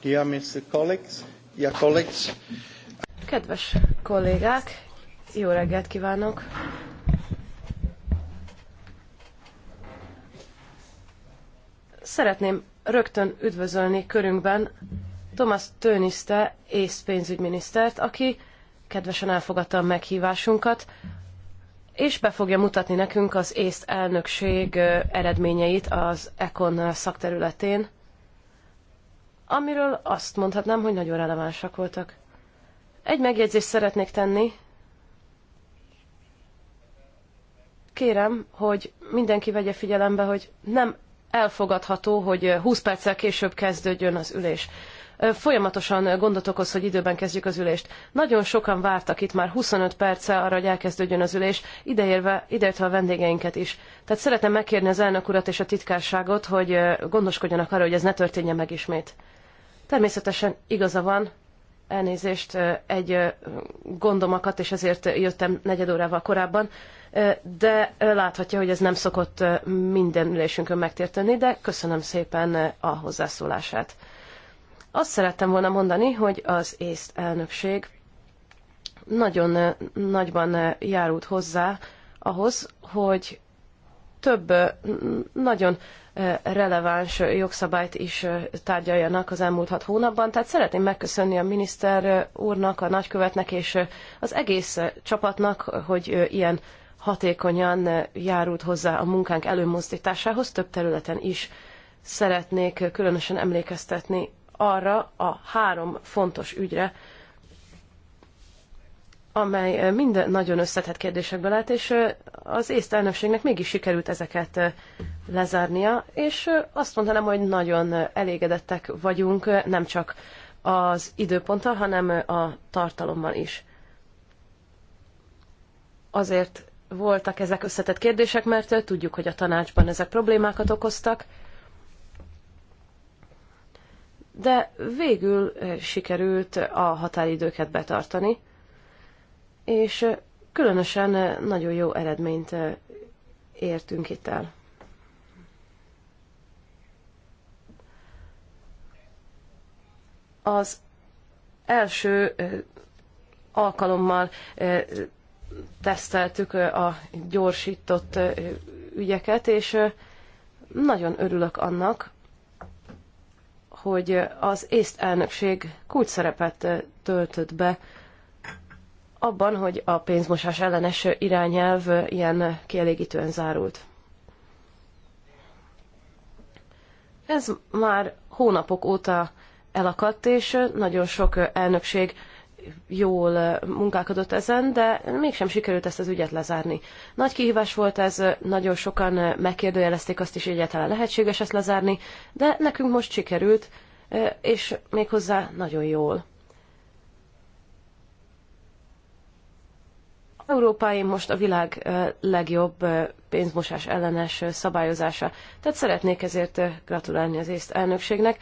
Dear Mr. Colleagues, dear colleagues. Kedves kollégák, jó reggelt kívánok! Szeretném rögtön üdvözölni körünkben Thomas Tönniste, ész pénzügyminisztert, aki kedvesen elfogadta a meghívásunkat, és be fogja mutatni nekünk az észt elnökség eredményeit az ECON szakterületén amiről azt mondhatnám, hogy nagyon relevánsak voltak. Egy megjegyzést szeretnék tenni. Kérem, hogy mindenki vegye figyelembe, hogy nem elfogadható, hogy 20 perccel később kezdődjön az ülés. Folyamatosan gondot okoz, hogy időben kezdjük az ülést. Nagyon sokan vártak itt már 25 perce arra, hogy elkezdődjön az ülés, ideérve, ideértve a vendégeinket is. Tehát szeretném megkérni az elnök urat és a titkárságot, hogy gondoskodjanak arra, hogy ez ne történjen meg ismét. Természetesen igaza van, elnézést, egy gondomakat, és ezért jöttem negyed órával korábban, de láthatja, hogy ez nem szokott minden ülésünkön megtérteni, de köszönöm szépen a hozzászólását. Azt szerettem volna mondani, hogy az észt elnökség nagyon nagyban járult hozzá ahhoz, hogy több mm, nagyon releváns jogszabályt is tárgyaljanak az elmúlt hat hónapban. Tehát szeretném megköszönni a miniszter úrnak, a nagykövetnek és az egész csapatnak, hogy ilyen hatékonyan járult hozzá a munkánk előmozdításához több területen is. Szeretnék különösen emlékeztetni arra a három fontos ügyre, amely eh, minden nagyon összetett kérdésekből állt, és eh, az észt elnökségnek mégis sikerült ezeket eh, lezárnia, és azt mondanám, hogy nagyon elégedettek vagyunk, nem csak az időponttal, hanem a tartalommal is. Azért voltak ezek összetett kérdések, mert tudjuk, hogy a tanácsban ezek problémákat okoztak, de végül sikerült a határidőket betartani, és különösen nagyon jó eredményt értünk itt el. Az első alkalommal teszteltük a gyorsított ügyeket, és nagyon örülök annak, hogy az észt elnökség kulcs szerepet töltött be abban, hogy a pénzmosás ellenes irányelv ilyen kielégítően zárult. Ez már hónapok óta elakadt, és nagyon sok elnökség jól munkálkodott ezen, de mégsem sikerült ezt az ügyet lezárni. Nagy kihívás volt ez, nagyon sokan megkérdőjelezték azt is, hogy egyáltalán lehetséges ezt lezárni, de nekünk most sikerült, és méghozzá nagyon jól. Európai most a világ legjobb pénzmosás ellenes szabályozása. Tehát szeretnék ezért gratulálni az észt elnökségnek,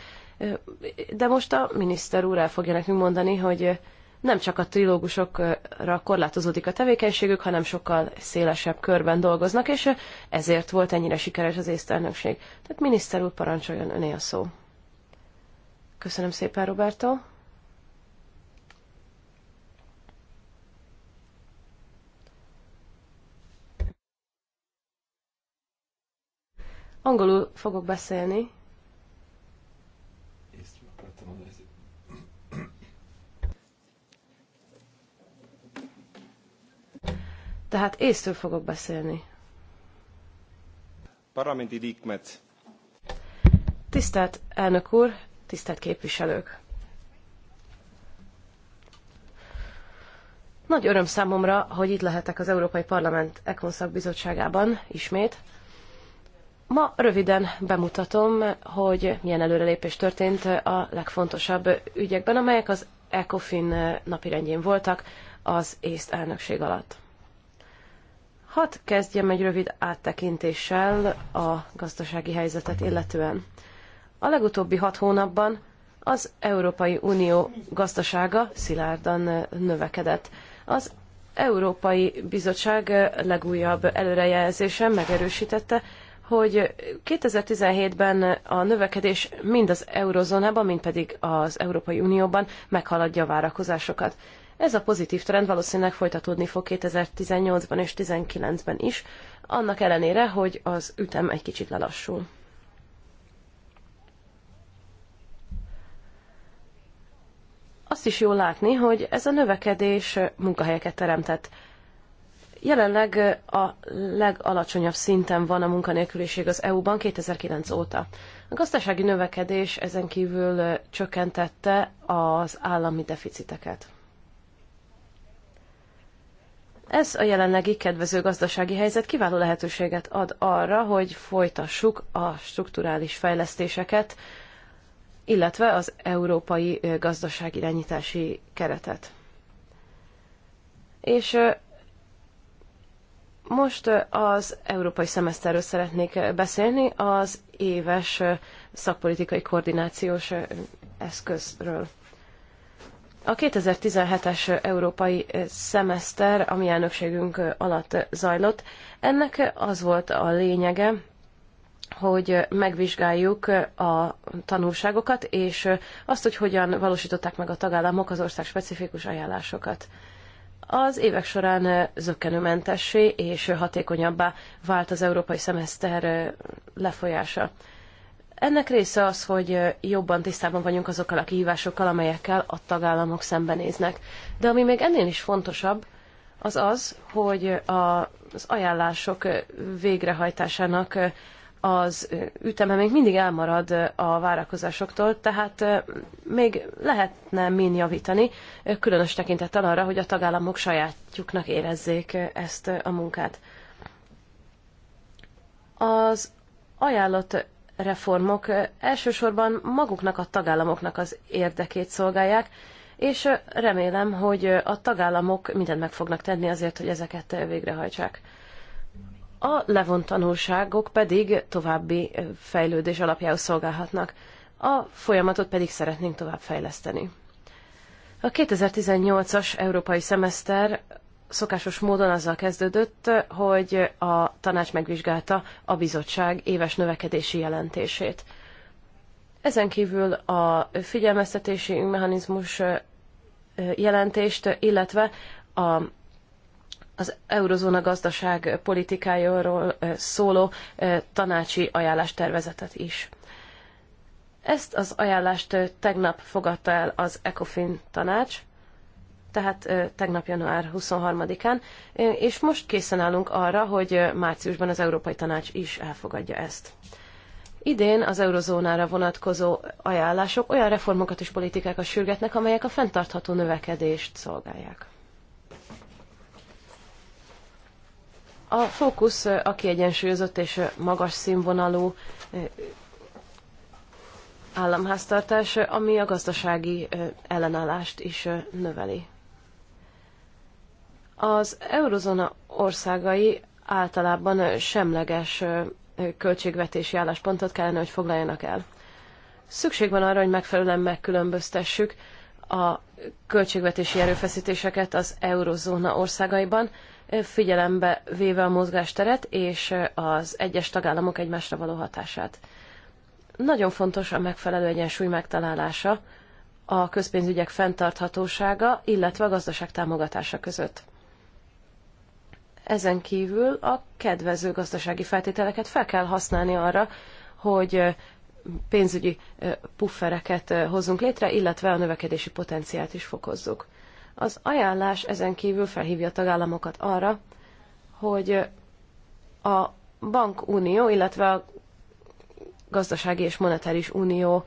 de most a miniszter úr el fogja nekünk mondani, hogy nem csak a trilógusokra korlátozódik a tevékenységük, hanem sokkal szélesebb körben dolgoznak, és ezért volt ennyire sikeres az elnökség. Tehát miniszter úr, parancsoljon öné a szó. Köszönöm szépen, Roberto. Angolul fogok beszélni. Tehát észről fogok beszélni. Parlamenti dikmet. Tisztelt elnök úr, tisztelt képviselők! Nagy öröm számomra, hogy itt lehetek az Európai Parlament Ekonszak Bizottságában ismét, Ma röviden bemutatom, hogy milyen előrelépés történt a legfontosabb ügyekben, amelyek az ECOFIN napirendjén voltak az észt elnökség alatt. Hadd kezdjem egy rövid áttekintéssel a gazdasági helyzetet illetően. A legutóbbi hat hónapban az Európai Unió gazdasága szilárdan növekedett. Az Európai Bizottság legújabb előrejelzése megerősítette, hogy 2017-ben a növekedés mind az eurozónában, mind pedig az Európai Unióban meghaladja a várakozásokat. Ez a pozitív trend valószínűleg folytatódni fog 2018-ban és 2019-ben is, annak ellenére, hogy az ütem egy kicsit lelassul. Azt is jól látni, hogy ez a növekedés munkahelyeket teremtett. Jelenleg a legalacsonyabb szinten van a munkanélküliség az EU-ban 2009 óta. A gazdasági növekedés ezen kívül csökkentette az állami deficiteket. Ez a jelenlegi kedvező gazdasági helyzet kiváló lehetőséget ad arra, hogy folytassuk a strukturális fejlesztéseket, illetve az európai gazdaságirányítási keretet. És most az európai szemeszterről szeretnék beszélni, az éves szakpolitikai koordinációs eszközről. A 2017-es európai szemeszter, ami elnökségünk alatt zajlott, ennek az volt a lényege, hogy megvizsgáljuk a tanulságokat, és azt, hogy hogyan valósították meg a tagállamok az ország specifikus ajánlásokat az évek során zökkenőmentessé és hatékonyabbá vált az európai szemeszter lefolyása. Ennek része az, hogy jobban tisztában vagyunk azokkal a kihívásokkal, amelyekkel a tagállamok szembenéznek. De ami még ennél is fontosabb, az az, hogy az ajánlások végrehajtásának az üteme még mindig elmarad a várakozásoktól, tehát még lehetne min javítani, különös tekintettel arra, hogy a tagállamok sajátjuknak érezzék ezt a munkát. Az ajánlott reformok elsősorban maguknak a tagállamoknak az érdekét szolgálják, és remélem, hogy a tagállamok mindent meg fognak tenni azért, hogy ezeket végrehajtsák a levont tanulságok pedig további fejlődés alapjául szolgálhatnak. A folyamatot pedig szeretnénk tovább fejleszteni. A 2018-as európai szemeszter szokásos módon azzal kezdődött, hogy a tanács megvizsgálta a bizottság éves növekedési jelentését. Ezen kívül a figyelmeztetési mechanizmus jelentést, illetve a az eurozóna gazdaság politikájáról szóló tanácsi ajánlástervezetet is. Ezt az ajánlást tegnap fogadta el az ECOFIN tanács, tehát tegnap január 23-án, és most készen állunk arra, hogy márciusban az Európai Tanács is elfogadja ezt. Idén az eurozónára vonatkozó ajánlások olyan reformokat és politikákat sürgetnek, amelyek a fenntartható növekedést szolgálják. A fókusz a kiegyensúlyozott és magas színvonalú államháztartás, ami a gazdasági ellenállást is növeli. Az eurozona országai általában semleges költségvetési álláspontot kellene, hogy foglaljanak el. Szükség van arra, hogy megfelelően megkülönböztessük a költségvetési erőfeszítéseket az eurozóna országaiban, figyelembe véve a mozgásteret és az egyes tagállamok egymásra való hatását. Nagyon fontos a megfelelő egyensúly megtalálása, a közpénzügyek fenntarthatósága, illetve a gazdaság támogatása között. Ezen kívül a kedvező gazdasági feltételeket fel kell használni arra, hogy pénzügyi puffereket hozzunk létre, illetve a növekedési potenciált is fokozzuk. Az ajánlás ezen kívül felhívja a tagállamokat arra, hogy a bankunió, illetve a gazdasági és monetáris unió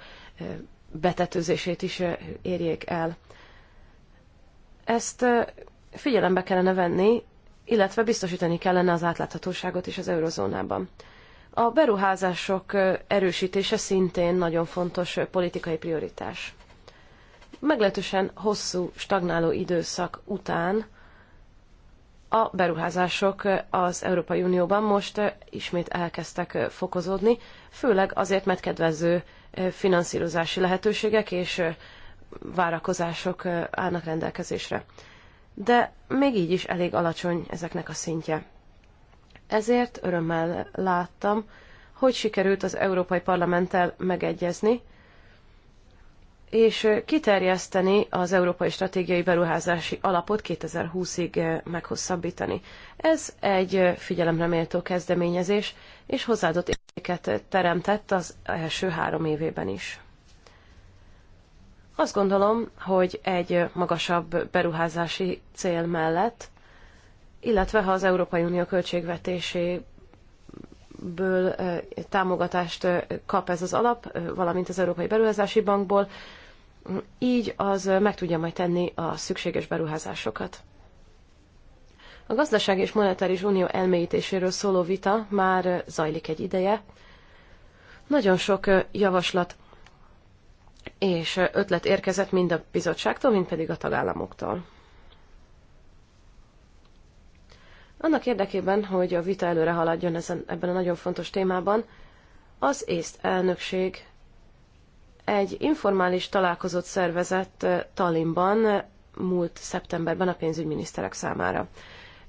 betetőzését is érjék el. Ezt figyelembe kellene venni, illetve biztosítani kellene az átláthatóságot is az eurozónában. A beruházások erősítése szintén nagyon fontos politikai prioritás meglehetősen hosszú stagnáló időszak után a beruházások az Európai Unióban most ismét elkezdtek fokozódni, főleg azért, mert kedvező finanszírozási lehetőségek és várakozások állnak rendelkezésre. De még így is elég alacsony ezeknek a szintje. Ezért örömmel láttam, hogy sikerült az Európai Parlamenttel megegyezni, és kiterjeszteni az Európai Stratégiai Beruházási Alapot 2020-ig meghosszabbítani. Ez egy figyelemreméltó kezdeményezés, és hozzáadott értéket teremtett az első három évében is. Azt gondolom, hogy egy magasabb beruházási cél mellett, illetve ha az Európai Unió költségvetésé ből támogatást kap ez az alap, valamint az Európai Beruházási Bankból így az meg tudja majd tenni a szükséges beruházásokat. A gazdaság és monetáris unió elmélyítéséről szóló vita már zajlik egy ideje. Nagyon sok javaslat és ötlet érkezett mind a bizottságtól, mind pedig a tagállamoktól. Annak érdekében, hogy a vita előre haladjon ezen, ebben a nagyon fontos témában, az észt elnökség egy informális találkozót szervezett eh, Tallinnban eh, múlt szeptemberben a pénzügyminiszterek számára.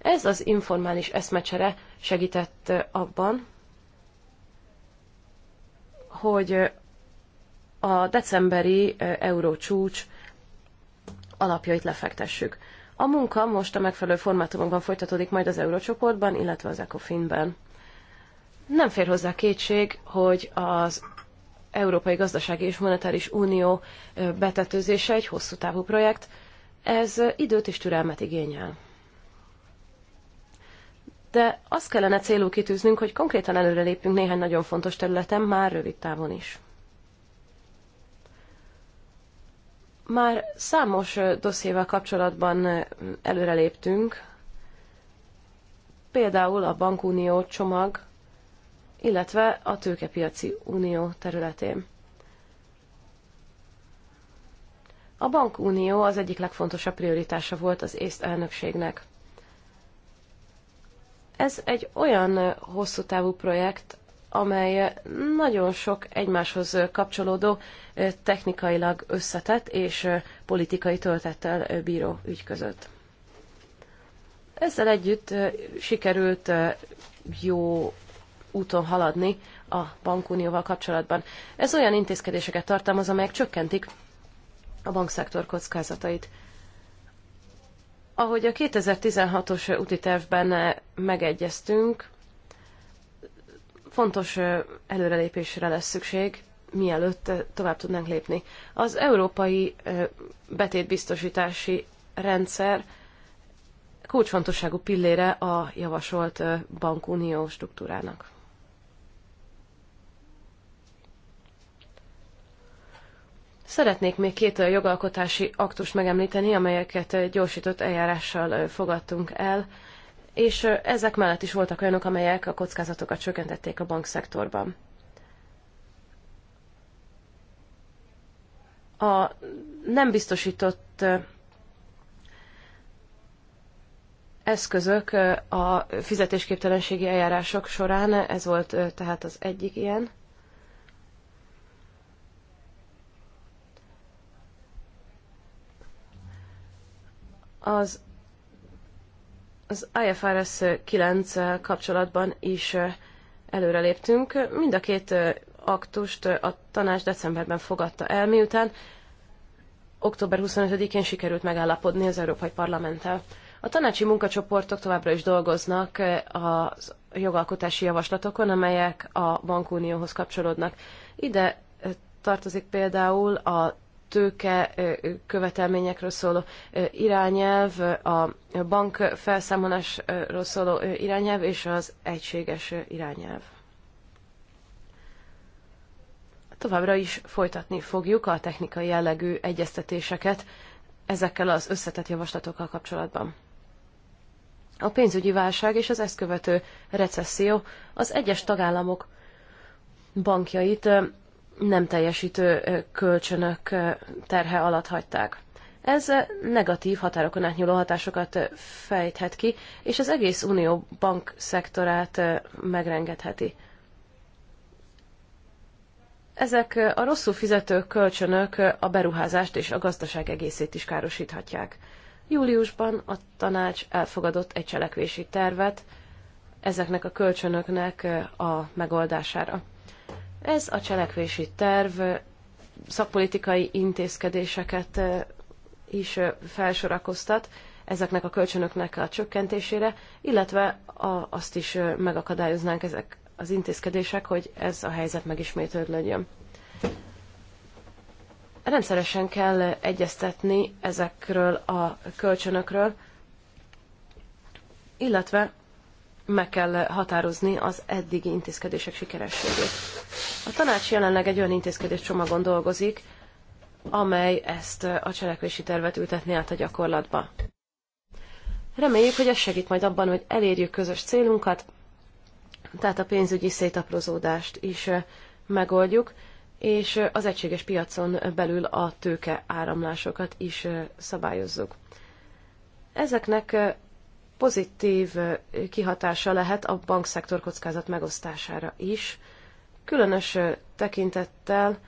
Ez az informális eszmecsere segített eh, abban, hogy a decemberi eurócsúcs alapjait lefektessük. A munka most a megfelelő formátumokban folytatódik majd az eurócsoportban, illetve az ECOFIN-ben. Nem fér hozzá kétség, hogy az Európai Gazdasági és Monetáris Unió betetőzése egy hosszú távú projekt. Ez időt és türelmet igényel. De azt kellene célul kitűznünk, hogy konkrétan előrelépjünk néhány nagyon fontos területen, már rövid távon is. Már számos dossziéval kapcsolatban előreléptünk, például a bankunió csomag, illetve a tőkepiaci unió területén. A bankunió az egyik legfontosabb prioritása volt az észt elnökségnek. Ez egy olyan hosszú távú projekt, amely nagyon sok egymáshoz kapcsolódó, technikailag összetett és politikai töltettel bíró ügy között. Ezzel együtt sikerült jó úton haladni a bankunióval kapcsolatban. Ez olyan intézkedéseket tartalmaz, amelyek csökkentik a bankszektor kockázatait. Ahogy a 2016-os úti tervben eh, megegyeztünk, fontos eh, előrelépésre lesz szükség, mielőtt eh, tovább tudnánk lépni. Az európai betétbiztosítási rendszer kulcsfontosságú pillére a javasolt bankunió struktúrának. Szeretnék még két jogalkotási aktust megemlíteni, amelyeket gyorsított eljárással fogadtunk el, és ezek mellett is voltak olyanok, amelyek a kockázatokat csökkentették a bankszektorban. A nem biztosított eszközök a fizetésképtelenségi eljárások során, ez volt tehát az egyik ilyen, az, az IFRS 9 eh, kapcsolatban is eh, előreléptünk. Mind a két eh, aktust a tanács decemberben fogadta el, miután október 25-én sikerült megállapodni az Európai Parlamenttel. A tanácsi munkacsoportok továbbra is dolgoznak a jogalkotási javaslatokon, amelyek a bankunióhoz kapcsolódnak. Ide tartozik például a tőke követelményekről szóló irányelv, a bank felszámolásról szóló irányelv és az egységes irányelv. Továbbra is folytatni fogjuk a technikai jellegű egyeztetéseket ezekkel az összetett javaslatokkal kapcsolatban. A pénzügyi válság és az ezt követő recesszió az egyes tagállamok bankjait nem teljesítő kölcsönök terhe alatt hagyták. Ez negatív határokon átnyúló hatásokat fejthet ki, és az egész unió bankszektorát megrengetheti. Ezek a rosszul fizető kölcsönök a beruházást és a gazdaság egészét is károsíthatják. Júliusban a tanács elfogadott egy cselekvési tervet ezeknek a kölcsönöknek a megoldására. Ez a cselekvési terv szakpolitikai intézkedéseket is felsorakoztat ezeknek a kölcsönöknek a csökkentésére, illetve a, azt is megakadályoznánk ezek az intézkedések, hogy ez a helyzet megismétlődjön. Rendszeresen kell egyeztetni ezekről a kölcsönökről, illetve meg kell határozni az eddigi intézkedések sikerességét. A tanács jelenleg egy olyan intézkedés csomagon dolgozik, amely ezt a cselekvési tervet ültetni át a gyakorlatba. Reméljük, hogy ez segít majd abban, hogy elérjük közös célunkat, tehát a pénzügyi szétaprozódást is megoldjuk, és az egységes piacon belül a tőke áramlásokat is szabályozzuk. Ezeknek pozitív kihatása lehet a bankszektor kockázat megosztására is, különös tekintettel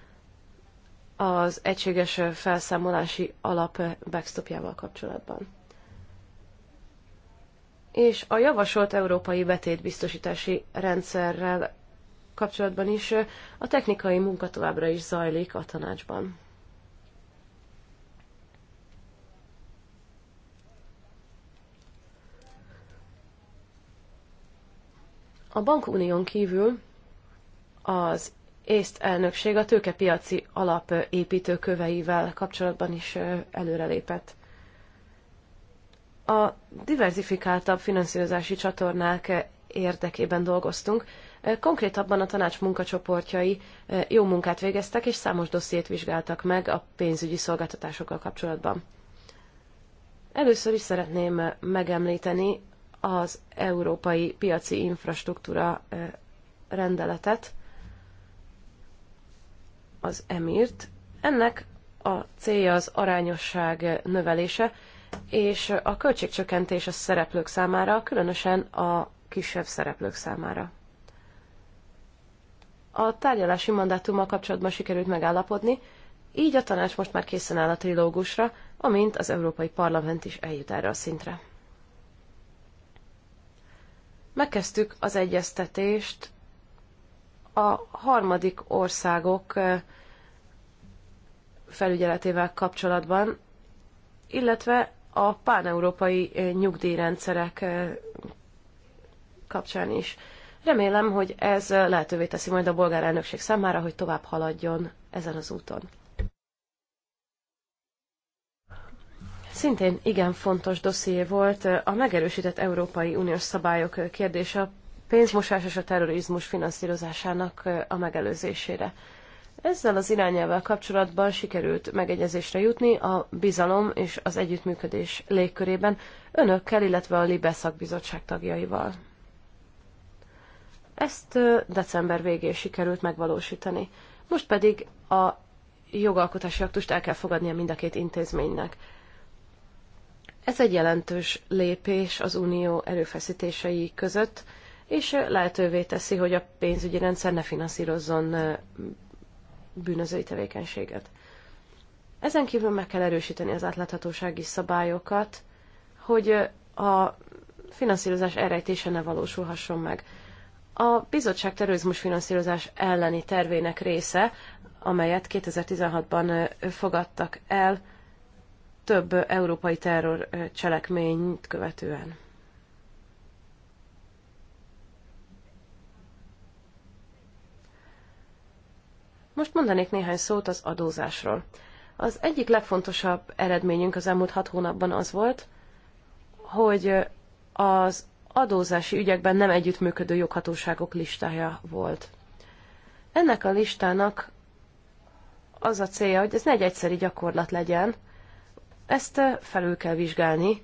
az egységes felszámolási alap backstopjával kapcsolatban. És a javasolt európai betétbiztosítási rendszerrel kapcsolatban is a technikai munka továbbra is zajlik a tanácsban. A bankunión kívül az észt elnökség a tőkepiaci alap építőköveivel kapcsolatban is előrelépett. A diversifikáltabb finanszírozási csatornák érdekében dolgoztunk. Konkrétabban a tanács munkacsoportjai jó munkát végeztek, és számos dossziét vizsgáltak meg a pénzügyi szolgáltatásokkal kapcsolatban. Először is szeretném megemlíteni az európai piaci infrastruktúra rendeletet, az EMIRT. Ennek a célja az arányosság növelése, és a költségcsökkentés a szereplők számára, különösen a kisebb szereplők számára. A tárgyalási mandátummal kapcsolatban sikerült megállapodni, így a tanács most már készen áll a trilógusra, amint az Európai Parlament is eljut erre a szintre megkezdtük az egyeztetést a harmadik országok felügyeletével kapcsolatban, illetve a páneurópai nyugdíjrendszerek kapcsán is. Remélem, hogy ez lehetővé teszi majd a bolgár elnökség számára, hogy tovább haladjon ezen az úton. szintén igen fontos dosszié volt a megerősített Európai Uniós szabályok kérdése a pénzmosás és a terrorizmus finanszírozásának a megelőzésére. Ezzel az irányelvvel kapcsolatban sikerült megegyezésre jutni a bizalom és az együttműködés légkörében önökkel, illetve a Libe szakbizottság tagjaival. Ezt december végén sikerült megvalósítani. Most pedig a jogalkotási aktust el kell fogadnia mind a két intézménynek. Ez egy jelentős lépés az unió erőfeszítései között, és lehetővé teszi, hogy a pénzügyi rendszer ne finanszírozzon bűnözői tevékenységet. Ezen kívül meg kell erősíteni az átláthatósági szabályokat, hogy a finanszírozás elrejtése ne valósulhasson meg. A bizottság terrorizmus finanszírozás elleni tervének része, amelyet 2016-ban fogadtak el, több európai terror cselekményt követően. Most mondanék néhány szót az adózásról. Az egyik legfontosabb eredményünk az elmúlt hat hónapban az volt, hogy az adózási ügyekben nem együttműködő joghatóságok listája volt. Ennek a listának az a célja, hogy ez ne egy egyszeri gyakorlat legyen, ezt felül kell vizsgálni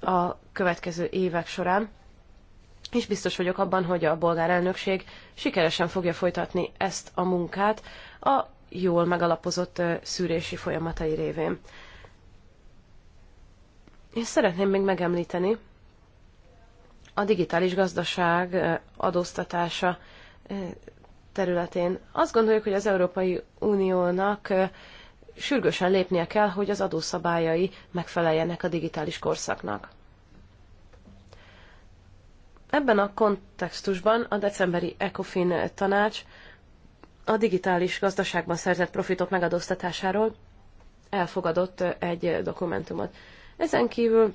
a következő évek során, és biztos vagyok abban, hogy a bolgár elnökség sikeresen fogja folytatni ezt a munkát a jól megalapozott szűrési folyamatai révén. És szeretném még megemlíteni a digitális gazdaság adóztatása területén. Azt gondoljuk, hogy az Európai Uniónak sürgősen lépnie kell, hogy az adószabályai megfeleljenek a digitális korszaknak. Ebben a kontextusban a decemberi ECOFIN tanács a digitális gazdaságban szerzett profitok megadóztatásáról elfogadott egy dokumentumot. Ezen kívül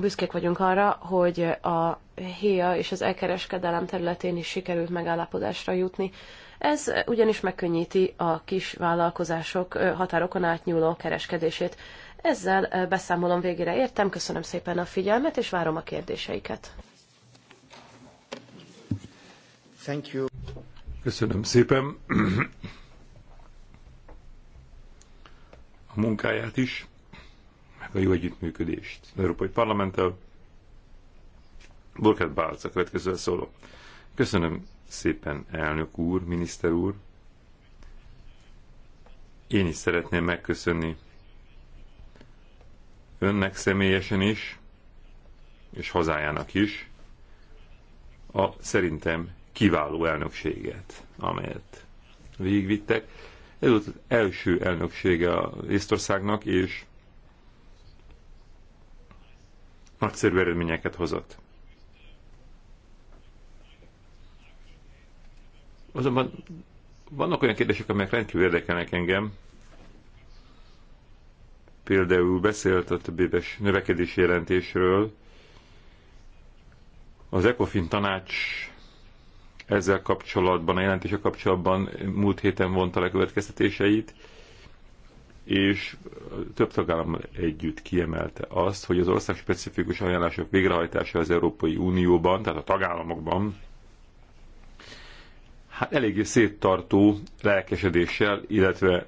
büszkék vagyunk arra, hogy a HIA e és az elkereskedelem területén is sikerült megállapodásra jutni ez ugyanis megkönnyíti a kis vállalkozások határokon átnyúló kereskedését. Ezzel beszámolom végére értem, köszönöm szépen a figyelmet, és várom a kérdéseiket. Thank you. Köszönöm szépen a munkáját is, meg a jó együttműködést az Európai Parlamenttel. Burkett Bálc a következő szóló. Köszönöm szépen, elnök úr, miniszter úr. Én is szeretném megköszönni önnek személyesen is, és hazájának is, a szerintem kiváló elnökséget, amelyet végigvittek. Ez volt az első elnöksége az Észtországnak, és nagyszerű eredményeket hozott. Azonban vannak olyan kérdések, amelyek rendkívül érdekelnek engem. Például beszélt a többéves éves növekedési jelentésről. Az ECOFIN tanács ezzel kapcsolatban, a jelentése kapcsolatban múlt héten vonta le következtetéseit, és több tagállam együtt kiemelte azt, hogy az ország specifikus ajánlások végrehajtása az Európai Unióban, tehát a tagállamokban hát eléggé széttartó lelkesedéssel, illetve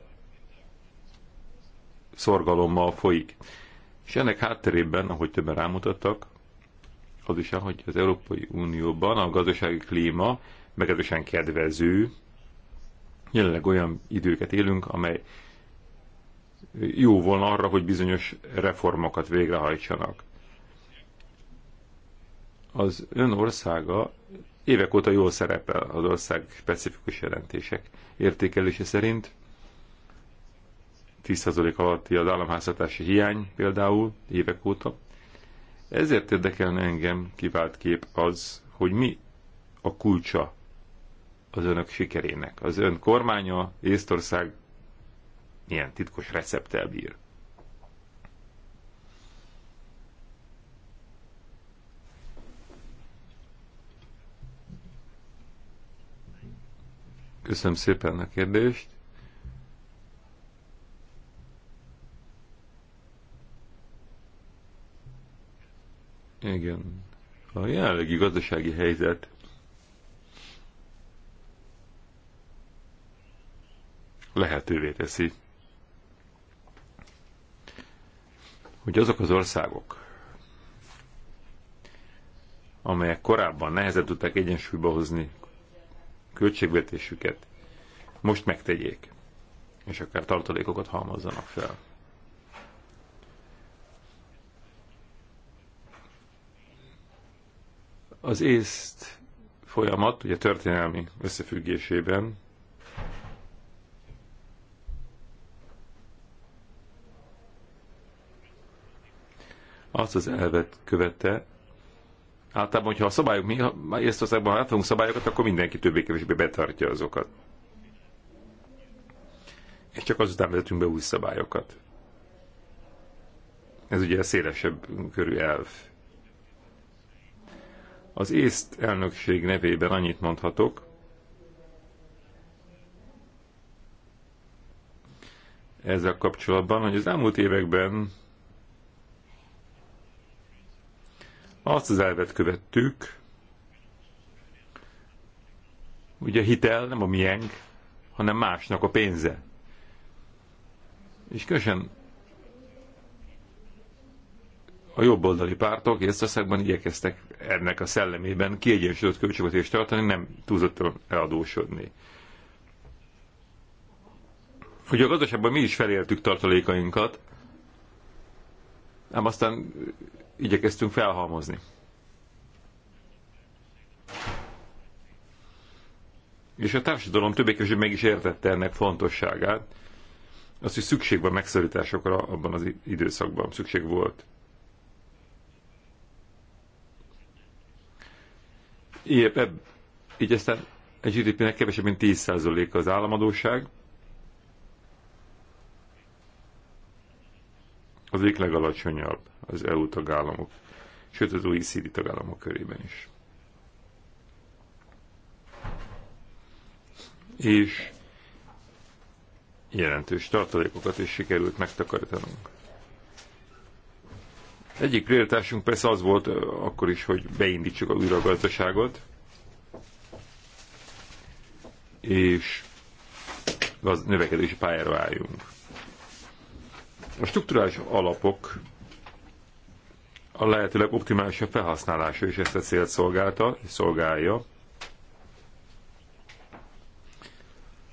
szorgalommal folyik. És ennek hátterében, ahogy többen rámutattak, az is, hogy az Európai Unióban a gazdasági klíma meglehetősen kedvező, jelenleg olyan időket élünk, amely jó volna arra, hogy bizonyos reformokat végrehajtsanak. Az ön országa évek óta jól szerepel az ország specifikus jelentések értékelése szerint. 10% alatti az államháztartási hiány például évek óta. Ezért érdekelne engem kivált kép az, hogy mi a kulcsa az önök sikerének. Az ön kormánya Észtország milyen titkos recepttel bír. Köszönöm szépen a kérdést. Igen. A jelenlegi gazdasági helyzet lehetővé teszi, hogy azok az országok, amelyek korábban nehezebb tudták egyensúlyba hozni költségvetésüket most megtegyék, és akár tartalékokat halmozzanak fel. Az észt folyamat, ugye történelmi összefüggésében azt az elvet követte, Általában, hogyha a szabályok, mi ezt Észtországban átfogunk szabályokat, akkor mindenki többé-kevésbé betartja azokat. És csak azután vezetünk be új szabályokat. Ez ugye a szélesebb körű elv. Az észt elnökség nevében annyit mondhatok, ezzel kapcsolatban, hogy az elmúlt években Azt az elvet követtük, hogy a hitel nem a miénk, hanem másnak a pénze. És köszön a jobboldali pártok Észtországban igyekeztek ennek a szellemében kiegyensúlyozott költségvetést tartani, nem túlzottan eladósodni. hogy a gazdaságban mi is felértük tartalékainkat, ám aztán igyekeztünk felhalmozni. És a társadalom többé között meg is értette ennek fontosságát, az, hogy szükség van megszorításokra abban az időszakban, szükség volt. Így, ebb, így aztán a GDP-nek kevesebb, mint 10% az államadóság. Az egyik legalacsonyabb az EU tagállamok, sőt az OECD tagállamok körében is. És jelentős tartalékokat is sikerült megtakarítanunk. Egyik prioritásunk persze az volt akkor is, hogy beindítsuk a újra a gazdaságot, és növekedési pályára álljunk. A strukturális alapok a lehetőleg optimálisabb felhasználása is ezt a célt szolgálta, és szolgálja.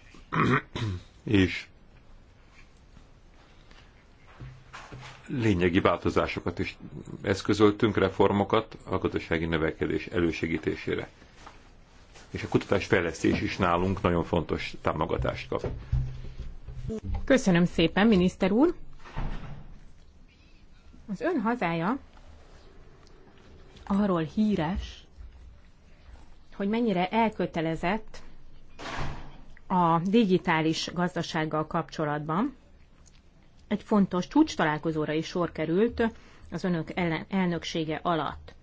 és lényegi változásokat is eszközöltünk, reformokat a gazdasági növekedés elősegítésére. És a kutatásfejlesztés is nálunk nagyon fontos támogatást kap. Köszönöm szépen, miniszter úr! Az ön hazája arról híres, hogy mennyire elkötelezett a digitális gazdasággal kapcsolatban. Egy fontos csúcs találkozóra is sor került az önök elnöksége alatt.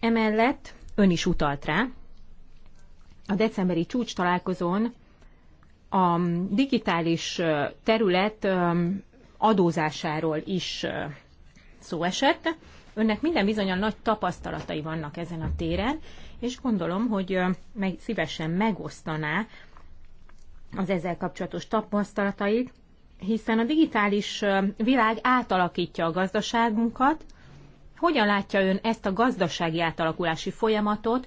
Emellett ön is utalt rá, a decemberi csúcs találkozón a digitális terület adózásáról is szó esett, Önnek minden bizonyal nagy tapasztalatai vannak ezen a téren, és gondolom, hogy meg, szívesen megosztaná az ezzel kapcsolatos tapasztalatait, hiszen a digitális világ átalakítja a gazdaságunkat. Hogyan látja ön ezt a gazdasági átalakulási folyamatot,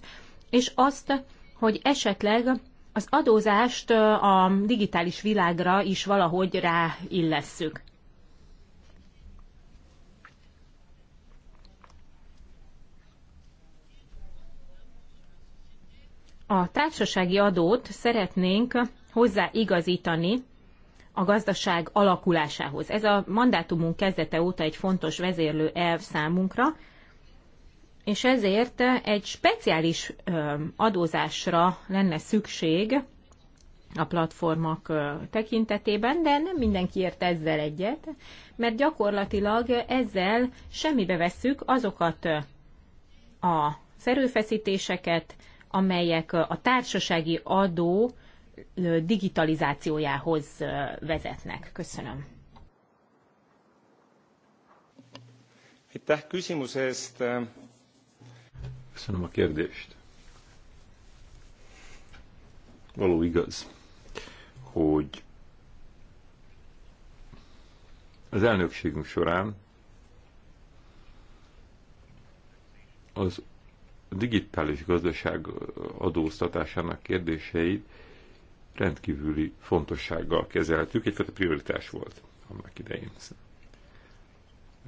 és azt, hogy esetleg az adózást a digitális világra is valahogy ráillesszük? a társasági adót szeretnénk hozzáigazítani a gazdaság alakulásához. Ez a mandátumunk kezdete óta egy fontos vezérlő elv számunkra, és ezért egy speciális adózásra lenne szükség a platformok tekintetében, de nem mindenki ért ezzel egyet, mert gyakorlatilag ezzel semmibe vesszük azokat a erőfeszítéseket, amelyek a társasági adó digitalizációjához vezetnek. Köszönöm. Köszönöm a kérdést. Való igaz, hogy az elnökségünk során az digitális gazdaság adóztatásának kérdéseit rendkívüli fontossággal kezeltük, egyfajta prioritás volt annak idején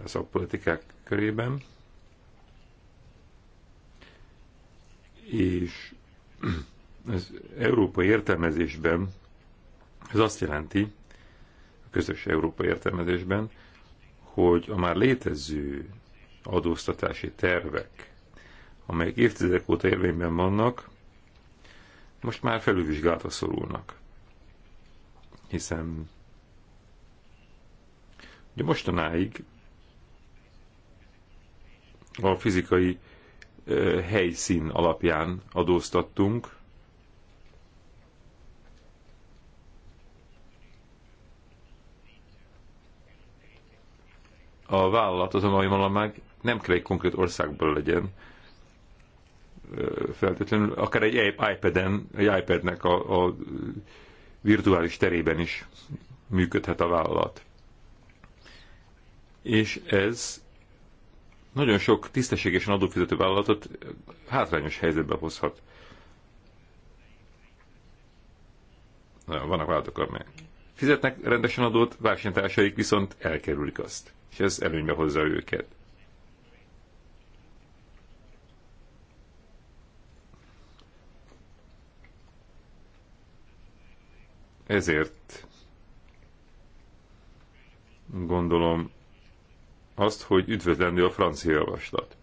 a szakpolitikák körében. És az európai értelmezésben ez azt jelenti, a közös európai értelmezésben, hogy a már létező adóztatási tervek amelyek évtizedek óta érvényben vannak, most már felülvizsgálatra szorulnak. Hiszen ugye mostanáig a fizikai helyszín alapján adóztattunk, a vállalat azonban valamilag nem kell egy konkrét országból legyen, feltétlenül, akár egy iPad-en, egy iPad-nek a, a virtuális terében is működhet a vállalat. És ez nagyon sok tisztességesen adófizető vállalatot hátrányos helyzetbe hozhat. Na, vannak vállalatok, amelyek fizetnek rendesen adót, versenytársaik viszont elkerülik azt, és ez előnybe hozza őket. Ezért gondolom azt, hogy üdvözlendő a francia javaslat.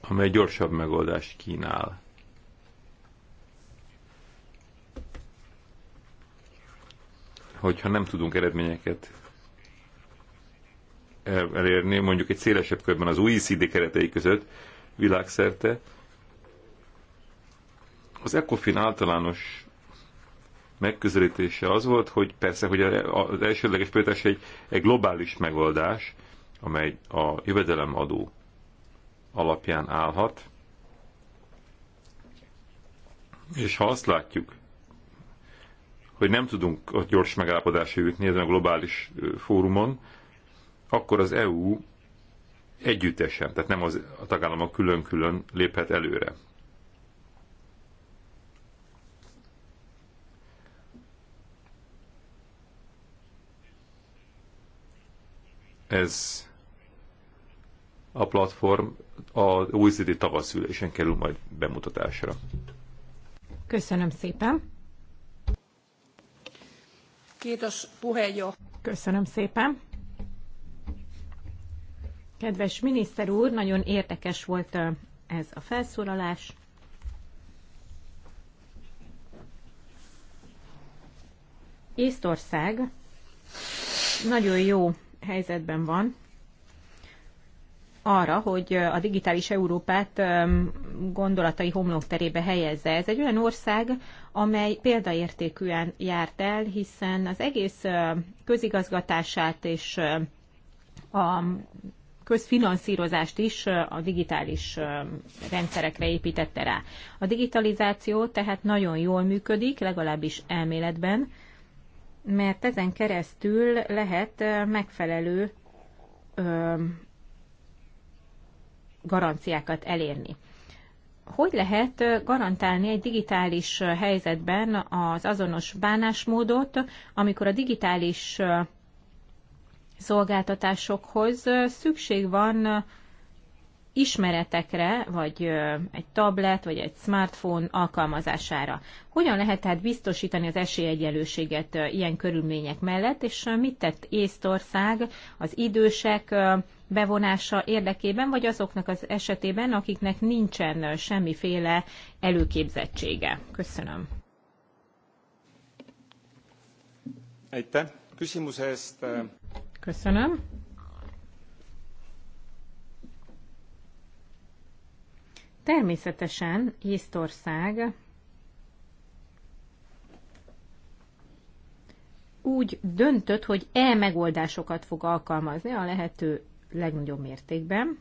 amely gyorsabb megoldást kínál. Hogyha nem tudunk eredményeket elérni, mondjuk egy szélesebb körben az OECD keretei között világszerte. Az ECOFIN általános megközelítése az volt, hogy persze, hogy az elsődleges prioritás egy, egy globális megoldás, amely a jövedelemadó alapján állhat. És ha azt látjuk, hogy nem tudunk a gyors megállapodásra jutni ezen a globális fórumon, akkor az EU együttesen, tehát nem az, a tagállamok külön-külön léphet előre. Ez a platform a OECD tavaszülésen kerül majd bemutatásra. Köszönöm szépen. Kétos puhelyó. Köszönöm szépen. Kedves miniszter úr, nagyon érdekes volt ez a felszólalás. Észtország nagyon jó helyzetben van arra, hogy a digitális Európát gondolatai homlokterébe helyezze. Ez egy olyan ország, amely példaértékűen járt el, hiszen az egész közigazgatását és a közfinanszírozást is a digitális rendszerekre építette rá. A digitalizáció tehát nagyon jól működik, legalábbis elméletben, mert ezen keresztül lehet megfelelő garanciákat elérni. Hogy lehet garantálni egy digitális helyzetben az azonos bánásmódot, amikor a digitális szolgáltatásokhoz szükség van ismeretekre, vagy egy tablet, vagy egy smartphone alkalmazására. Hogyan lehet tehát biztosítani az esélyegyelőséget ilyen körülmények mellett, és mit tett Észtország az idősek bevonása érdekében, vagy azoknak az esetében, akiknek nincsen semmiféle előképzettsége? Köszönöm. Egy te. Köszönöm. Köszönöm. Természetesen Észtország úgy döntött, hogy e-megoldásokat fog alkalmazni a lehető legnagyobb mértékben,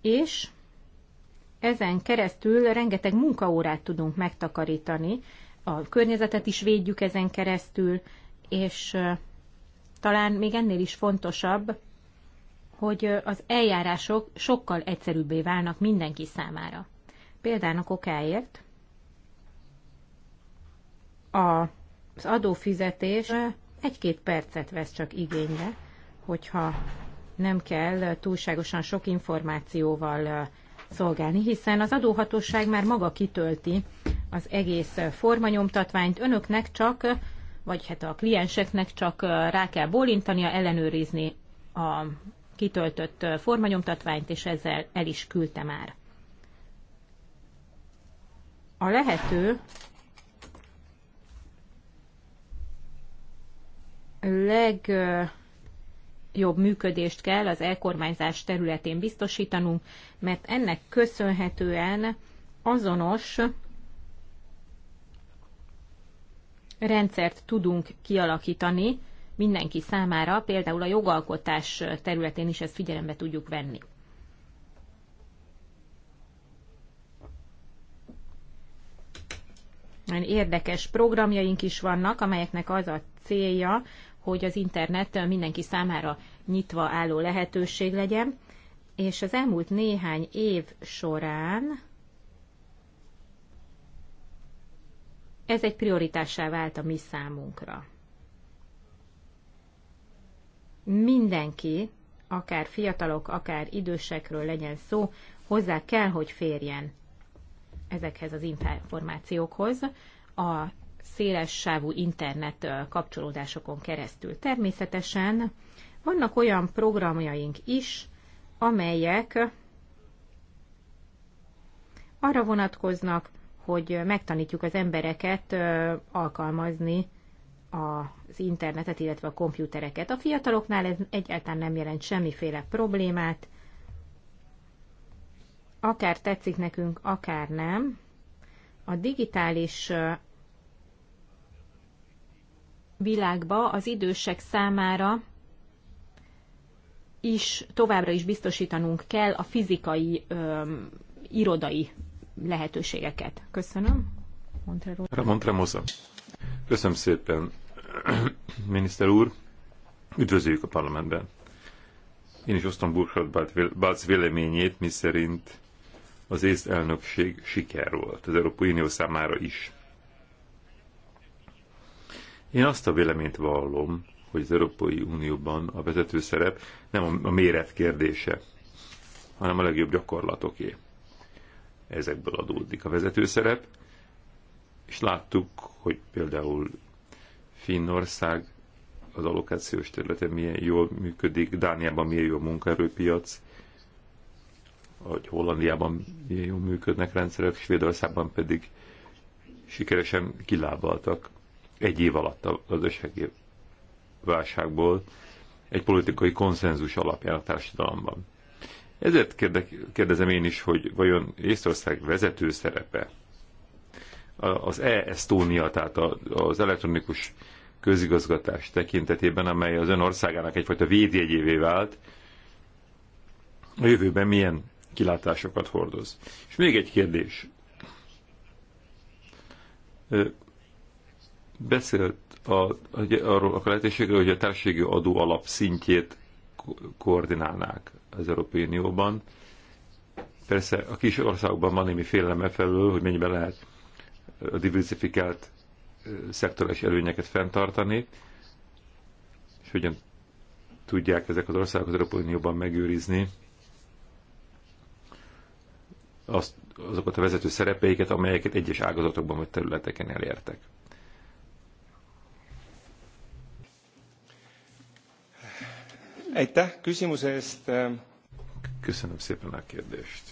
és ezen keresztül rengeteg munkaórát tudunk megtakarítani, a környezetet is védjük ezen keresztül, és talán még ennél is fontosabb, hogy az eljárások sokkal egyszerűbbé válnak mindenki számára. Példának okáért az adófizetés egy-két percet vesz csak igénybe, hogyha nem kell túlságosan sok információval szolgálni, hiszen az adóhatóság már maga kitölti az egész formanyomtatványt, önöknek csak vagy hát a klienseknek csak rá kell bólintania, ellenőrizni a kitöltött formanyomtatványt, és ezzel el is küldte már. A lehető legjobb működést kell az elkormányzás területén biztosítanunk, mert ennek köszönhetően azonos rendszert tudunk kialakítani mindenki számára, például a jogalkotás területén is ezt figyelembe tudjuk venni. Érdekes programjaink is vannak, amelyeknek az a célja, hogy az internet mindenki számára nyitva álló lehetőség legyen, és az elmúlt néhány év során ez egy prioritássá vált a mi számunkra. Mindenki, akár fiatalok, akár idősekről legyen szó, hozzá kell, hogy férjen ezekhez az információkhoz a széles sávú internet kapcsolódásokon keresztül. Természetesen vannak olyan programjaink is, amelyek arra vonatkoznak, hogy megtanítjuk az embereket alkalmazni az internetet, illetve a komputereket. A fiataloknál ez egyáltalán nem jelent semmiféle problémát, akár tetszik nekünk, akár nem. A digitális világba az idősek számára is továbbra is biztosítanunk kell a fizikai ö, irodai lehetőségeket. Köszönöm. Ramon Köszönöm szépen, miniszter úr. Üdvözlőjük a parlamentben. Én is osztom Burkhard Balc véleményét, miszerint az észt elnökség siker volt, az Európai Unió számára is. Én azt a véleményt vallom, hogy az Európai Unióban a vezető szerep nem a méret kérdése, hanem a legjobb gyakorlatoké ezekből adódik a vezetőszerep, és láttuk, hogy például Finnország az allokációs területen milyen jól működik, Dániában milyen jó munkaerőpiac, hogy Hollandiában milyen jól működnek rendszerek, Svédországban pedig sikeresen kilábaltak egy év alatt a gazdasági válságból egy politikai konszenzus alapján a társadalomban. Ezért kérdezem én is, hogy vajon Észtország vezető szerepe az e-Estónia, tehát az elektronikus közigazgatás tekintetében, amely az ön országának egyfajta védjegyévé vált, a jövőben milyen kilátásokat hordoz. És még egy kérdés. Beszélt a, arról a lehetőségről, hogy a társasági adó alap szintjét koordinálnák az Európai Unióban. Persze a kis országokban van némi félelem e felől, hogy mennyiben lehet a diversifikált szektoros előnyeket fenntartani, és hogyan tudják ezek az országok az Európai Unióban megőrizni azt, azokat a vezető szerepeiket, amelyeket egyes ágazatokban vagy területeken elértek. aitäh küsimuse eest. köszönöm szépen a kérdést.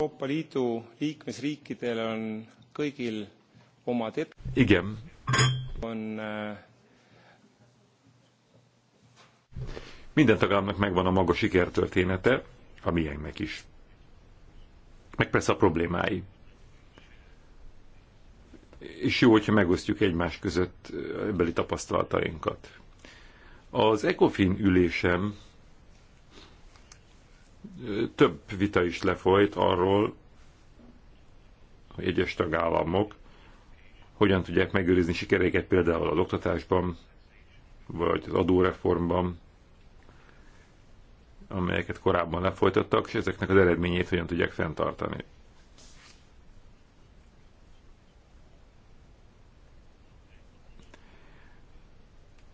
Euroopa Liidu liikmesriikidel on kõigil omad et-. igen. on äh, minden tagállamnak megvan a maga sikertörténete, a miénknek is. Meg persze a problémái és jó, hogyha megosztjuk egymás között ebbeli tapasztalatainkat. Az ECOFIN ülésem több vita is lefolyt arról, hogy egyes tagállamok hogyan tudják megőrizni sikereiket például az oktatásban, vagy az adóreformban, amelyeket korábban lefolytattak, és ezeknek az eredményét hogyan tudják fenntartani.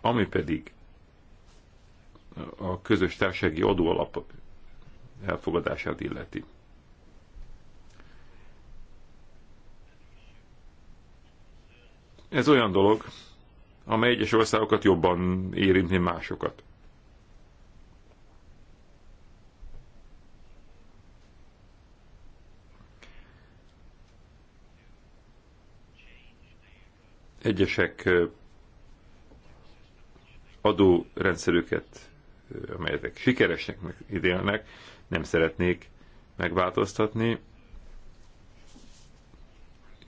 Ami pedig a közös társasági adóalap elfogadását illeti. Ez olyan dolog, amely egyes országokat jobban érint, mint másokat. Egyesek adórendszerüket, amelyek sikeresnek idélnek, nem szeretnék megváltoztatni,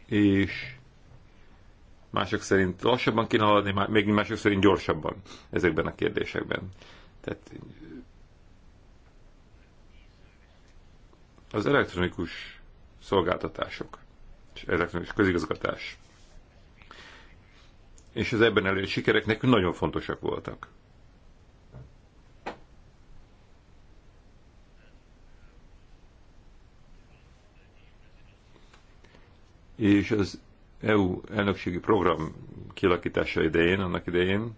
és mások szerint lassabban kéne haladni, még mások szerint gyorsabban ezekben a kérdésekben. Tehát az elektronikus szolgáltatások és elektronikus közigazgatás és az ebben elért sikerek nekünk nagyon fontosak voltak. És az EU elnökségi program kilakítása idején, annak idején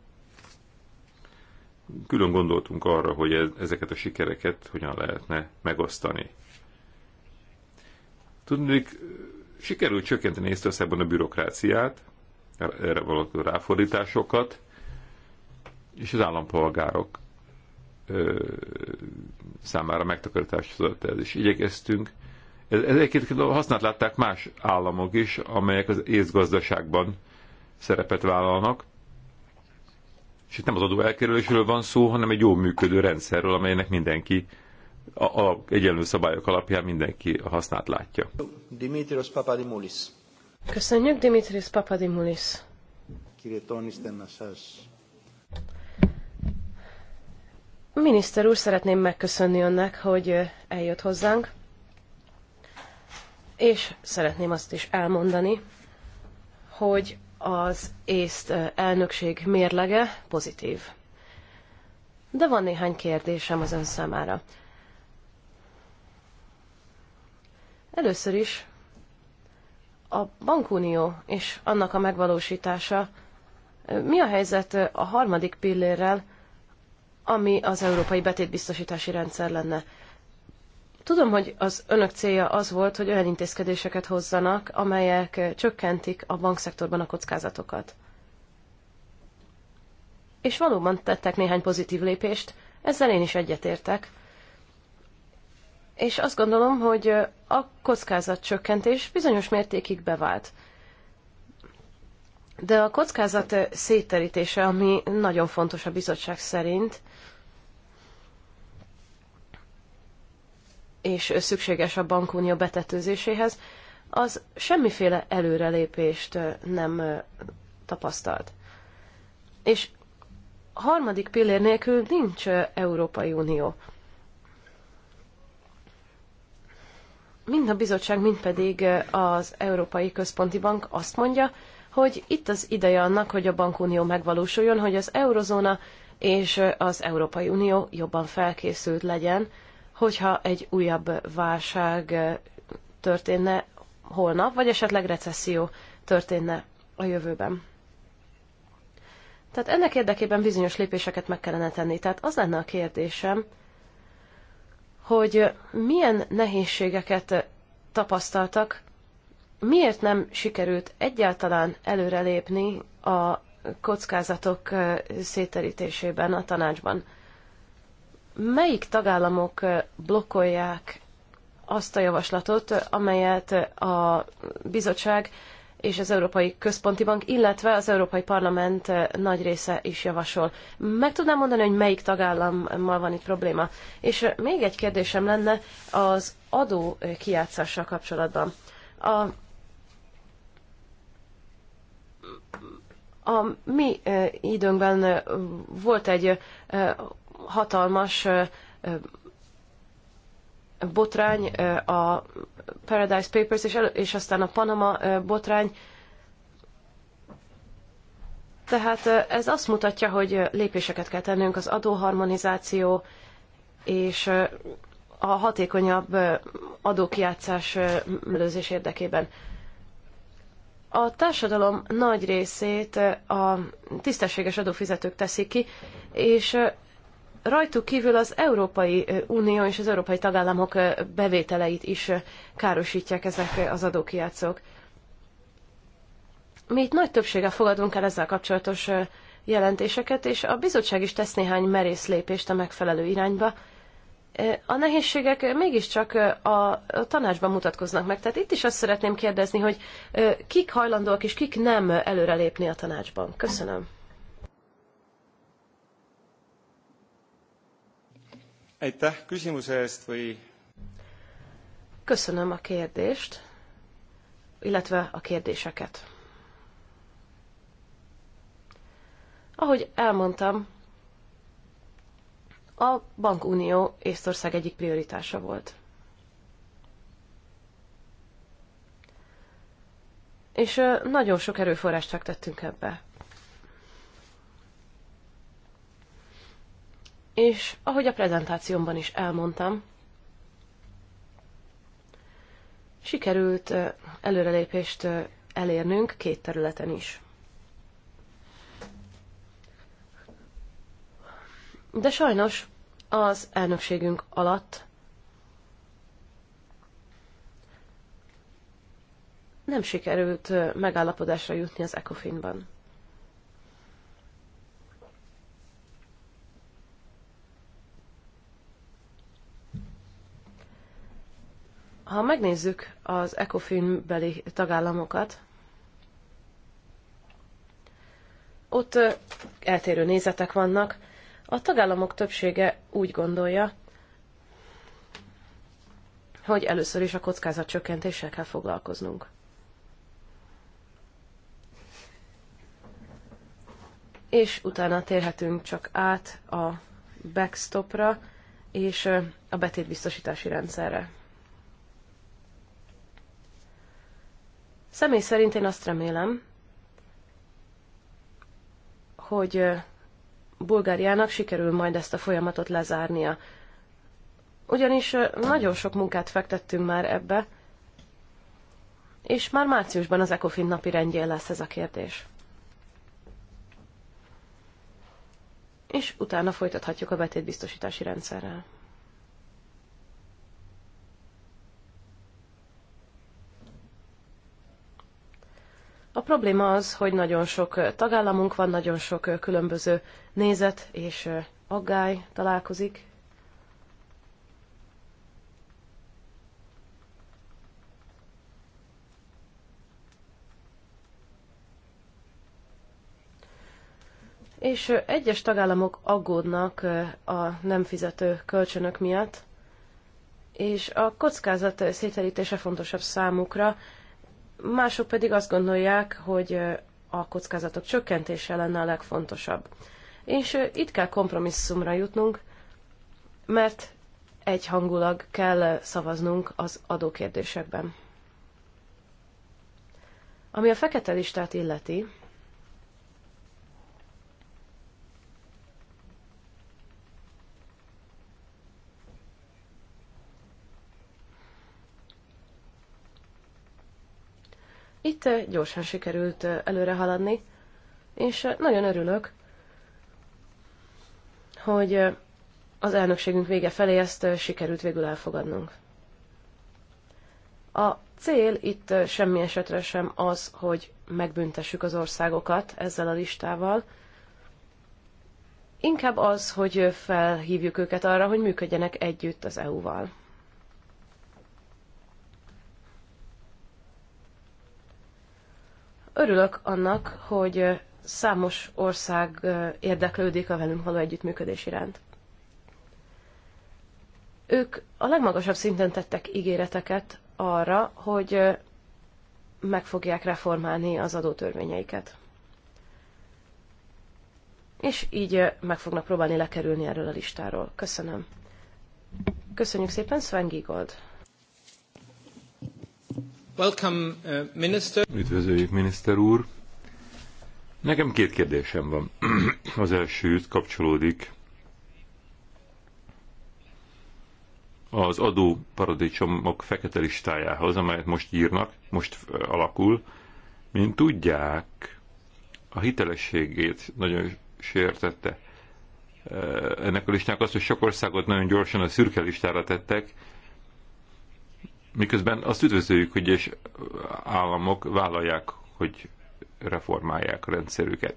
külön gondoltunk arra, hogy e- ezeket a sikereket hogyan lehetne megosztani. Tudnék, sikerült csökkenteni Észtországban a bürokráciát, erre való ráfordításokat, és az állampolgárok ö, számára megtakarítást hozott ez. És igyekeztünk. Ez, ez egyébként hasznát látták más államok is, amelyek az észgazdaságban szerepet vállalnak. És itt nem az adó elkerülésről van szó, hanem egy jó működő rendszerről, amelynek mindenki a, a egyenlő szabályok alapján mindenki a hasznát látja. Dimitrios Papadimulis. Köszönjük, Dimitris Papadimulis. Miniszter úr, szeretném megköszönni önnek, hogy eljött hozzánk, és szeretném azt is elmondani, hogy az észt elnökség mérlege pozitív. De van néhány kérdésem az ön számára. Először is a bankunió és annak a megvalósítása. Mi a helyzet a harmadik pillérrel, ami az európai betétbiztosítási rendszer lenne? Tudom, hogy az önök célja az volt, hogy olyan intézkedéseket hozzanak, amelyek csökkentik a bankszektorban a kockázatokat. És valóban tettek néhány pozitív lépést, ezzel én is egyetértek, és azt gondolom, hogy a kockázatcsökkentés bizonyos mértékig bevált. De a kockázat széterítése, ami nagyon fontos a bizottság szerint, és szükséges a bankunió betetőzéséhez, az semmiféle előrelépést nem tapasztalt. És harmadik pillér nélkül nincs Európai Unió. mind a bizottság, mind pedig az Európai Központi Bank azt mondja, hogy itt az ideje annak, hogy a bankunió megvalósuljon, hogy az eurozóna és az Európai Unió jobban felkészült legyen, hogyha egy újabb válság történne holnap, vagy esetleg recesszió történne a jövőben. Tehát ennek érdekében bizonyos lépéseket meg kellene tenni. Tehát az lenne a kérdésem, hogy milyen nehézségeket tapasztaltak, miért nem sikerült egyáltalán előrelépni a kockázatok széterítésében a tanácsban. Melyik tagállamok blokkolják azt a javaslatot, amelyet a bizottság és az Európai Központi Bank, illetve az Európai Parlament eh, nagy része is javasol. Meg tudnám mondani, hogy melyik tagállammal van itt probléma? És eh, még egy kérdésem lenne az adó eh, kiátszással kapcsolatban. A A mi időnkben volt egy hatalmas botrány, a Paradise Papers és, és aztán a Panama botrány. Tehát ez azt mutatja, hogy lépéseket kell tennünk az adóharmonizáció és a hatékonyabb adókiátszás mellőzés érdekében. A társadalom nagy részét a tisztességes adófizetők teszik ki, és rajtuk kívül az Európai Unió és az európai tagállamok bevételeit is károsítják ezek az adókijátszók. Mi itt nagy többséggel fogadunk el ezzel kapcsolatos jelentéseket, és a bizottság is tesz néhány merész lépést a megfelelő irányba. A nehézségek mégiscsak a tanácsban mutatkoznak meg, tehát itt is azt szeretném kérdezni, hogy kik hajlandóak és kik nem előrelépni a tanácsban. Köszönöm. Aitäh küsimuse eest või... Köszönöm a kérdést, illetve a kérdéseket. Ahogy elmondtam, a bankunió Észtország egyik prioritása volt. És nagyon sok erőforrást fektettünk ebbe. és ahogy a prezentációmban is elmondtam, sikerült előrelépést elérnünk két területen is. De sajnos az elnökségünk alatt nem sikerült megállapodásra jutni az ECOFIN-ban. Ha megnézzük az ECOFIN beli tagállamokat, ott eltérő nézetek vannak. A tagállamok többsége úgy gondolja, hogy először is a csökkentéssel kell foglalkoznunk. És utána térhetünk csak át a backstopra és a betétbiztosítási rendszerre. Személy szerint én azt remélem, hogy Bulgáriának sikerül majd ezt a folyamatot lezárnia. Ugyanis nagyon sok munkát fektettünk már ebbe, és már márciusban az ECOFIN napi rendjén lesz ez a kérdés. És utána folytathatjuk a betétbiztosítási rendszerrel. A probléma az, hogy nagyon sok tagállamunk van, nagyon sok különböző nézet és aggály találkozik. És egyes tagállamok aggódnak a nem fizető kölcsönök miatt, és a kockázat széterítése fontosabb számukra, mások pedig azt gondolják, hogy a kockázatok csökkentése lenne a legfontosabb. És itt kell kompromisszumra jutnunk, mert egyhangulag kell szavaznunk az adókérdésekben. Ami a fekete listát illeti, Itt gyorsan sikerült előre haladni, és nagyon örülök, hogy az elnökségünk vége felé ezt sikerült végül elfogadnunk. A cél itt semmi esetre sem az, hogy megbüntessük az országokat ezzel a listával, inkább az, hogy felhívjuk őket arra, hogy működjenek együtt az EU-val. Örülök annak, hogy számos ország érdeklődik a velünk való együttműködés iránt. Ők a legmagasabb szinten tettek ígéreteket arra, hogy meg fogják reformálni az adótörvényeiket. És így meg fognak próbálni lekerülni erről a listáról. Köszönöm. Köszönjük szépen, Sven Giegold. Welcome, uh, Minister. Üdvözöljük, miniszter úr. Nekem két kérdésem van. Az első kapcsolódik az adó paradicsomok fekete listájához, amelyet most írnak, most alakul. Mint tudják, a hitelességét nagyon sértette ennek a listának azt, hogy sok országot nagyon gyorsan a szürke listára tettek, Miközben azt üdvözöljük, hogy és államok vállalják, hogy reformálják a rendszerüket.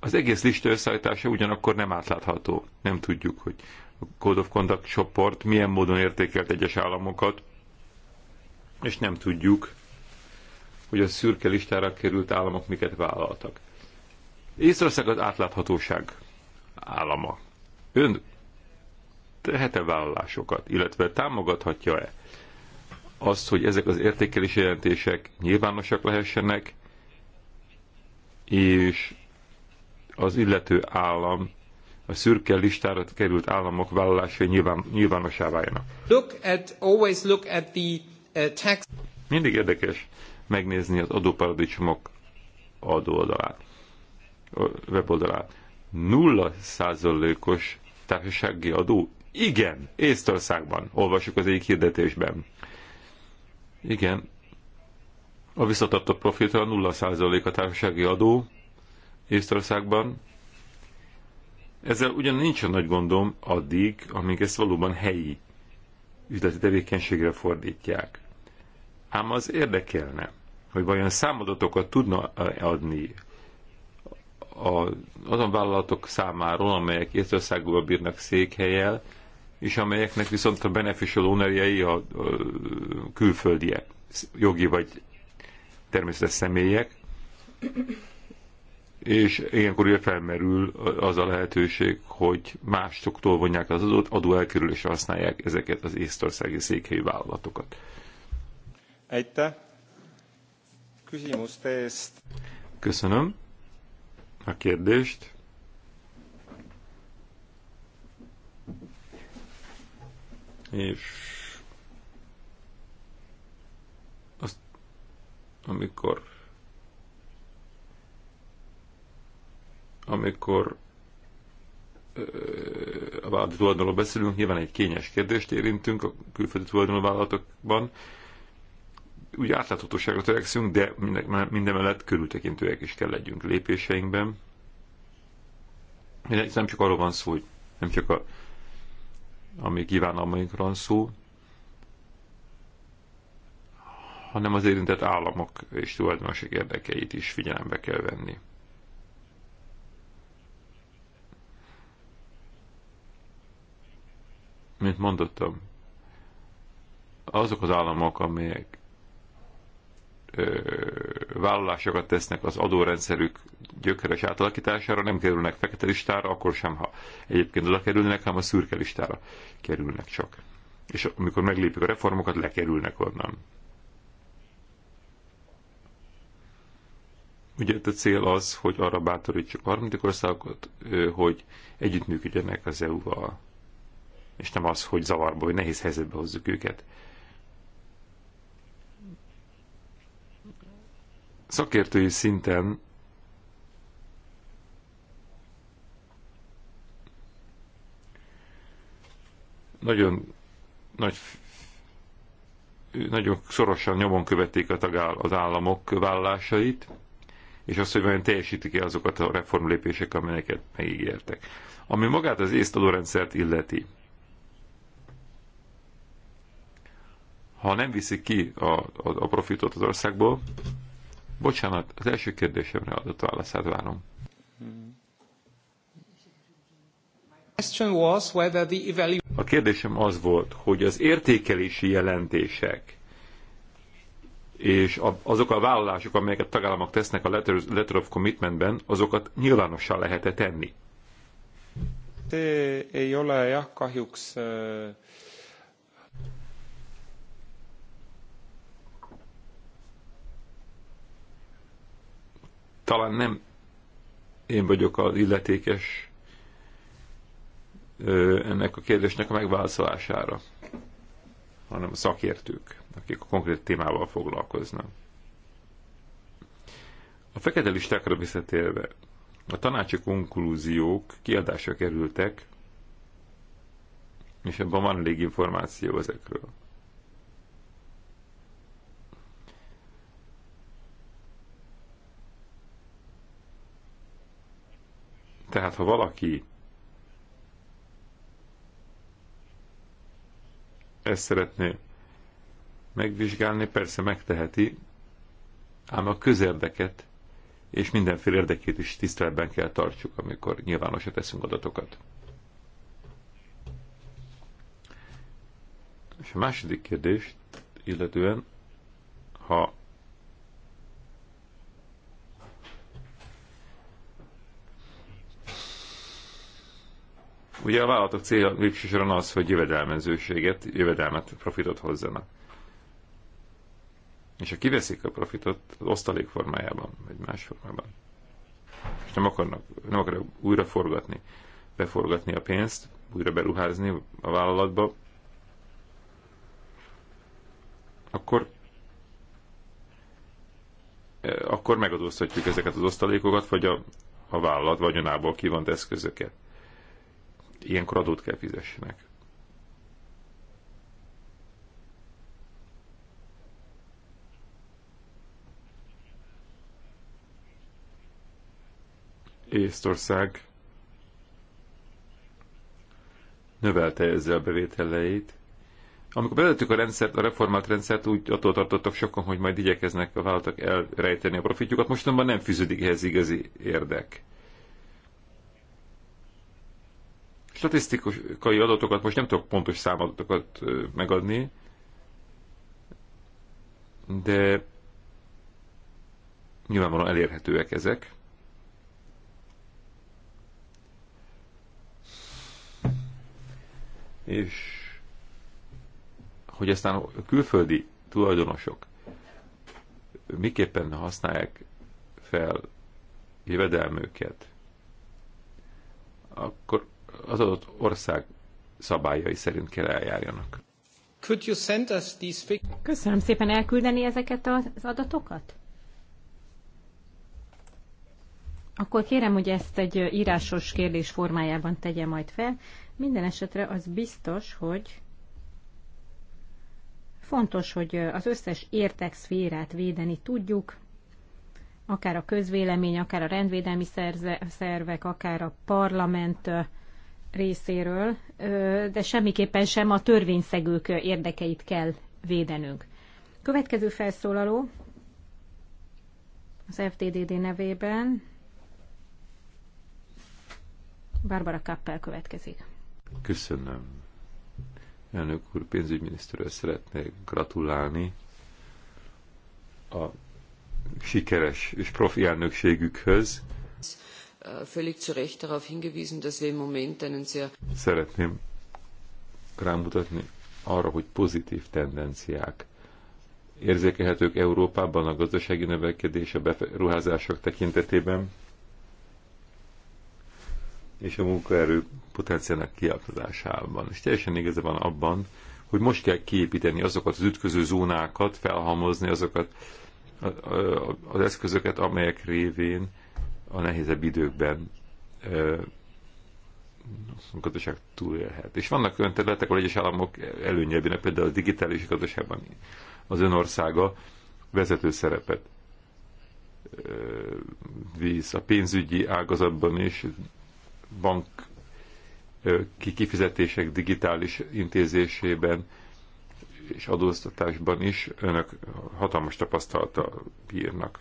Az egész lista összeállítása ugyanakkor nem átlátható. Nem tudjuk, hogy a Code of Conduct csoport milyen módon értékelt egyes államokat, és nem tudjuk, hogy a szürke listára került államok miket vállaltak. Észország az átláthatóság állama. Ön tehet-e vállalásokat, illetve támogathatja-e azt, hogy ezek az értékelési jelentések nyilvánosak lehessenek, és az illető állam, a szürke listára került államok vállalásai nyilván, nyilvánossá váljanak. Look at, always look at the, uh, tax... Mindig érdekes megnézni az adóparadicsomok adóoldalát, weboldalát. Nulla százalékos társasági adó? Igen, Észtországban, olvasjuk az egyik hirdetésben. Igen, a visszatartott profitra 0% a társasági adó Észtországban. Ezzel ugyan nincs a nagy gondom addig, amíg ezt valóban helyi üzleti tevékenységre fordítják. Ám az érdekelne, hogy vajon számadatokat tudna adni a, azon vállalatok számáról, amelyek Észtországban bírnak székhelyel, és amelyeknek viszont a beneficial ownerjei a, a külföldiek, jogi vagy természetes személyek, és ilyenkor ugye felmerül az a lehetőség, hogy másoktól vonják az adót, adó elkerülésre használják ezeket az észtországi székhelyi vállalatokat. Egyte. Köszönöm a kérdést. és azt, amikor amikor a vállalati tulajdonról beszélünk, nyilván egy kényes kérdést érintünk a külföldi tulajdonú vállalatokban. Úgy átláthatóságra törekszünk, de mellett körültekintőek is kell legyünk lépéseinkben. Ez nem csak arról van szó, hogy nem csak a ami kívánalmainkra van szó, hanem az érintett államok és tulajdonosok érdekeit is figyelembe kell venni. Mint mondottam, azok az államok, amelyek vállalásokat tesznek az adórendszerük gyökeres átalakítására, nem kerülnek fekete listára, akkor sem, ha egyébként oda kerülnek, hanem a szürke listára kerülnek csak. És amikor meglépik a reformokat, lekerülnek onnan. Ugye a cél az, hogy arra bátorítsuk a harmadik országokat, hogy együttműködjenek az EU-val, és nem az, hogy zavarba, hogy nehéz helyzetbe hozzuk őket. szakértői szinten nagyon nagy nagyon szorosan nyomon követték a tagáll az államok vállásait, és azt, hogy vajon teljesítik-e azokat a reformlépések, amelyeket megígértek. Ami magát az észt illeti, ha nem viszik ki a, a, a profitot az országból, Bocsánat, az első kérdésemre adott válaszát várom. A kérdésem az volt, hogy az értékelési jelentések és azok a vállalások, amelyeket tagállamok tesznek a letter, of commitmentben, azokat nyilvánossá lehet-e tenni? Ei ole jah kahjuks talán nem én vagyok az illetékes ennek a kérdésnek a megválaszolására, hanem a szakértők, akik a konkrét témával foglalkoznak. A fekete listákra visszatérve, a tanácsi konklúziók kiadásra kerültek, és ebben van elég információ ezekről. Tehát, ha valaki ezt szeretné megvizsgálni, persze megteheti, ám a közérdeket és mindenféle érdekét is tiszteletben kell tartsuk, amikor nyilvánosra teszünk adatokat. És a második kérdést illetően, ha Ugye a vállalatok célja végsősorban az, hogy jövedelmezőséget, jövedelmet, profitot hozzanak. És ha kiveszik a profitot osztalék formájában, vagy más formában, és nem akarnak, nem akarnak újra forgatni, beforgatni a pénzt, újra beruházni a vállalatba, akkor eh, akkor megadóztatjuk ezeket az osztalékokat, vagy a, a vállalat vagyonából kivont eszközöket ilyenkor adót kell fizessenek. Észtország növelte ezzel a bevételeit. Amikor bevezettük a rendszert, a reformált rendszert, úgy attól tartottak sokan, hogy majd igyekeznek a vállalatok elrejteni a profitjukat, mostanában nem fűződik ehhez igazi érdek. Statisztikai adatokat most nem tudok pontos számadatokat megadni, de nyilvánvalóan elérhetőek ezek. És hogy aztán a külföldi tulajdonosok miképpen használják fel jövedelmüket, akkor az adott ország szabályai szerint kell eljárjanak. Could you send us these Köszönöm szépen, elküldeni ezeket az adatokat? Akkor kérem, hogy ezt egy írásos kérdés formájában tegye majd fel. Minden esetre az biztos, hogy fontos, hogy az összes értekszférát védeni tudjuk, akár a közvélemény, akár a rendvédelmi szerze, szervek, akár a parlament részéről, de semmiképpen sem a törvényszegők érdekeit kell védenünk. Következő felszólaló az FDDD nevében Barbara Kappel következik. Köszönöm. Elnök úr, pénzügyminiszterre szeretnék gratulálni a sikeres és profi elnökségükhöz Äh, völlig zu Recht darauf hingewiesen, dass wir im Moment einen sehr... Szeretném rámutatni arra, hogy pozitív tendenciák érzékelhetők Európában a gazdasági növekedés, a beruházások tekintetében, és a munkaerő potenciálnak kiaknázásában. És teljesen igaza van abban, hogy most kell kiépíteni azokat az ütköző zónákat, felhalmozni azokat az eszközöket, amelyek révén a nehézebb időkben a gazdaság túlélhet. És vannak olyan területek, ahol egyes államok előnyelvének, például a digitális gazdaságban az önországa vezető szerepet víz a pénzügyi ágazatban is, bank kifizetések digitális intézésében és adóztatásban is önök hatalmas tapasztalata bírnak.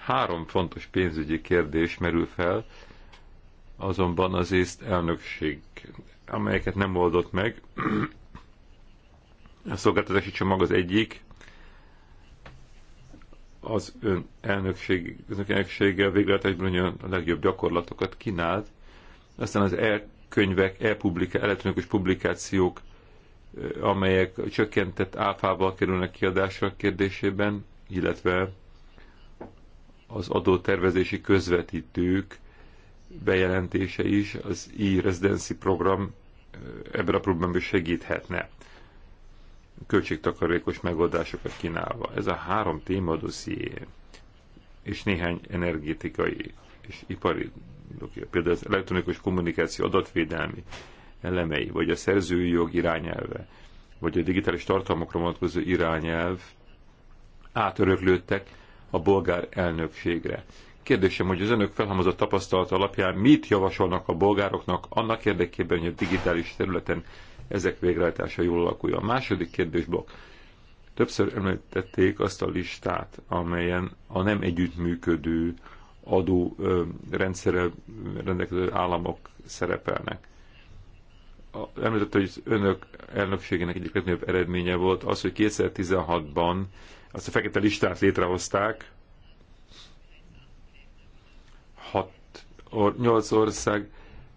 Három fontos pénzügyi kérdés merül fel, azonban az észt elnökség, amelyeket nem oldott meg. A szolgáltatási csomag az egyik, az ön elnökség, az elnöksége végletesben a legjobb gyakorlatokat kínált, aztán az e-könyvek, e -publika, elektronikus publikációk, amelyek csökkentett áfával kerülnek kiadásra kérdésében, illetve az adótervezési közvetítők bejelentése is az e-residency program ebben a problémában segíthetne költségtakarékos megoldásokat kínálva. Ez a három téma dosszié, és néhány energetikai és ipari, például az elektronikus kommunikáció adatvédelmi elemei, vagy a szerzői jog irányelve, vagy a digitális tartalmakra vonatkozó irányelv átöröklődtek a bolgár elnökségre. Kérdésem, hogy az önök felhamozott tapasztalata alapján mit javasolnak a bolgároknak annak érdekében, hogy a digitális területen ezek végrehajtása jól alakulja. A második kérdésblokk. Többször említették azt a listát, amelyen a nem együttműködő adó rendszerrel rendelkező államok szerepelnek. Említette, hogy az önök elnökségének egyik legnagyobb eredménye volt az, hogy 2016-ban azt a fekete listát létrehozták. Hat, or, nyolc ország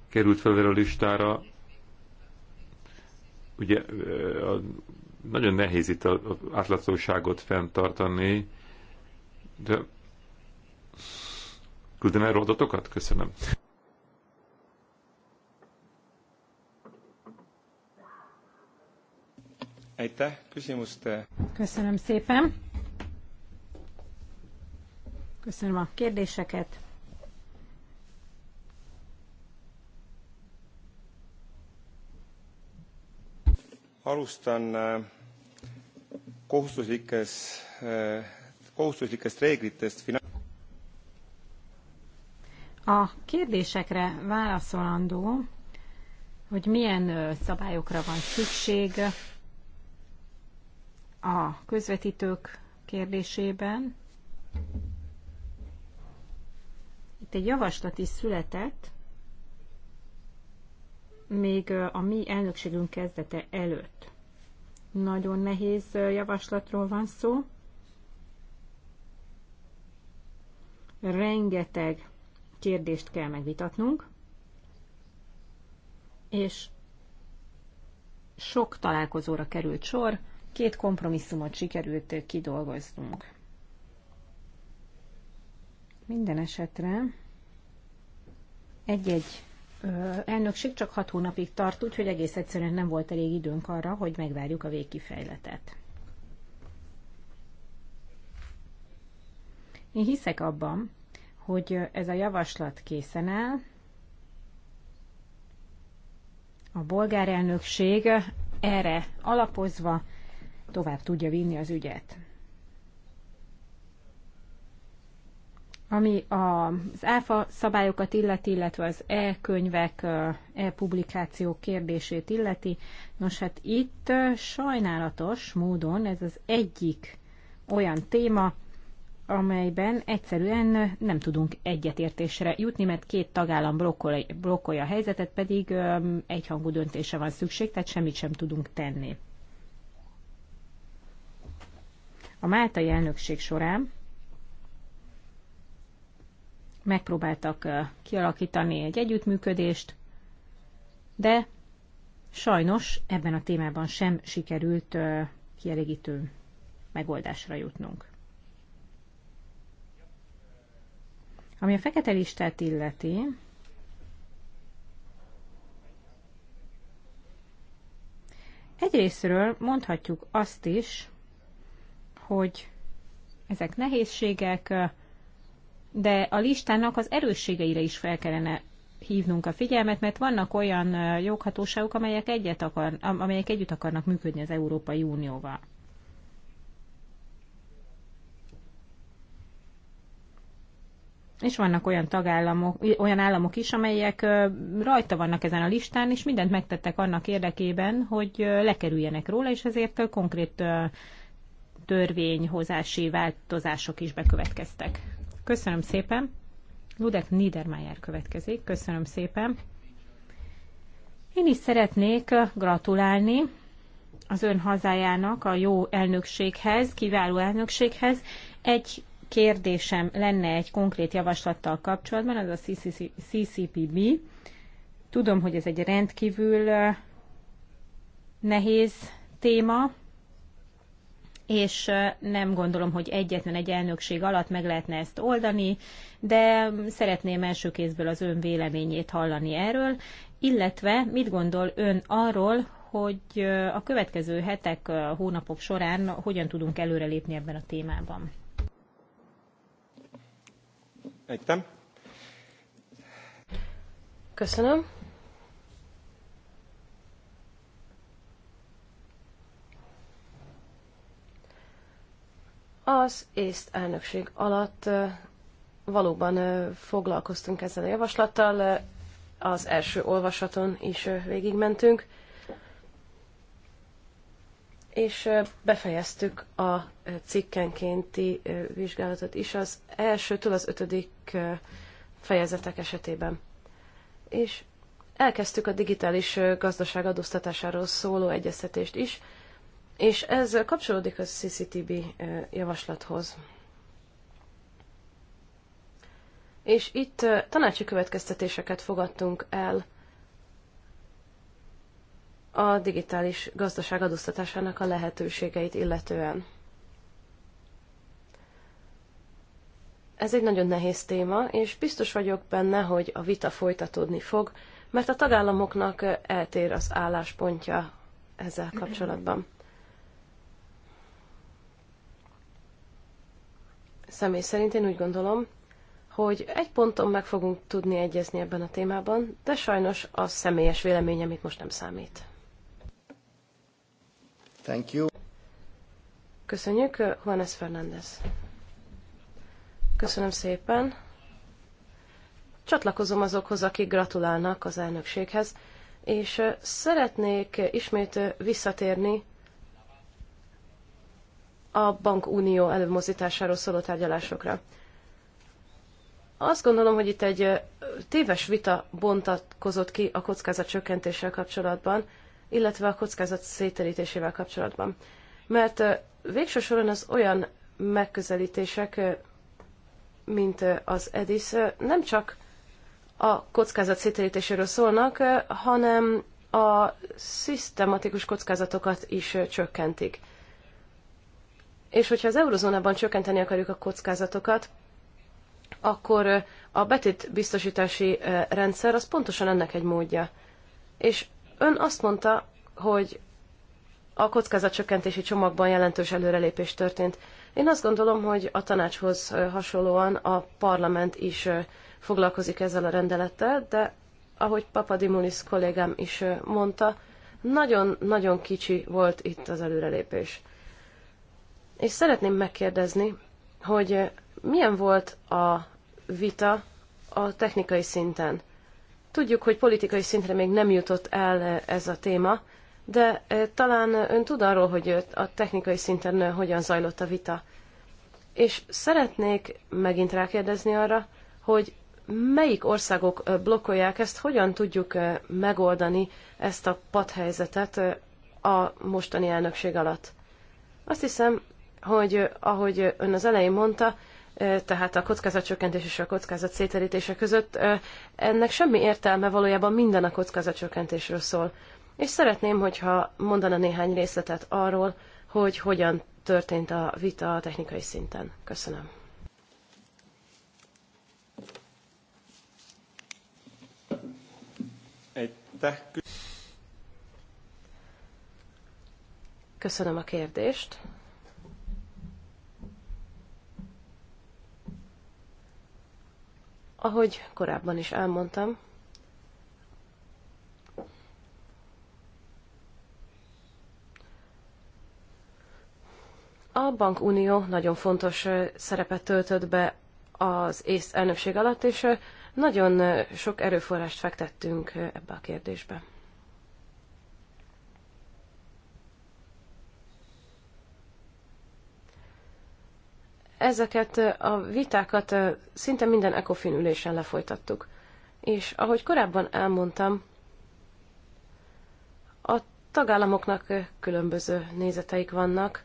került fel a listára. Ugye a, nagyon nehéz itt az átláthatóságot fenntartani, de küldem el adatokat? Köszönöm. Köszönöm szépen! Köszönöm a kérdéseket! alustan äh, kohustuslikes, äh, kohustuslikest reeglitest. A kérdésekre válaszolandó, hogy milyen szabályokra van szükség a közvetítők kérdésében. Itt egy javaslat is született, még a mi elnökségünk kezdete előtt. Nagyon nehéz javaslatról van szó. Rengeteg kérdést kell megvitatnunk, és sok találkozóra került sor, Két kompromisszumot sikerült kidolgoznunk. Minden esetre egy-egy elnökség csak hat hónapig tart, úgyhogy egész egyszerűen nem volt elég időnk arra, hogy megvárjuk a végkifejletet. Én hiszek abban, hogy ez a javaslat készen áll. A bolgár elnökség erre alapozva tovább tudja vinni az ügyet. Ami az ÁFA szabályokat illeti, illetve az e-könyvek, e-publikációk kérdését illeti, nos hát itt sajnálatos módon ez az egyik olyan téma, amelyben egyszerűen nem tudunk egyetértésre jutni, mert két tagállam blokkolja, a helyzetet, pedig egyhangú döntése van szükség, tehát semmit sem tudunk tenni. A máltai elnökség során megpróbáltak kialakítani egy együttműködést, de sajnos ebben a témában sem sikerült kielégítő megoldásra jutnunk. Ami a fekete listát illeti, egyrésztről mondhatjuk azt is, hogy ezek nehézségek, de a listának az erősségeire is fel kellene hívnunk a figyelmet, mert vannak olyan joghatóságok, amelyek, egyet akar, amelyek együtt akarnak működni az Európai Unióval. És vannak olyan tagállamok, olyan államok is, amelyek rajta vannak ezen a listán, és mindent megtettek annak érdekében, hogy lekerüljenek róla, és ezért konkrét törvényhozási változások is bekövetkeztek. Köszönöm szépen. Ludek Niedermayer következik. Köszönöm szépen. Én is szeretnék gratulálni az ön hazájának a jó elnökséghez, kiváló elnökséghez. Egy kérdésem lenne egy konkrét javaslattal kapcsolatban, az a CCPB. Tudom, hogy ez egy rendkívül eh, nehéz téma, és nem gondolom, hogy egyetlen egy elnökség alatt meg lehetne ezt oldani, de szeretném első kézből az ön véleményét hallani erről, illetve mit gondol ön arról, hogy a következő hetek, hónapok során hogyan tudunk előrelépni ebben a témában. Egytem. Köszönöm. Az észt elnökség alatt valóban foglalkoztunk ezzel a javaslattal, az első olvasaton is végigmentünk, és befejeztük a cikkenkénti vizsgálatot is az elsőtől az ötödik fejezetek esetében. És elkezdtük a digitális gazdaság adóztatásáról szóló egyeztetést is, és ez kapcsolódik a CCTB eh, javaslathoz. És itt eh, tanácsi következtetéseket fogadtunk el a digitális gazdaság adóztatásának a lehetőségeit illetően. Ez egy nagyon nehéz téma, és biztos vagyok benne, hogy a vita folytatódni fog, mert a tagállamoknak eh, eltér az álláspontja ezzel kapcsolatban. személy szerint én úgy gondolom, hogy egy ponton meg fogunk tudni egyezni ebben a témában, de sajnos a személyes véleményem itt most nem számít. Thank you. Köszönjük, Juanes Fernández. Köszönöm szépen. Csatlakozom azokhoz, akik gratulálnak az elnökséghez, és szeretnék ismét visszatérni a bankunió előmozdításáról szóló tárgyalásokra. Azt gondolom, hogy itt egy téves vita bontatkozott ki a kockázat csökkentéssel kapcsolatban, illetve a kockázat széterítésével kapcsolatban. Mert végső soron az olyan megközelítések, mint az EDIS, nem csak a kockázat széterítéséről szólnak, hanem a szisztematikus kockázatokat is csökkentik és hogyha az eurozónában csökkenteni akarjuk a kockázatokat, akkor a betét biztosítási rendszer az pontosan ennek egy módja. És ön azt mondta, hogy a kockázatcsökkentési csomagban jelentős előrelépés történt. Én azt gondolom, hogy a tanácshoz hasonlóan a parlament is foglalkozik ezzel a rendelettel, de ahogy Papadimulis kollégám is mondta, nagyon-nagyon kicsi volt itt az előrelépés és szeretném megkérdezni, hogy eh, milyen volt a vita a technikai szinten? Tudjuk, hogy politikai szintre még nem jutott el eh, ez a téma, de eh, talán ön tud arról, hogy a technikai szinten hogyan zajlott a vita. És szeretnék megint rákérdezni arra, hogy melyik országok blokkolják ezt, hogyan tudjuk megoldani ezt a padhelyzetet a mostani elnökség alatt. Azt hiszem, hogy ahogy ön az elején mondta, tehát a kockázatcsökkentés és a kockázat széterítése között ennek semmi értelme valójában minden a kockázatcsökkentésről szól. És szeretném, hogyha mondana néhány részletet arról, hogy hogyan történt a vita a technikai szinten. Köszönöm. Köszönöm a kérdést. Ahogy korábban is elmondtam, A bankunió nagyon fontos szerepet töltött be az ész elnökség alatt, és nagyon sok erőforrást fektettünk ebbe a kérdésbe. ezeket a vitákat szinte minden ECOFIN ülésen lefolytattuk. És ahogy korábban elmondtam, a tagállamoknak különböző nézeteik vannak.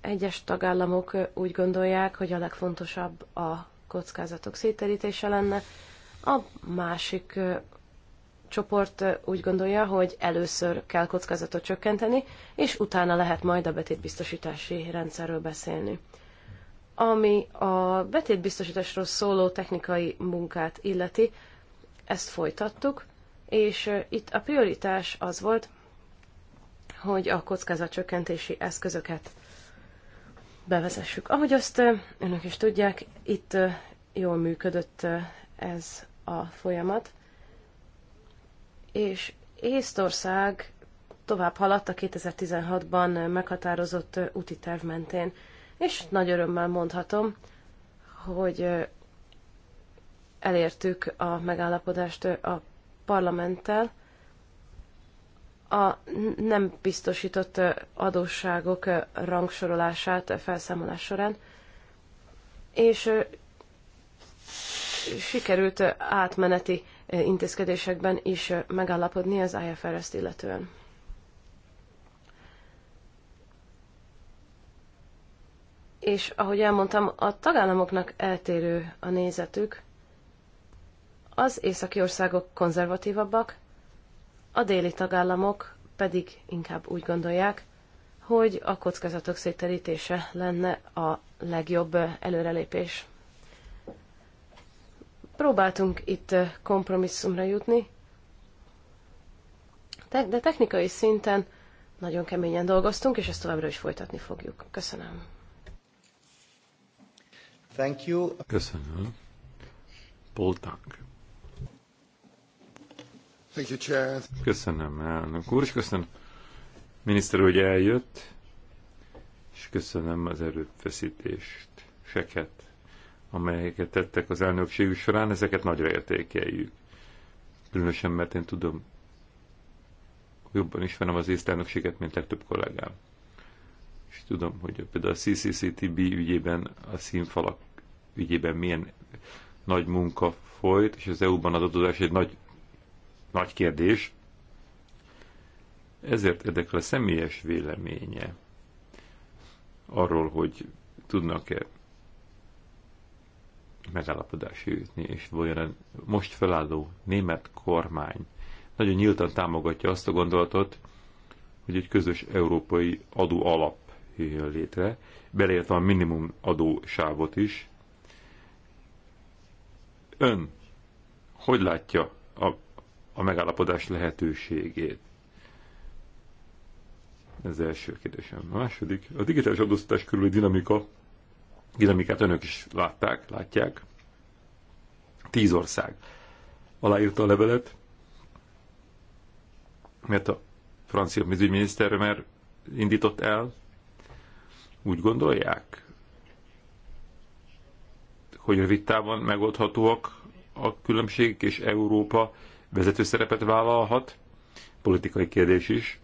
Egyes tagállamok úgy gondolják, hogy a legfontosabb a kockázatok széterítése lenne, a másik csoport úgy gondolja, hogy először kell kockázatot csökkenteni, és utána lehet majd a betétbiztosítási rendszerről beszélni. Ami a betétbiztosításról szóló technikai munkát illeti, ezt folytattuk, és itt a prioritás az volt, hogy a kockázatcsökkentési eszközöket bevezessük. Ahogy azt önök is tudják, itt jól működött ez a folyamat és Észtország tovább haladt a 2016-ban meghatározott úti terv mentén. És nagy örömmel mondhatom, hogy elértük a megállapodást a parlamenttel, a nem biztosított adósságok rangsorolását felszámolás során, és sikerült átmeneti intézkedésekben is megállapodni az IFRS-t illetően. És ahogy elmondtam, a tagállamoknak eltérő a nézetük. Az északi országok konzervatívabbak, a déli tagállamok pedig inkább úgy gondolják, hogy a kockázatok széterítése lenne a legjobb előrelépés. Próbáltunk itt kompromisszumra jutni, de technikai szinten nagyon keményen dolgoztunk, és ezt továbbra is folytatni fogjuk. Köszönöm. Thank you. Köszönöm. Paul Thank you, Chair. Köszönöm, elnök úr, és köszönöm miniszter, hogy eljött, és köszönöm az erőfeszítést, seket amelyeket tettek az elnökségük során, ezeket nagyra értékeljük. Különösen, mert én tudom, jobban ismerem az észt elnökséget, mint legtöbb kollégám. És tudom, hogy például a CCCTB ügyében, a színfalak ügyében milyen nagy munka folyt, és az EU-ban az adózás egy nagy, nagy kérdés. Ezért érdekel a személyes véleménye arról, hogy tudnak-e megállapodás jutni, és olyan most felálló német kormány nagyon nyíltan támogatja azt a gondolatot, hogy egy közös európai adó alap jön létre, beleértve a minimum adósávot is. Ön hogy látja a, a megállapodás lehetőségét? Ez első kérdésem. A második, a digitális adóztatás körüli dinamika dinamikát önök is látták, látják. Tíz ország aláírta a levelet, mert a francia pénzügyminiszter már indított el. Úgy gondolják, hogy rövid távon megoldhatóak a különbségek, és Európa vezető szerepet vállalhat, politikai kérdés is,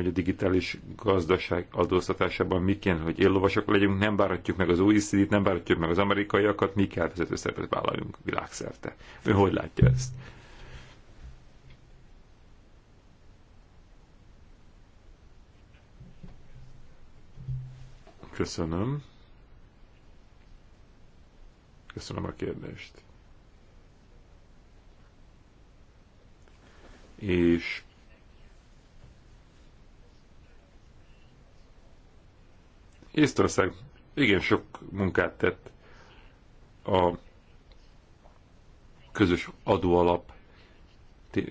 hogy a digitális gazdaság adóztatásában mi kell, hogy éllovasok legyünk, nem váratjuk meg az OECD-t, nem váratjuk meg az amerikaiakat, mi kell vezető szerepet vállaljunk világszerte. Ő hogy látja ezt? Köszönöm. Köszönöm a kérdést. És Észtország igen sok munkát tett a közös adóalap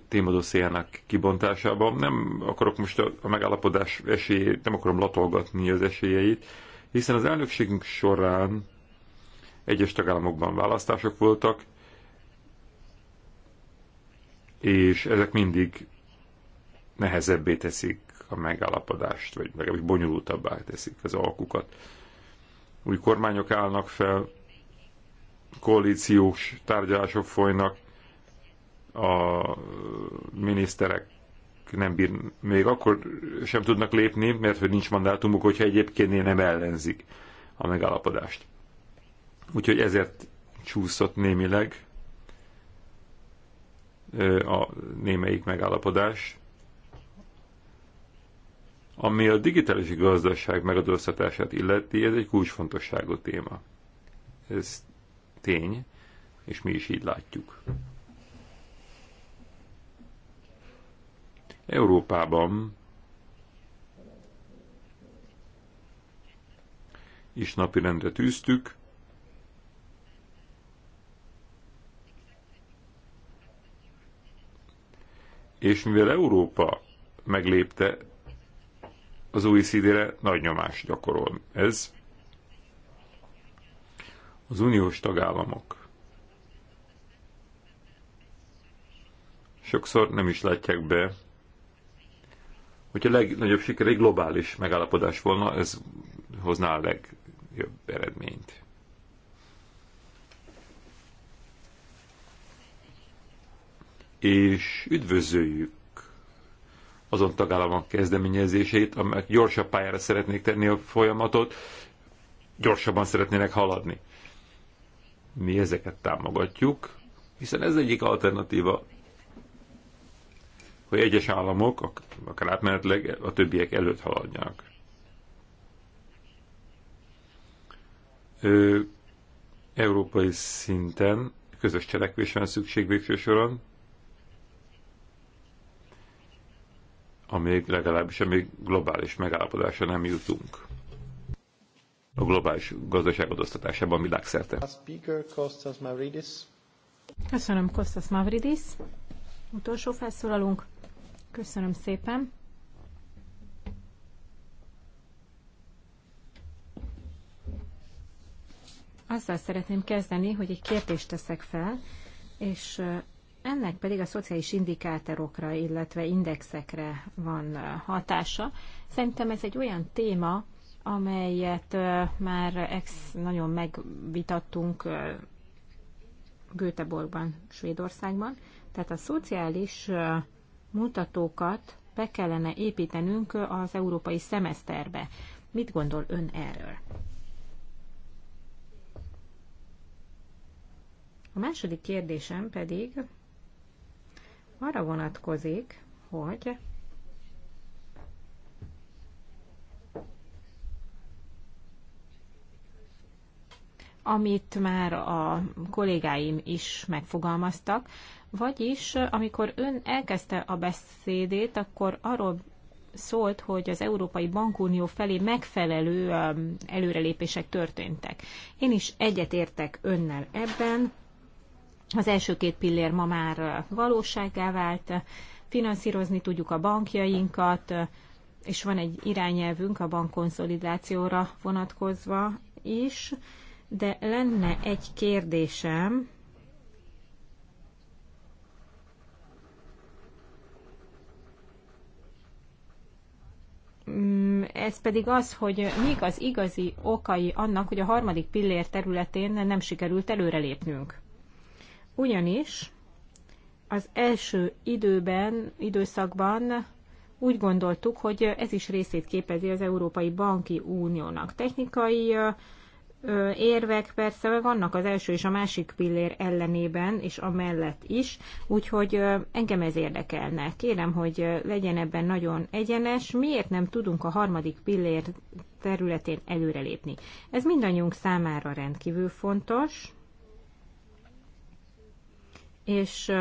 témadosszéjának kibontásában. Nem akarok most a, a megállapodás esélyét, nem akarom latolgatni az esélyeit, hiszen az elnökségünk során egyes tagállamokban választások voltak, és ezek mindig nehezebbé teszik a megállapodást, vagy legalábbis bonyolultabbá teszik az alkukat. Új kormányok állnak fel, koalíciós tárgyalások folynak, a miniszterek nem bír, még akkor sem tudnak lépni, mert hogy nincs mandátumuk, hogyha egyébként nem ellenzik a megállapodást. Úgyhogy ezért csúszott némileg a némelyik megállapodás. Ami a digitális gazdaság megadóztatását illeti, ez egy kulcsfontosságú téma. Ez tény, és mi is így látjuk. Európában is rendre tűztük, és mivel Európa meglépte az OECD-re nagy nyomást gyakorol. Ez az uniós tagállamok sokszor nem is látják be, hogy a legnagyobb siker egy globális megállapodás volna, ez hozná a legjobb eredményt. És üdvözöljük azon tagállamok kezdeményezését, amelyek gyorsabb pályára szeretnék tenni a folyamatot, gyorsabban szeretnének haladni. Mi ezeket támogatjuk, hiszen ez egyik alternatíva, hogy egyes államok, akár átmenetleg a többiek előtt haladjanak. Ö, európai szinten közös cselekvés van szükség végső soron, amíg legalábbis amíg globális megállapodásra nem jutunk a globális gazdaság adóztatásában világszerte. Köszönöm, Kostas Mavridis. Utolsó felszólalunk. Köszönöm szépen. Azzal szeretném kezdeni, hogy egy kérdést teszek fel, és ennek pedig a szociális indikátorokra, illetve indexekre van hatása. Szerintem ez egy olyan téma, amelyet már ex nagyon megvitattunk Göteborgban, Svédországban. Tehát a szociális mutatókat be kellene építenünk az európai szemeszterbe. Mit gondol ön erről? A második kérdésem pedig arra vonatkozik, hogy amit már a kollégáim is megfogalmaztak, vagyis amikor ön elkezdte a beszédét, akkor arról szólt, hogy az Európai Bankunió felé megfelelő um, előrelépések történtek. Én is egyetértek önnel ebben, az első két pillér ma már valósággá vált, finanszírozni tudjuk a bankjainkat, és van egy irányelvünk a bankkonszolidációra vonatkozva is, de lenne egy kérdésem, mm, ez pedig az, hogy mik az igazi okai annak, hogy a harmadik pillér területén nem sikerült előrelépnünk. Ugyanis az első időben, időszakban úgy gondoltuk, hogy ez is részét képezi az Európai Banki Uniónak. Technikai érvek persze vannak az első és a másik pillér ellenében, és amellett is, úgyhogy engem ez érdekelne. Kérem, hogy legyen ebben nagyon egyenes, miért nem tudunk a harmadik pillér területén előrelépni. Ez mindannyiunk számára rendkívül fontos, és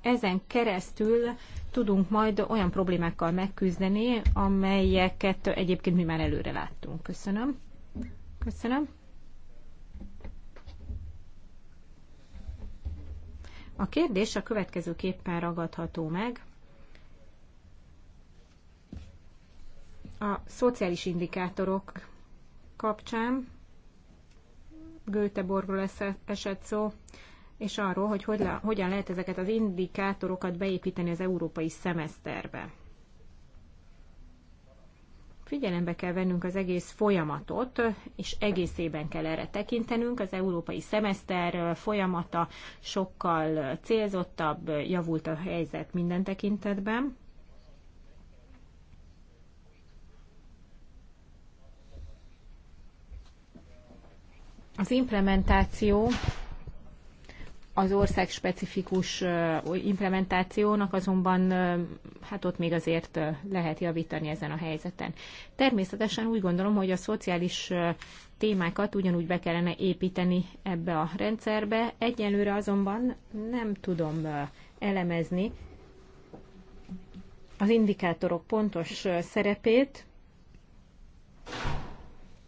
ezen keresztül tudunk majd olyan problémákkal megküzdeni, amelyeket egyébként mi már előre láttunk. Köszönöm. Köszönöm. A kérdés a következőképpen ragadható meg. A szociális indikátorok kapcsán Göteborgról e- esett szó, és arról, hogy, hogy le, hogyan lehet ezeket az indikátorokat beépíteni az európai szemeszterbe. Figyelembe kell vennünk az egész folyamatot, és egészében kell erre tekintenünk. Az európai szemeszter folyamata sokkal célzottabb, javult a helyzet minden tekintetben. Az implementáció az ország specifikus implementációnak azonban hát ott még azért lehet javítani ezen a helyzeten. Természetesen úgy gondolom, hogy a szociális témákat ugyanúgy be kellene építeni ebbe a rendszerbe. Egyelőre azonban nem tudom elemezni az indikátorok pontos szerepét,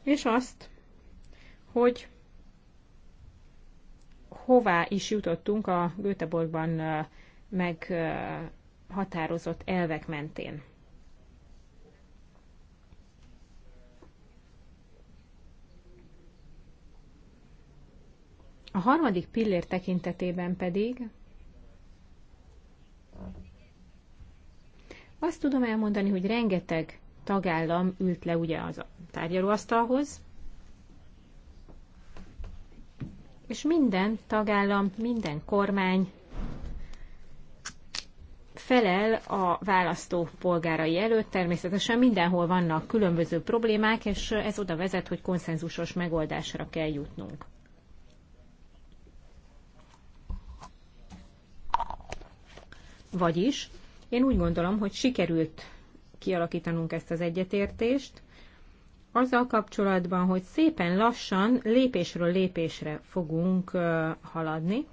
és azt, hogy hová is jutottunk a Göteborgban meghatározott elvek mentén. A harmadik pillér tekintetében pedig azt tudom elmondani, hogy rengeteg tagállam ült le ugye az a tárgyalóasztalhoz, és minden tagállam, minden kormány felel a választó polgárai előtt. Természetesen mindenhol vannak különböző problémák, és ez oda vezet, hogy konszenzusos megoldásra kell jutnunk. Vagyis én úgy gondolom, hogy sikerült kialakítanunk ezt az egyetértést, azzal kapcsolatban, hogy szépen lassan, lépésről lépésre fogunk haladni,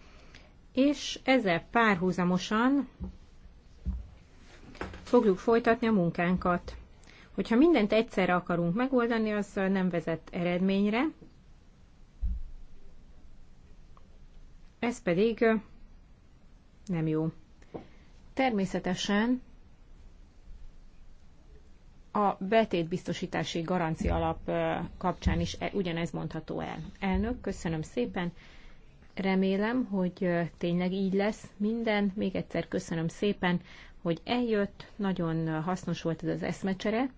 és ezzel párhuzamosan fogjuk folytatni a munkánkat. Hogyha mindent egyszerre akarunk megoldani, az nem vezet eredményre. Ez pedig nem jó. Természetesen a betétbiztosítási garancia alap kapcsán is e, ugyanez mondható el. Elnök, köszönöm szépen. Remélem, hogy tényleg így lesz minden. Még egyszer köszönöm szépen, hogy eljött. Nagyon hasznos volt ez az eszmecsere.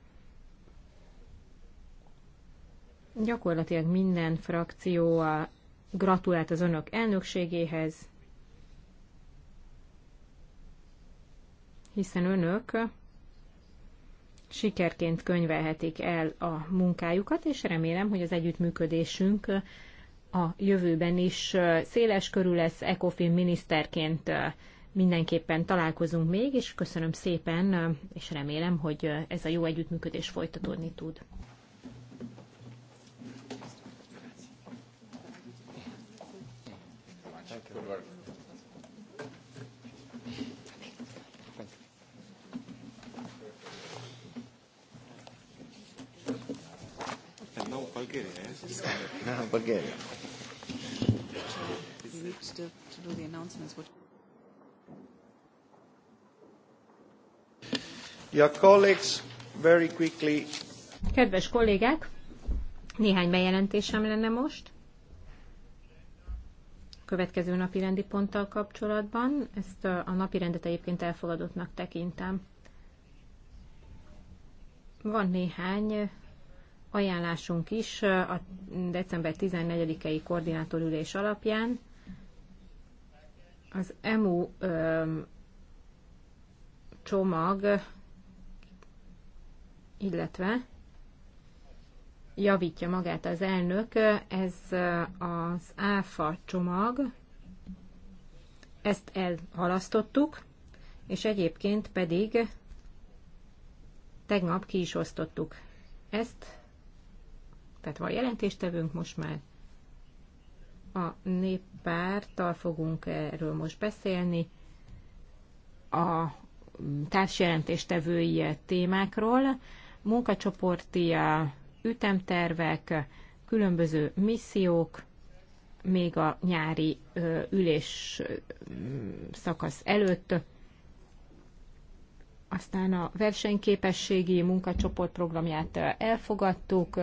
Gyakorlatilag minden frakció gratulált az önök elnökségéhez, hiszen önök sikerként könyvelhetik el a munkájukat, és remélem, hogy az együttműködésünk a jövőben is széles körül lesz, ECOFIN miniszterként mindenképpen találkozunk még, és köszönöm szépen, és remélem, hogy ez a jó együttműködés folytatódni tud. Bulgaria. ¿eh? Your colleagues, very quickly. Kedves kollégák, néhány bejelentésem lenne most. Következő napi rendi ponttal kapcsolatban. Ezt a napi rendet egyébként elfogadottnak tekintem. Van néhány ajánlásunk is a december 14-i koordinátorülés alapján. Az EMU csomag, illetve javítja magát az elnök, ez az ÁFA csomag, ezt elhalasztottuk, és egyébként pedig tegnap ki is osztottuk ezt tehát van jelentéstevőnk most már. A néppárttal fogunk erről most beszélni. A társjelentéstevői témákról, munkacsoporti ütemtervek, különböző missziók, még a nyári ülés szakasz előtt, aztán a versenyképességi munkacsoport programját elfogadtuk,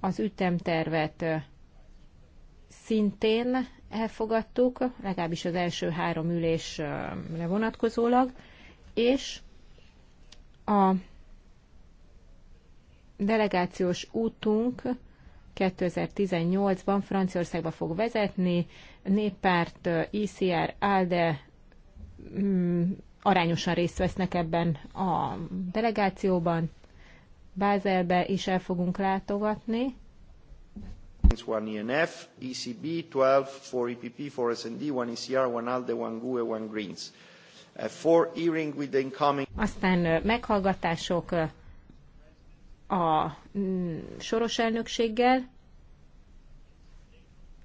az ütemtervet szintén elfogadtuk, legalábbis az első három ülésre vonatkozólag, és a delegációs útunk 2018-ban Franciaországba fog vezetni, néppárt, ICR, ALDE mm, arányosan részt vesznek ebben a delegációban, Bázelbe is el fogunk látogatni. One ENF, ECB, 12 for EPP, for S&D, one ECR, one ALDE, one GUE, one Greens. Four hearing with the incoming... Aztán meghallgatások a mm, soros elnökséggel,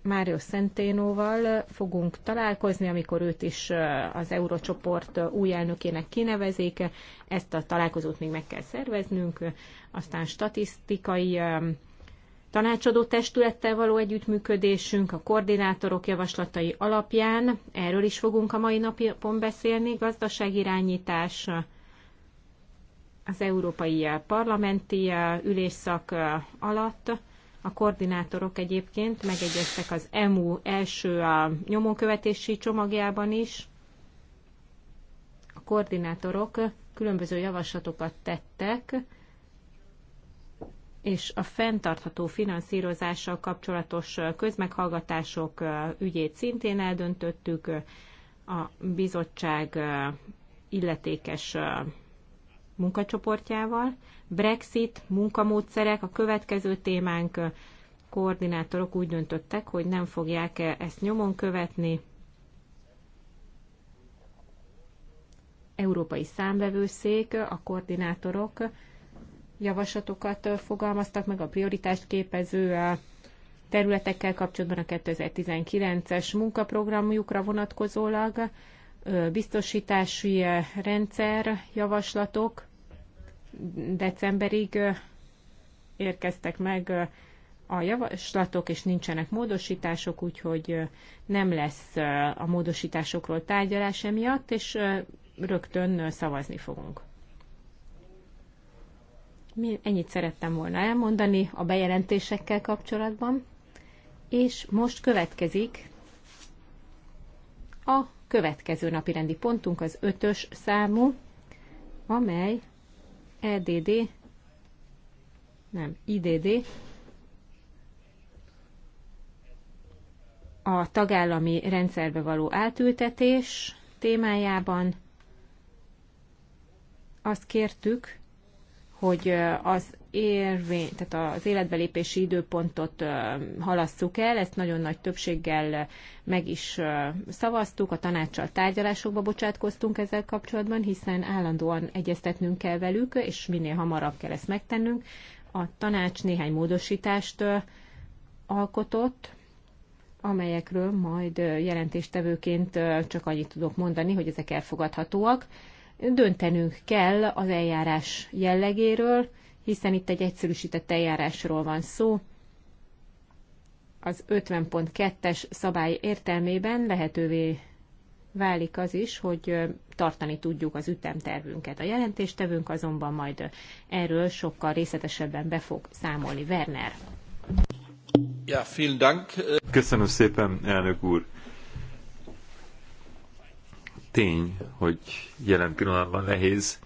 Mário Szenténóval fogunk találkozni, amikor őt is az Eurocsoport új elnökének kinevezik. Ezt a találkozót még meg kell szerveznünk. Aztán statisztikai tanácsadó testülettel való együttműködésünk a koordinátorok javaslatai alapján. Erről is fogunk a mai napon beszélni. Gazdaságirányítás, az Európai Parlamenti ülésszak alatt a koordinátorok egyébként megegyeztek az EMU első a nyomókövetési csomagjában is. A koordinátorok különböző javaslatokat tettek, és a fenntartható finanszírozással kapcsolatos közmeghallgatások ügyét szintén eldöntöttük. A bizottság illetékes munkacsoportjával. Brexit, munkamódszerek, a következő témánk koordinátorok úgy döntöttek, hogy nem fogják -e ezt nyomon követni. Európai Számvevőszék, a koordinátorok javaslatokat fogalmaztak meg a prioritást képező területekkel kapcsolatban a 2019-es munkaprogramjukra vonatkozólag biztosítási rendszer javaslatok decemberig érkeztek meg a javaslatok, és nincsenek módosítások, úgyhogy nem lesz a módosításokról tárgyalás emiatt, és rögtön szavazni fogunk. Ennyit szerettem volna elmondani a bejelentésekkel kapcsolatban, és most következik a Következő napi rendi pontunk az ötös számú, amely EDD, nem, IDD, a tagállami rendszerbe való átültetés témájában azt kértük, hogy az érvény, tehát az életbelépési időpontot halasszuk el, ezt nagyon nagy többséggel meg is szavaztuk, a tanácssal tárgyalásokba bocsátkoztunk ezzel kapcsolatban, hiszen állandóan egyeztetnünk kell velük, és minél hamarabb kell ezt megtennünk. A tanács néhány módosítást alkotott, amelyekről majd jelentéstevőként csak annyit tudok mondani, hogy ezek elfogadhatóak. Döntenünk kell az eljárás jellegéről, hiszen itt egy egyszerűsített eljárásról van szó. Az 50.2-es szabály értelmében lehetővé válik az is, hogy tartani tudjuk az ütemtervünket. A jelentéstevünk azonban majd erről sokkal részletesebben be fog számolni. Werner. Ja, vielen Dank. Köszönöm szépen, elnök úr. Tény, hogy jelen pillanatban nehéz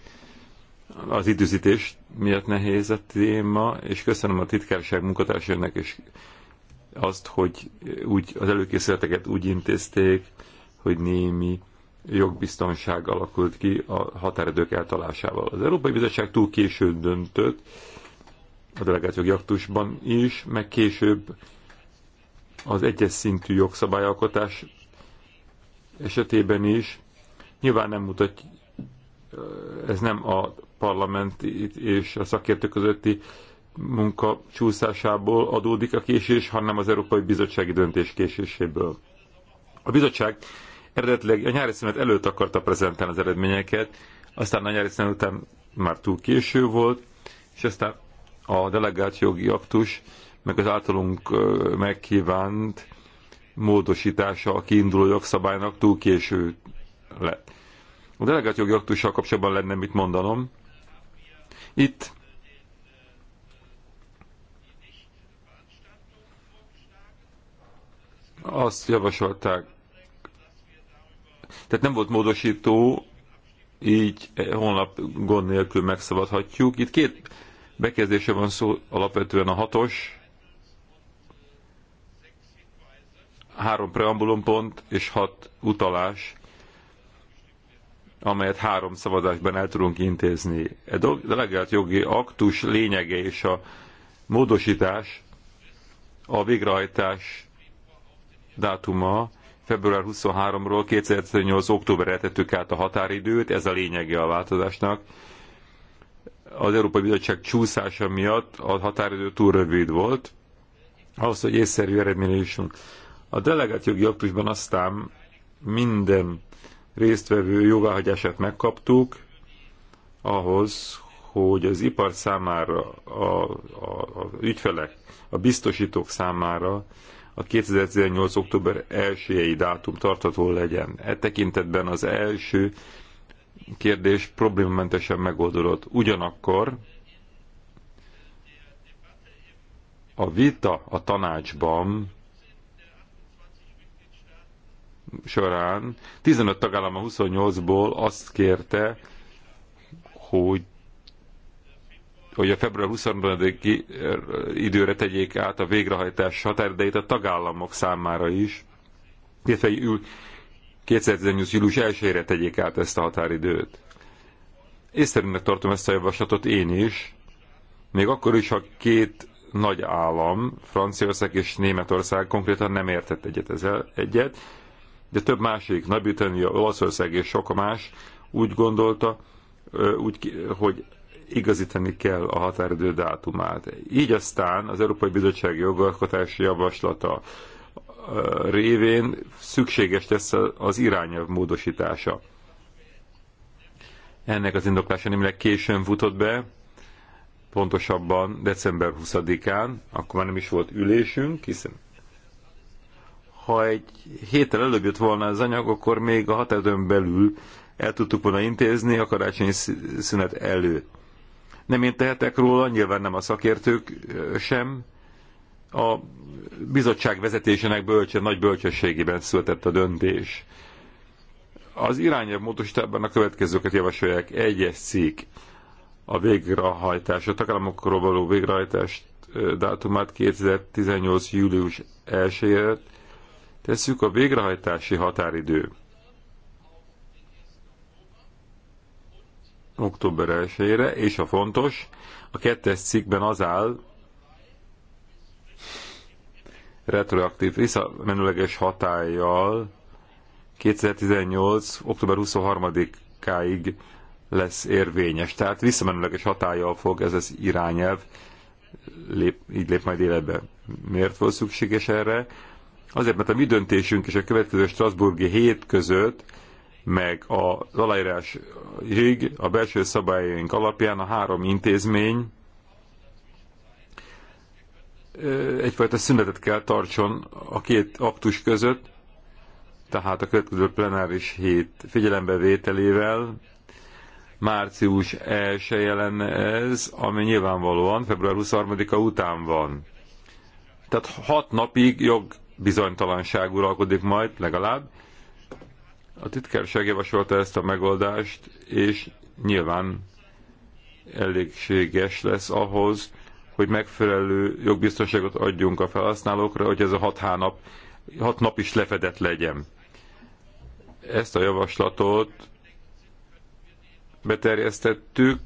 az időzítés miatt nehéz a téma, és köszönöm a titkárság munkatársainak és azt, hogy úgy, az előkészületeket úgy intézték, hogy némi jogbiztonság alakult ki a határidők eltalásával. Az Európai Bizottság túl későn döntött, a delegációk jaktusban is, meg később az egyes szintű jogszabályalkotás esetében is. Nyilván nem mutat, ez nem a parlament és a szakértők közötti munka csúszásából adódik a késés, hanem az Európai Bizottsági döntés késéséből. A bizottság eredetileg a nyári szünet előtt akarta prezentálni az eredményeket, aztán a nyári szünet után már túl késő volt, és aztán a delegált jogi aktus, meg az általunk megkívánt módosítása a kiinduló jogszabálynak túl késő lett. A delegált jogi aktussal kapcsolatban lenne mit mondanom, itt azt javasolták, tehát nem volt módosító, így holnap gond nélkül megszabadhatjuk. Itt két bekezdése van szó, alapvetően a hatos, három preambulumpont és hat utalás amelyet három szavazásban el tudunk intézni. A e delegált jogi aktus lényege és a módosítás, a végrehajtás dátuma február 23-ról 2018. októberre tettük át a határidőt, ez a lényege a változásnak. Az Európai Bizottság csúszása miatt a határidő túl rövid volt, ahhoz, hogy észszerű eredményre jussunk. A delegált jogi aktusban aztán minden résztvevő jóváhagyását megkaptuk ahhoz, hogy az ipar számára, a, a, a ügyfelek, a biztosítók számára a 2018. október 1-i dátum tartható legyen. E tekintetben az első kérdés problémamentesen megoldódott. Ugyanakkor a vita a tanácsban során 15 tagállam a 28-ból azt kérte, hogy hogy a február 25-i időre tegyék át a végrehajtás határidejét a tagállamok számára is, illetve 2018. július 1 tegyék át ezt a határidőt. szerintem tartom ezt a javaslatot én is, még akkor is, ha két nagy állam, Franciaország és Németország konkrétan nem értett egyet ezzel egyet, de több másik, Nagy-Britannia, Olaszország és sok más úgy gondolta, úgy, hogy igazítani kell a határidő dátumát. Így aztán az Európai Bizottság jogalkotási javaslata révén szükséges lesz az irányelv módosítása. Ennek az indoklása némileg későn futott be, pontosabban december 20-án, akkor már nem is volt ülésünk, hiszen ha egy héttel előbb jött volna az anyag, akkor még a határidőn belül el tudtuk volna intézni a karácsonyi szünet előtt. Nem én tehetek róla, nyilván nem a szakértők sem. A bizottság vezetésének bölcse, nagy bölcsességében született a döntés. Az irányabb módosításban a következőket javasolják. Egyes cikk a végrehajtás, a tagállamokról való végrehajtást dátumát 2018. július 1-ért Tesszük a végrehajtási határidő. Október 1 és a fontos, a kettes cikkben az áll, retroaktív, visszamenőleges hatállyal 2018. október 23-áig lesz érvényes. Tehát visszamenőleges hatállyal fog ez az irányelv lép, így lép majd életbe. Miért volt szükséges erre? Azért, mert a mi döntésünk és a következő Strasburgi hét között, meg a aláírás rig, a belső szabályaink alapján a három intézmény egyfajta szünetet kell tartson a két aktus között, tehát a következő plenáris hét vételével, március 1 jelen ez, ami nyilvánvalóan február 23-a után van. Tehát hat napig jog bizonytalanság uralkodik majd, legalább. A titkárság javasolta ezt a megoldást, és nyilván elégséges lesz ahhoz, hogy megfelelő jogbiztonságot adjunk a felhasználókra, hogy ez a hat, hánap, hat nap is lefedett legyen. Ezt a javaslatot beterjesztettük,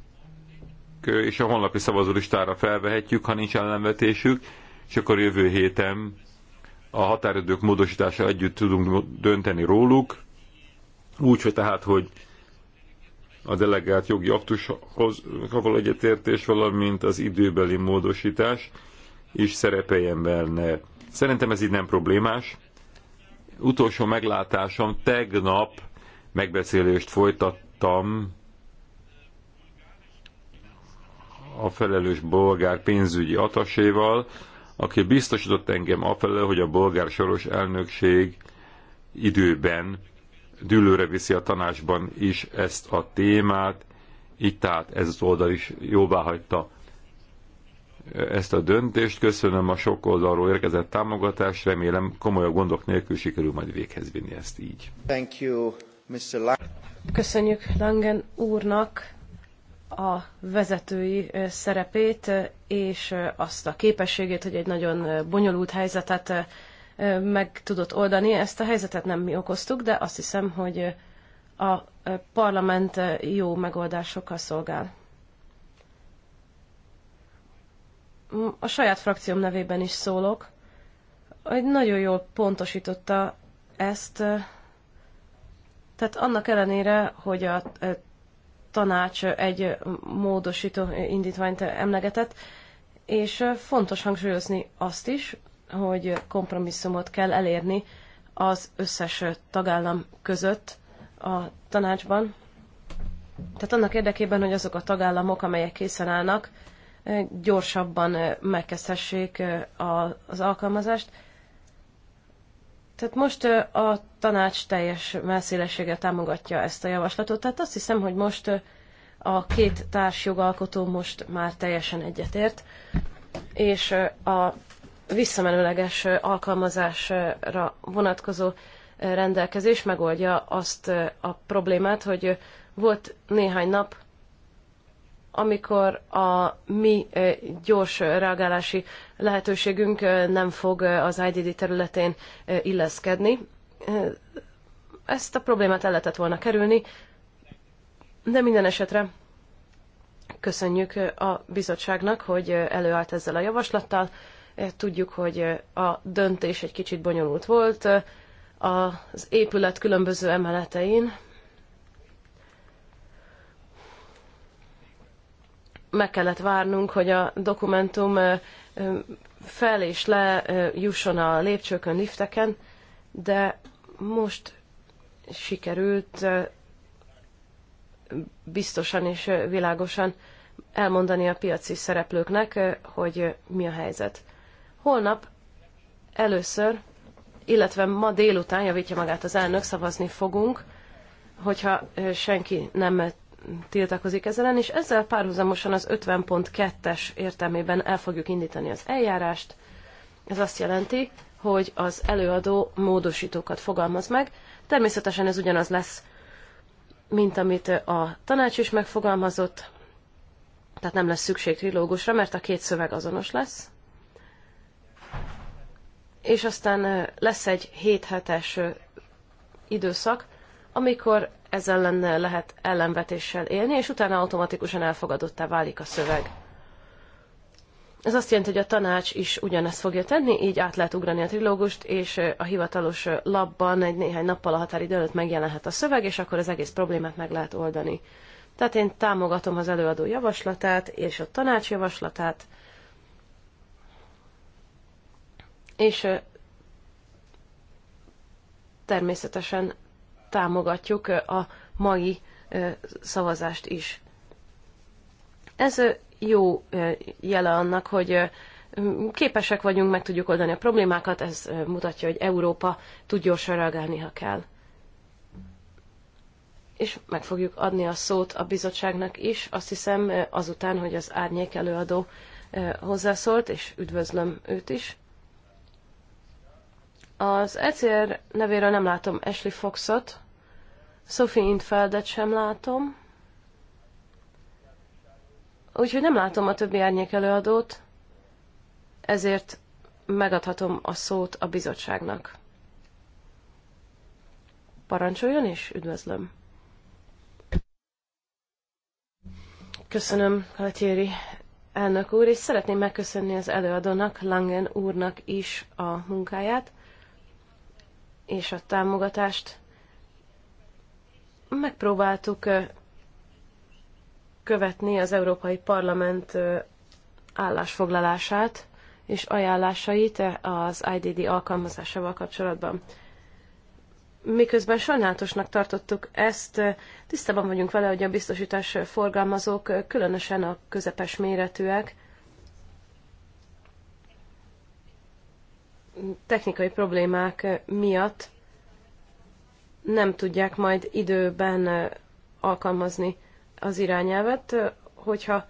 és a honlapi szavazólistára felvehetjük, ha nincs ellenvetésük, és akkor jövő héten a határidők módosítása együtt tudunk dönteni róluk, úgy, hogy tehát, hogy a delegált jogi aktushoz való egyetértés, valamint az időbeli módosítás is szerepeljen benne. Szerintem ez így nem problémás. Utolsó meglátásom, tegnap megbeszélést folytattam a felelős bolgár pénzügyi ataséval, aki biztosított engem afelől, hogy a bolgár soros elnökség időben dűlőre viszi a tanácsban is ezt a témát, így tehát ez az oldal is jóvá hagyta ezt a döntést. Köszönöm a sok oldalról érkezett támogatást, remélem komolyabb gondok nélkül sikerül majd véghez vinni ezt így. Thank you, Mr. Lang. Köszönjük Langen úrnak a vezetői szerepét és azt a képességét, hogy egy nagyon bonyolult helyzetet meg tudott oldani. Ezt a helyzetet nem mi okoztuk, de azt hiszem, hogy a parlament jó megoldásokkal szolgál. A saját frakcióm nevében is szólok, hogy nagyon jól pontosította ezt, tehát annak ellenére, hogy a tanács egy módosító indítványt emlegetett, és fontos hangsúlyozni azt is, hogy kompromisszumot kell elérni az összes tagállam között a tanácsban. Tehát annak érdekében, hogy azok a tagállamok, amelyek készen állnak, gyorsabban megkezdhessék az alkalmazást, tehát most a tanács teljes messzélességgel támogatja ezt a javaslatot, tehát azt hiszem, hogy most a két társjogalkotó most már teljesen egyetért, és a visszamenőleges alkalmazásra vonatkozó rendelkezés megoldja azt a problémát, hogy volt néhány nap, amikor a mi gyors reagálási lehetőségünk nem fog az IDD területén illeszkedni. Ezt a problémát el lehetett volna kerülni, de minden esetre köszönjük a bizottságnak, hogy előállt ezzel a javaslattal. Tudjuk, hogy a döntés egy kicsit bonyolult volt az épület különböző emeletein, meg kellett várnunk, hogy a dokumentum fel és le jusson a lépcsőkön, lifteken, de most sikerült biztosan és világosan elmondani a piaci szereplőknek, hogy mi a helyzet. Holnap először, illetve ma délután, javítja magát az elnök, szavazni fogunk, hogyha senki nem tiltakozik ezzel, és ezzel párhuzamosan az 50.2-es értelmében el fogjuk indítani az eljárást. Ez azt jelenti, hogy az előadó módosítókat fogalmaz meg. Természetesen ez ugyanaz lesz, mint amit a tanács is megfogalmazott, tehát nem lesz szükség trilógusra, mert a két szöveg azonos lesz. És aztán lesz egy 7 hetes időszak, amikor ez ellen lehet ellenvetéssel élni, és utána automatikusan elfogadottá válik a szöveg. Ez azt jelenti, hogy a tanács is ugyanezt fogja tenni, így át lehet ugrani a trilógust, és a hivatalos labban egy néhány nappal a határidő előtt megjelenhet a szöveg, és akkor az egész problémát meg lehet oldani. Tehát én támogatom az előadó javaslatát és a tanács javaslatát, és természetesen támogatjuk a mai szavazást is. Ez jó jele annak, hogy képesek vagyunk, meg tudjuk oldani a problémákat, ez mutatja, hogy Európa tud gyorsan reagálni, ha kell. És meg fogjuk adni a szót a bizottságnak is, azt hiszem azután, hogy az árnyék előadó hozzászólt, és üdvözlöm őt is. Az ECR nevéről nem látom Ashley Foxot, Sophie Intfeldet sem látom, úgyhogy nem látom a többi árnyék előadót, ezért megadhatom a szót a bizottságnak. Parancsoljon és üdvözlöm! Köszönöm, Kalatyéri elnök úr, és szeretném megköszönni az előadónak, Langen úrnak is a munkáját és a támogatást. Megpróbáltuk követni az Európai Parlament állásfoglalását és ajánlásait az IDD alkalmazásával kapcsolatban. Miközben sajnálatosnak tartottuk ezt, tisztában vagyunk vele, hogy a biztosítás forgalmazók, különösen a közepes méretűek, technikai problémák miatt nem tudják majd időben alkalmazni az irányelvet, hogyha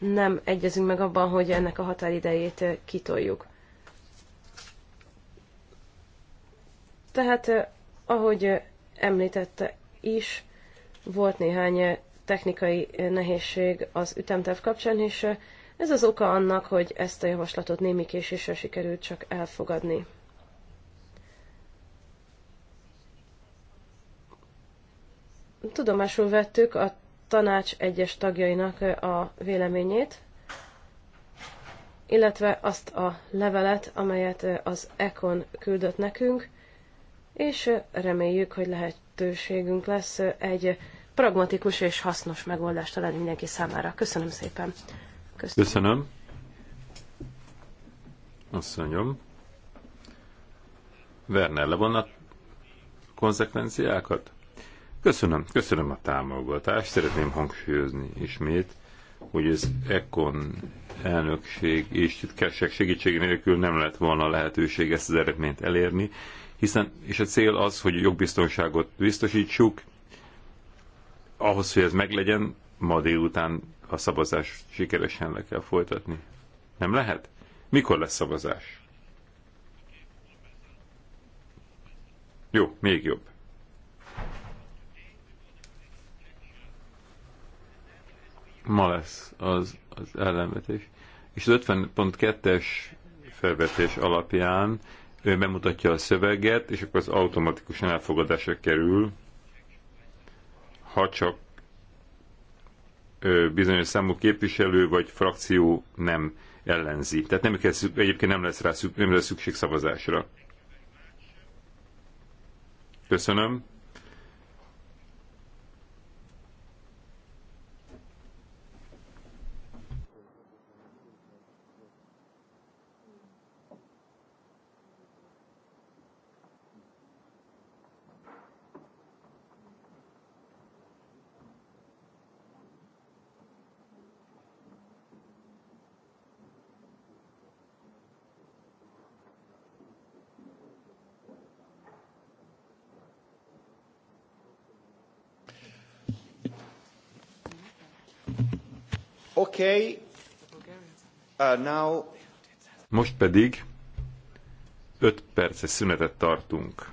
nem egyezünk meg abban, hogy ennek a határidejét kitoljuk. Tehát, ahogy említette is, volt néhány technikai nehézség az ütemterv kapcsán, és ez az oka annak, hogy ezt a javaslatot némi késéssel sikerült csak elfogadni. Tudomásul vettük a tanács egyes tagjainak a véleményét, illetve azt a levelet, amelyet az Econ küldött nekünk, és reméljük, hogy lehetőségünk lesz egy pragmatikus és hasznos megoldást találni mindenki számára. Köszönöm szépen! Köszönöm. Köszönöm. mondjam. Werner levonna konzekvenciákat? Köszönöm, köszönöm a támogatást. Szeretném hangsúlyozni ismét, hogy ez Ekon elnökség és titkárság segítség nélkül nem lett volna lehetőség ezt az eredményt elérni, hiszen és a cél az, hogy jogbiztonságot biztosítsuk, ahhoz, hogy ez meglegyen, ma délután a szavazás sikeresen le kell folytatni. Nem lehet? Mikor lesz szavazás? Jó, még jobb. Ma lesz az, az ellenvetés. És az 50.2-es felvetés alapján ő bemutatja a szöveget, és akkor az automatikusan elfogadásra kerül, ha csak bizonyos számú képviselő vagy frakció nem ellenzi. Tehát nem kell, egyébként nem lesz rá nem lesz szükség szavazásra. Köszönöm. Okay. Uh, now... Most pedig öt perces szünetet tartunk.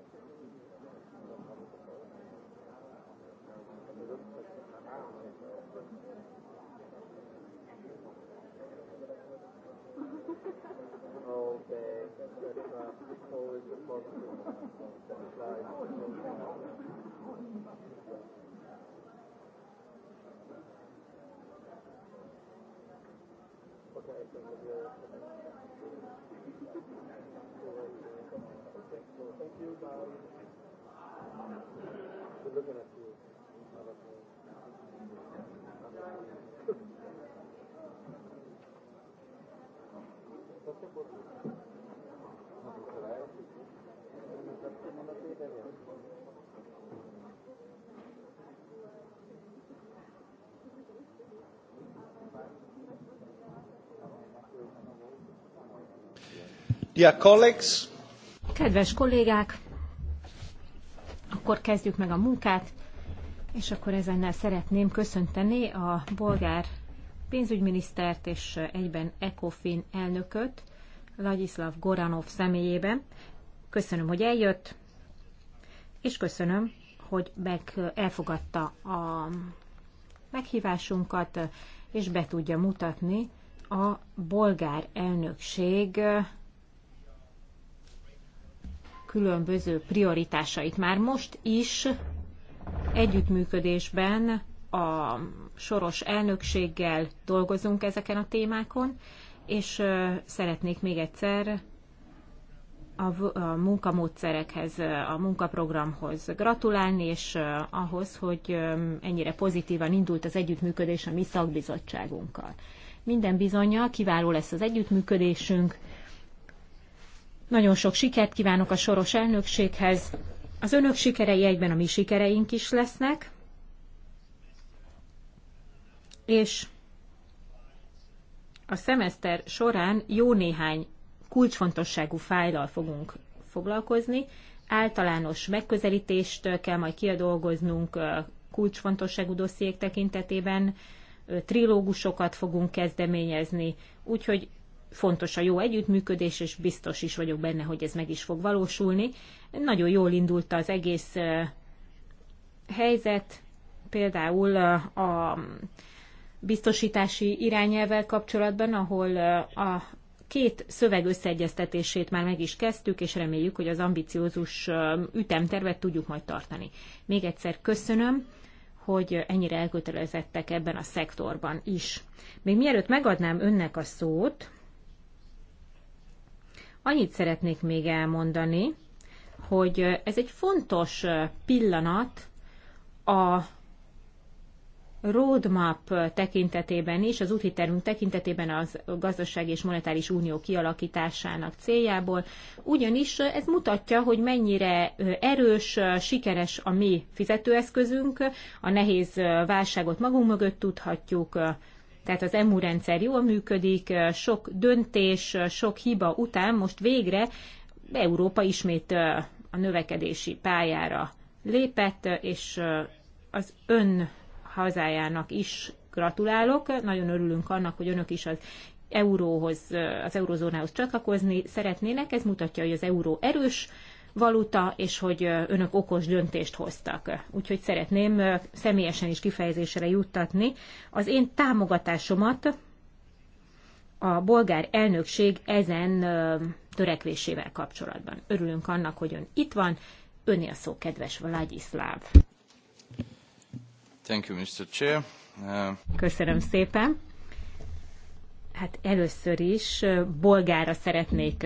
Dear colleagues. Kedves kollégák, akkor kezdjük meg a munkát, és akkor ezennel szeretném köszönteni a bolgár pénzügyminisztert és egyben ECOFIN elnököt, Ladislav Goranov személyében. Köszönöm, hogy eljött, és köszönöm, hogy meg elfogadta a meghívásunkat, és be tudja mutatni a bolgár elnökség különböző prioritásait. Már most is együttműködésben a soros elnökséggel dolgozunk ezeken a témákon, és szeretnék még egyszer a, munkamódszerekhez, a munkaprogramhoz gratulálni, és ahhoz, hogy ennyire pozitívan indult az együttműködés a mi szakbizottságunkkal. Minden bizonyja kiváló lesz az együttműködésünk, nagyon sok sikert kívánok a soros elnökséghez. Az önök sikerei egyben a mi sikereink is lesznek. És a szemeszter során jó néhány kulcsfontosságú fájlal fogunk foglalkozni. Általános megközelítést kell majd kiadolgoznunk kulcsfontosságú dossziék tekintetében, trilógusokat fogunk kezdeményezni, úgyhogy fontos a jó együttműködés, és biztos is vagyok benne, hogy ez meg is fog valósulni. Nagyon jól indult az egész helyzet, például a biztosítási irányelvel kapcsolatban, ahol a két szöveg összeegyeztetését már meg is kezdtük, és reméljük, hogy az ambiciózus ütemtervet tudjuk majd tartani. Még egyszer köszönöm, hogy ennyire elkötelezettek ebben a szektorban is. Még mielőtt megadnám önnek a szót, Annyit szeretnék még elmondani, hogy ez egy fontos pillanat a roadmap tekintetében is, az úti terünk tekintetében az gazdasági és monetáris unió kialakításának céljából, ugyanis ez mutatja, hogy mennyire erős, sikeres a mi fizetőeszközünk, a nehéz válságot magunk mögött tudhatjuk, tehát az EMU rendszer jól működik, sok döntés, sok hiba után most végre Európa ismét a növekedési pályára lépett, és az ön hazájának is gratulálok. Nagyon örülünk annak, hogy önök is az euróhoz, az eurozónához csatlakozni szeretnének. Ez mutatja, hogy az euró erős valuta, és hogy önök okos döntést hoztak. Úgyhogy szeretném személyesen is kifejezésre juttatni az én támogatásomat a bolgár elnökség ezen törekvésével kapcsolatban. Örülünk annak, hogy ön itt van. Öné a szó, kedves Vladislav. Thank you, Mr. Chair. Uh, Köszönöm szépen. Hát először is bolgára szeretnék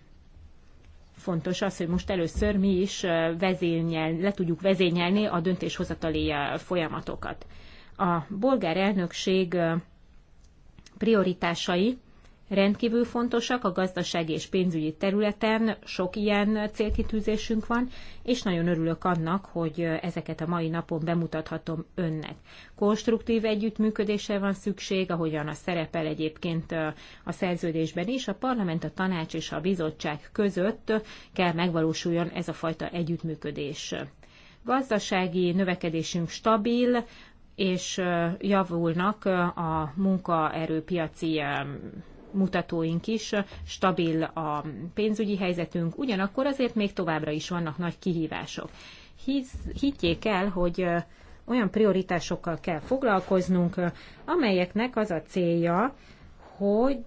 fontos az, hogy most először mi is vezényel, le tudjuk vezényelni a döntéshozatali folyamatokat. A bolgár elnökség prioritásai rendkívül fontosak a gazdasági és pénzügyi területen, sok ilyen célkitűzésünk van, és nagyon örülök annak, hogy ezeket a mai napon bemutathatom önnek. Konstruktív együttműködésre van szükség, ahogyan a szerepel egyébként a szerződésben is, a parlament, a tanács és a bizottság között kell megvalósuljon ez a fajta együttműködés. Gazdasági növekedésünk stabil, és javulnak a munkaerőpiaci mutatóink is, stabil a pénzügyi helyzetünk, ugyanakkor azért még továbbra is vannak nagy kihívások. Hisz, higgyék el, hogy olyan prioritásokkal kell foglalkoznunk, amelyeknek az a célja, hogy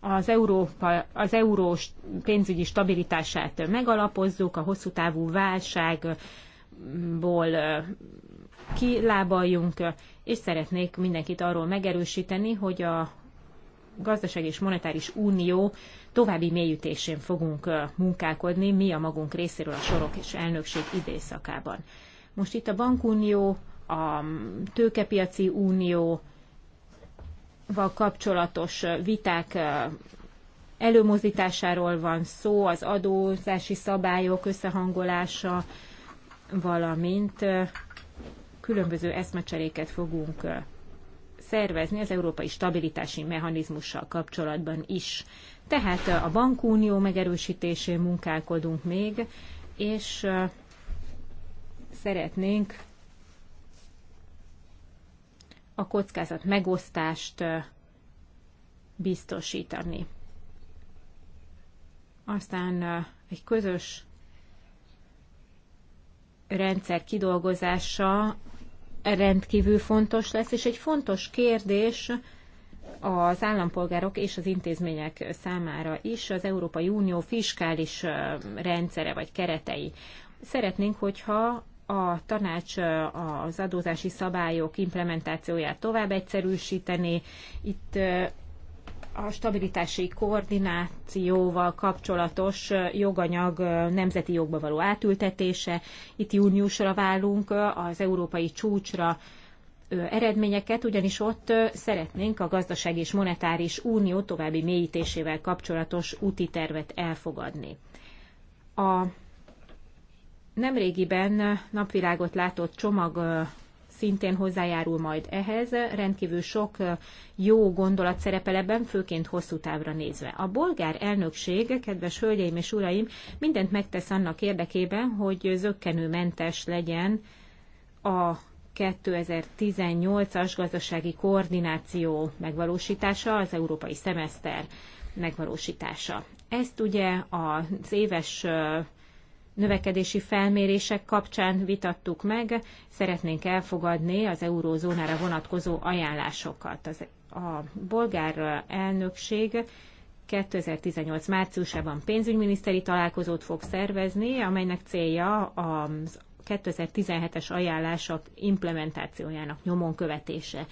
az, Európa, az eurós pénzügyi stabilitását megalapozzuk, a hosszú távú válságból kilábaljunk, és szeretnék mindenkit arról megerősíteni, hogy a gazdasági és monetáris unió további mélyütésén fogunk munkálkodni, mi a magunk részéről a sorok és elnökség időszakában. Most itt a bankunió, a tőkepiaci unió, val kapcsolatos viták előmozdításáról van szó, az adózási szabályok összehangolása, valamint különböző eszmecseréket fogunk szervezni az európai stabilitási mechanizmussal kapcsolatban is. Tehát a bankunió megerősítésén munkálkodunk még, és szeretnénk a kockázat megosztást biztosítani. Aztán egy közös rendszer kidolgozása rendkívül fontos lesz, és egy fontos kérdés az állampolgárok és az intézmények számára is az Európai Unió fiskális rendszere vagy keretei. Szeretnénk, hogyha a tanács az adózási szabályok implementációját tovább egyszerűsíteni. Itt a stabilitási koordinációval kapcsolatos joganyag nemzeti jogba való átültetése. Itt júniusra válunk az európai csúcsra eredményeket, ugyanis ott szeretnénk a gazdaság és monetáris unió további mélyítésével kapcsolatos úti tervet elfogadni. A nemrégiben napvilágot látott csomag szintén hozzájárul majd ehhez. Rendkívül sok jó gondolat szerepel ebben, főként hosszú távra nézve. A bolgár elnökség, kedves hölgyeim és uraim, mindent megtesz annak érdekében, hogy zöggenőmentes legyen a 2018-as gazdasági koordináció megvalósítása, az európai szemeszter megvalósítása. Ezt ugye az éves növekedési felmérések kapcsán vitattuk meg, szeretnénk elfogadni az eurózónára vonatkozó ajánlásokat. Az, a bolgár elnökség 2018 márciusában pénzügyminiszteri találkozót fog szervezni, amelynek célja a 2017-es ajánlások implementációjának nyomon követése.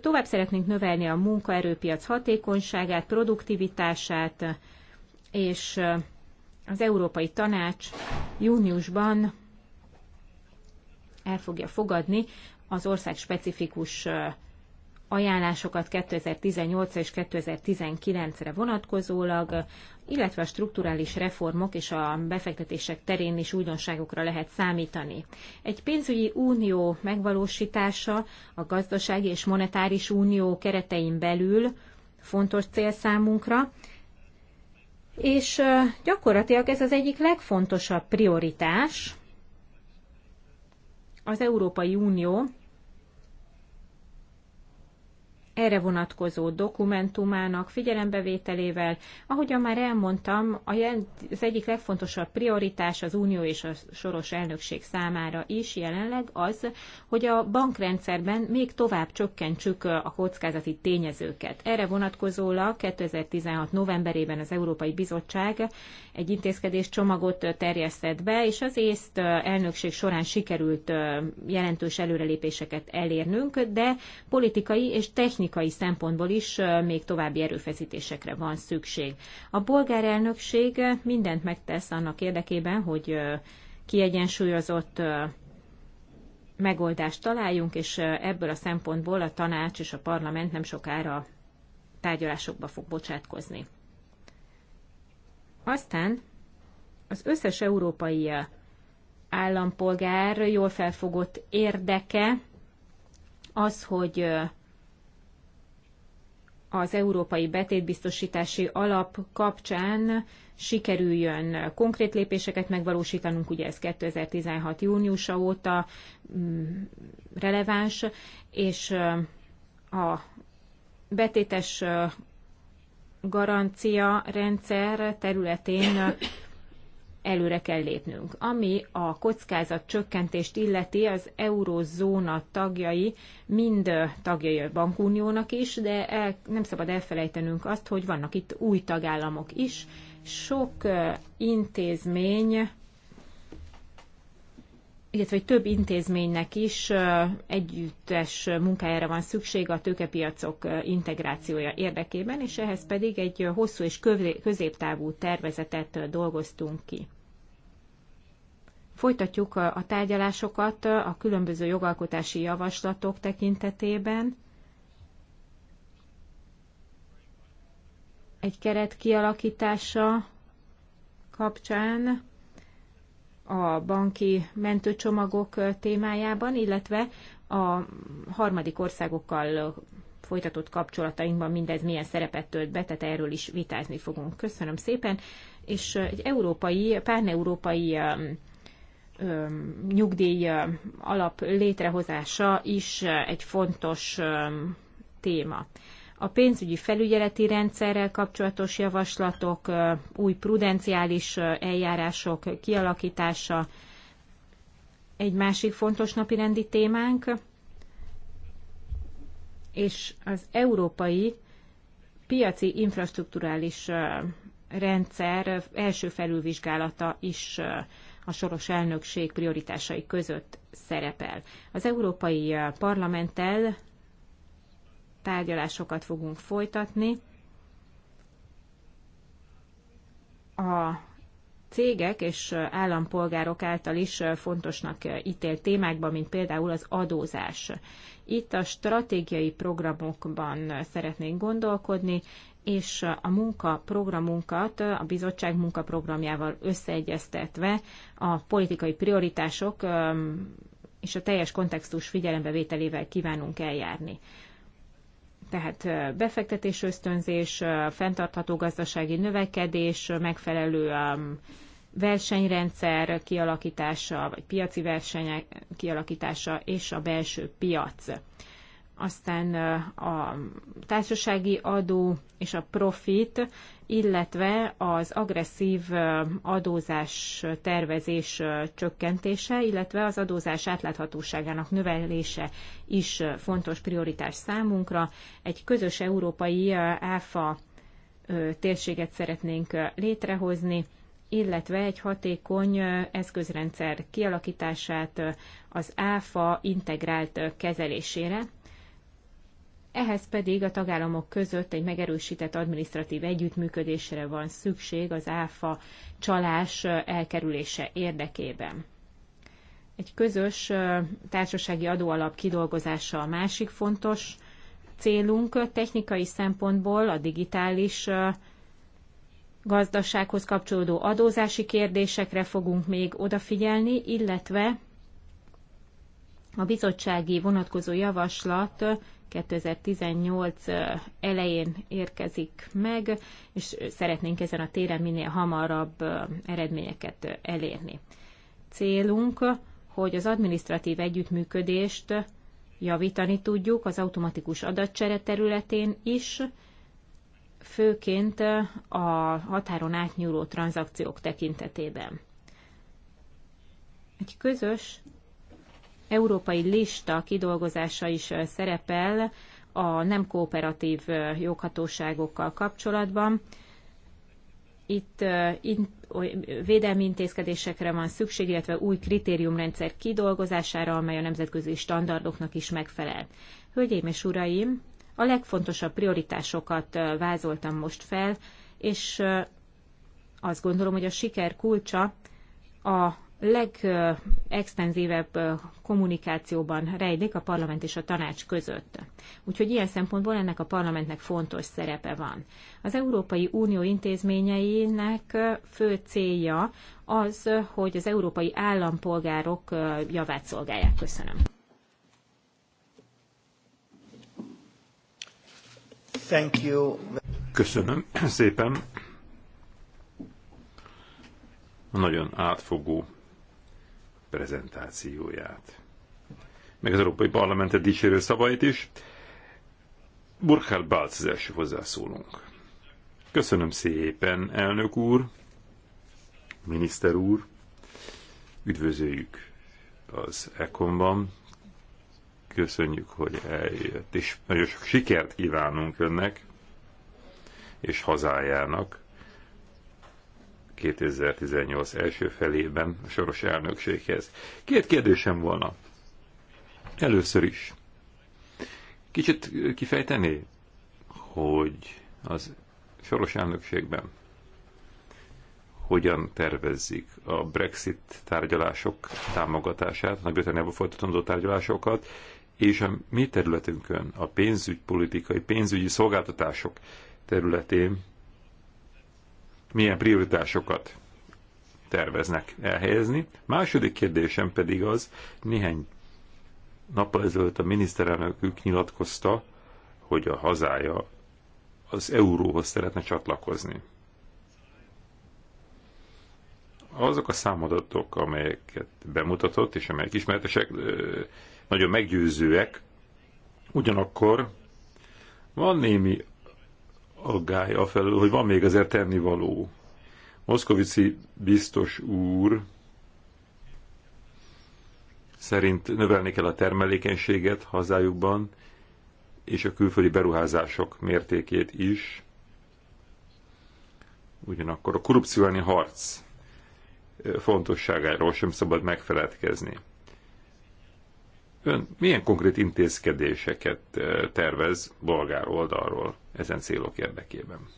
Tovább szeretnénk növelni a munkaerőpiac hatékonyságát, produktivitását, és az Európai Tanács júniusban el fogja fogadni az ország specifikus ajánlásokat 2018 és 2019-re vonatkozólag, illetve a strukturális reformok és a befektetések terén is újdonságokra lehet számítani. Egy pénzügyi unió megvalósítása a gazdasági és monetáris unió keretein belül fontos cél számunkra, és gyakorlatilag ez az egyik legfontosabb prioritás az Európai Unió erre vonatkozó dokumentumának figyelembevételével. Ahogyan már elmondtam, az egyik legfontosabb prioritás az Unió és a soros elnökség számára is jelenleg az, hogy a bankrendszerben még tovább csökkentsük a kockázati tényezőket. Erre vonatkozólag 2016. novemberében az Európai Bizottság egy intézkedés csomagot terjesztett be, és az észt elnökség során sikerült jelentős előrelépéseket elérnünk, de politikai és technikai technikai szempontból is még további erőfeszítésekre van szükség. A bolgár elnökség mindent megtesz annak érdekében, hogy kiegyensúlyozott megoldást találjunk, és ebből a szempontból a tanács és a parlament nem sokára tárgyalásokba fog bocsátkozni. Aztán az összes európai állampolgár jól felfogott érdeke az, hogy az Európai Betétbiztosítási Alap kapcsán sikerüljön konkrét lépéseket megvalósítanunk, ugye ez 2016. júniusa óta mm, releváns, és a betétes garancia rendszer területén előre kell lépnünk. Ami a kockázat csökkentést illeti, az eurozóna tagjai mind tagjai a bankuniónak is, de el, nem szabad elfelejtenünk azt, hogy vannak itt új tagállamok is. Sok intézmény illetve hogy több intézménynek is együttes munkájára van szükség a tőkepiacok integrációja érdekében, és ehhez pedig egy hosszú és középtávú tervezetet dolgoztunk ki. Folytatjuk a tárgyalásokat a különböző jogalkotási javaslatok tekintetében. Egy keret kialakítása kapcsán a banki mentőcsomagok témájában, illetve a harmadik országokkal folytatott kapcsolatainkban mindez milyen szerepet tölt be, tehát erről is vitázni fogunk. Köszönöm szépen, és egy európai, párneurópai nyugdíj alap létrehozása is egy fontos téma a pénzügyi felügyeleti rendszerrel kapcsolatos javaslatok, új prudenciális eljárások kialakítása egy másik fontos napirendi témánk, és az európai piaci infrastruktúrális rendszer első felülvizsgálata is a soros elnökség prioritásai között szerepel. Az Európai Parlamenttel tárgyalásokat fogunk folytatni. A cégek és állampolgárok által is fontosnak ítélt témákban, mint például az adózás. Itt a stratégiai programokban szeretnénk gondolkodni, és a munkaprogramunkat a bizottság munkaprogramjával összeegyeztetve a politikai prioritások um, és a teljes kontextus figyelembevételével kívánunk eljárni tehát befektetés ösztönzés, fenntartható gazdasági növekedés, megfelelő versenyrendszer kialakítása, vagy piaci versenyek kialakítása és a belső piac aztán a társasági adó és a profit, illetve az agresszív adózás tervezés csökkentése, illetve az adózás átláthatóságának növelése is fontos prioritás számunkra. Egy közös európai áfa térséget szeretnénk létrehozni, illetve egy hatékony eszközrendszer kialakítását az ÁFA integrált kezelésére, ehhez pedig a tagállamok között egy megerősített administratív együttműködésre van szükség az áfa csalás elkerülése érdekében. Egy közös társasági adóalap kidolgozása a másik fontos célunk. Technikai szempontból a digitális gazdasághoz kapcsolódó adózási kérdésekre fogunk még odafigyelni, illetve a bizottsági vonatkozó javaslat 2018 elején érkezik meg, és szeretnénk ezen a téren minél hamarabb eredményeket elérni. Célunk, hogy az administratív együttműködést javítani tudjuk az automatikus adatcsere területén is, főként a határon átnyúló tranzakciók tekintetében. Egy közös európai lista kidolgozása is szerepel a nem kooperatív joghatóságokkal kapcsolatban. Itt védelmi intézkedésekre van szükség, illetve új kritériumrendszer kidolgozására, amely a nemzetközi standardoknak is megfelel. Hölgyeim és uraim, a legfontosabb prioritásokat vázoltam most fel, és azt gondolom, hogy a siker kulcsa a legextenzívebb kommunikációban rejlik a parlament és a tanács között. Úgyhogy ilyen szempontból ennek a parlamentnek fontos szerepe van. Az Európai Unió intézményeinek fő célja az, hogy az európai állampolgárok javát szolgálják. Köszönöm. Thank you. Köszönöm szépen. Nagyon átfogó prezentációját. Meg az Európai Parlamentet dicsérő szavait is. Burkhard Balc az első hozzászólunk. Köszönöm szépen, elnök úr, miniszter úr, üdvözöljük az Ekonban. Köszönjük, hogy eljött, és nagyon sok sikert kívánunk önnek és hazájának 2018 első felében a soros elnökséghez. Két kérdésem volna. Először is. Kicsit kifejteni, hogy az soros elnökségben hogyan tervezzik a Brexit tárgyalások támogatását, Nagy-Britanniában folytatandó tárgyalásokat, és a mi területünkön, a pénzügypolitikai, pénzügyi szolgáltatások területén milyen prioritásokat terveznek elhelyezni. Második kérdésem pedig az, néhány nappal ezelőtt a miniszterelnökük nyilatkozta, hogy a hazája az euróhoz szeretne csatlakozni. Azok a számadatok, amelyeket bemutatott, és amelyek ismertesek, nagyon meggyőzőek, ugyanakkor van némi aggály afelől, hogy van még azért tennivaló. Moszkovici biztos úr szerint növelni kell a termelékenységet hazájukban, és a külföldi beruházások mértékét is. Ugyanakkor a korrupció harc eh, fontosságáról sem szabad megfeledkezni. Ön milyen konkrét intézkedéseket eh, tervez bolgár oldalról ezen célok érdekében.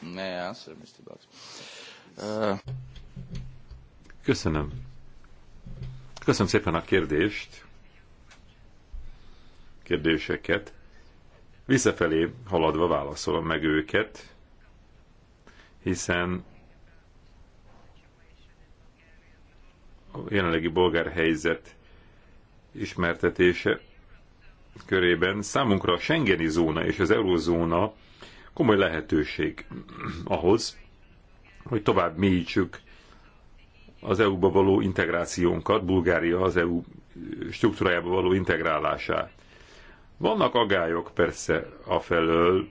May I answer, Mr. Uh... Köszönöm. Köszönöm szépen a kérdést, kérdéseket. Visszafelé haladva válaszolom meg őket, hiszen a jelenlegi bolgár helyzet ismertetése körében számunkra a Schengeni zóna és az eurozóna komoly lehetőség ahhoz, hogy tovább mélyítsük az EU-ba való integrációnkat, Bulgária az EU struktúrájába való integrálását. Vannak agályok persze afelől,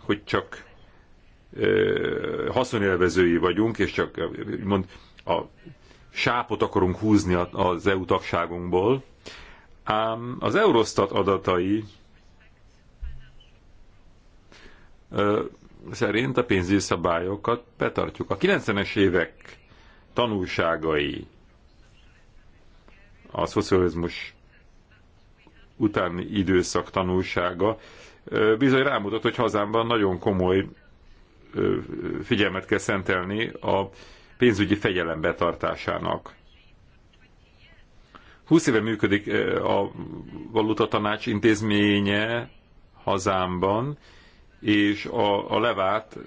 hogy csak ö, haszonélvezői vagyunk, és csak mond a sápot akarunk húzni az EU tagságunkból, ám az Eurostat adatai szerint a pénzügyi szabályokat betartjuk. A 90-es évek tanulságai a szocializmus utáni időszak tanulsága bizony rámutat, hogy hazámban nagyon komoly figyelmet kell szentelni a pénzügyi fegyelem betartásának. 20 éve működik a Valuta Tanács intézménye hazámban, és a, a levát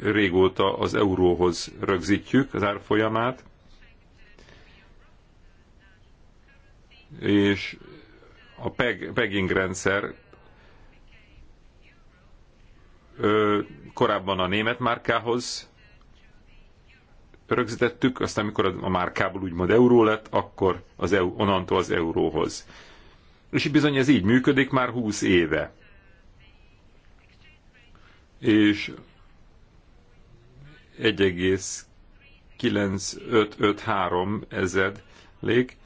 régóta az euróhoz rögzítjük, az árfolyamát, és a peg, pegging rendszer ö, korábban a német márkához rögzítettük, aztán amikor a márkából úgymond euró lett, akkor az EU, onnantól az euróhoz. És bizony ez így működik már 20 éve. És 1,9553 ezed lég.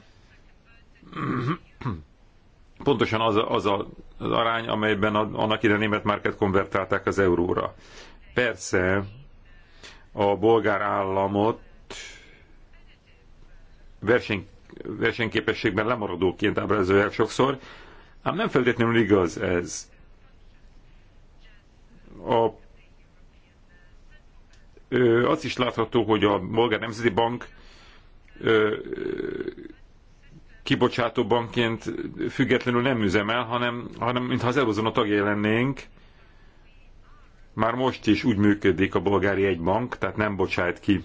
Pontosan az a, az, a, az arány, amelyben a, annak ide német márket konvertálták az euróra. Persze, a bolgár államot verseny, versenyképességben lemaradóként ábrázolják sokszor, ám nem feltétlenül igaz ez. A, ö, az is látható, hogy a Bolgár Nemzeti Bank ö, kibocsátó bankként függetlenül nem üzemel, hanem, hanem mintha az eurozóna tagjai lennénk, már most is úgy működik a bolgári egy bank, tehát nem bocsájt ki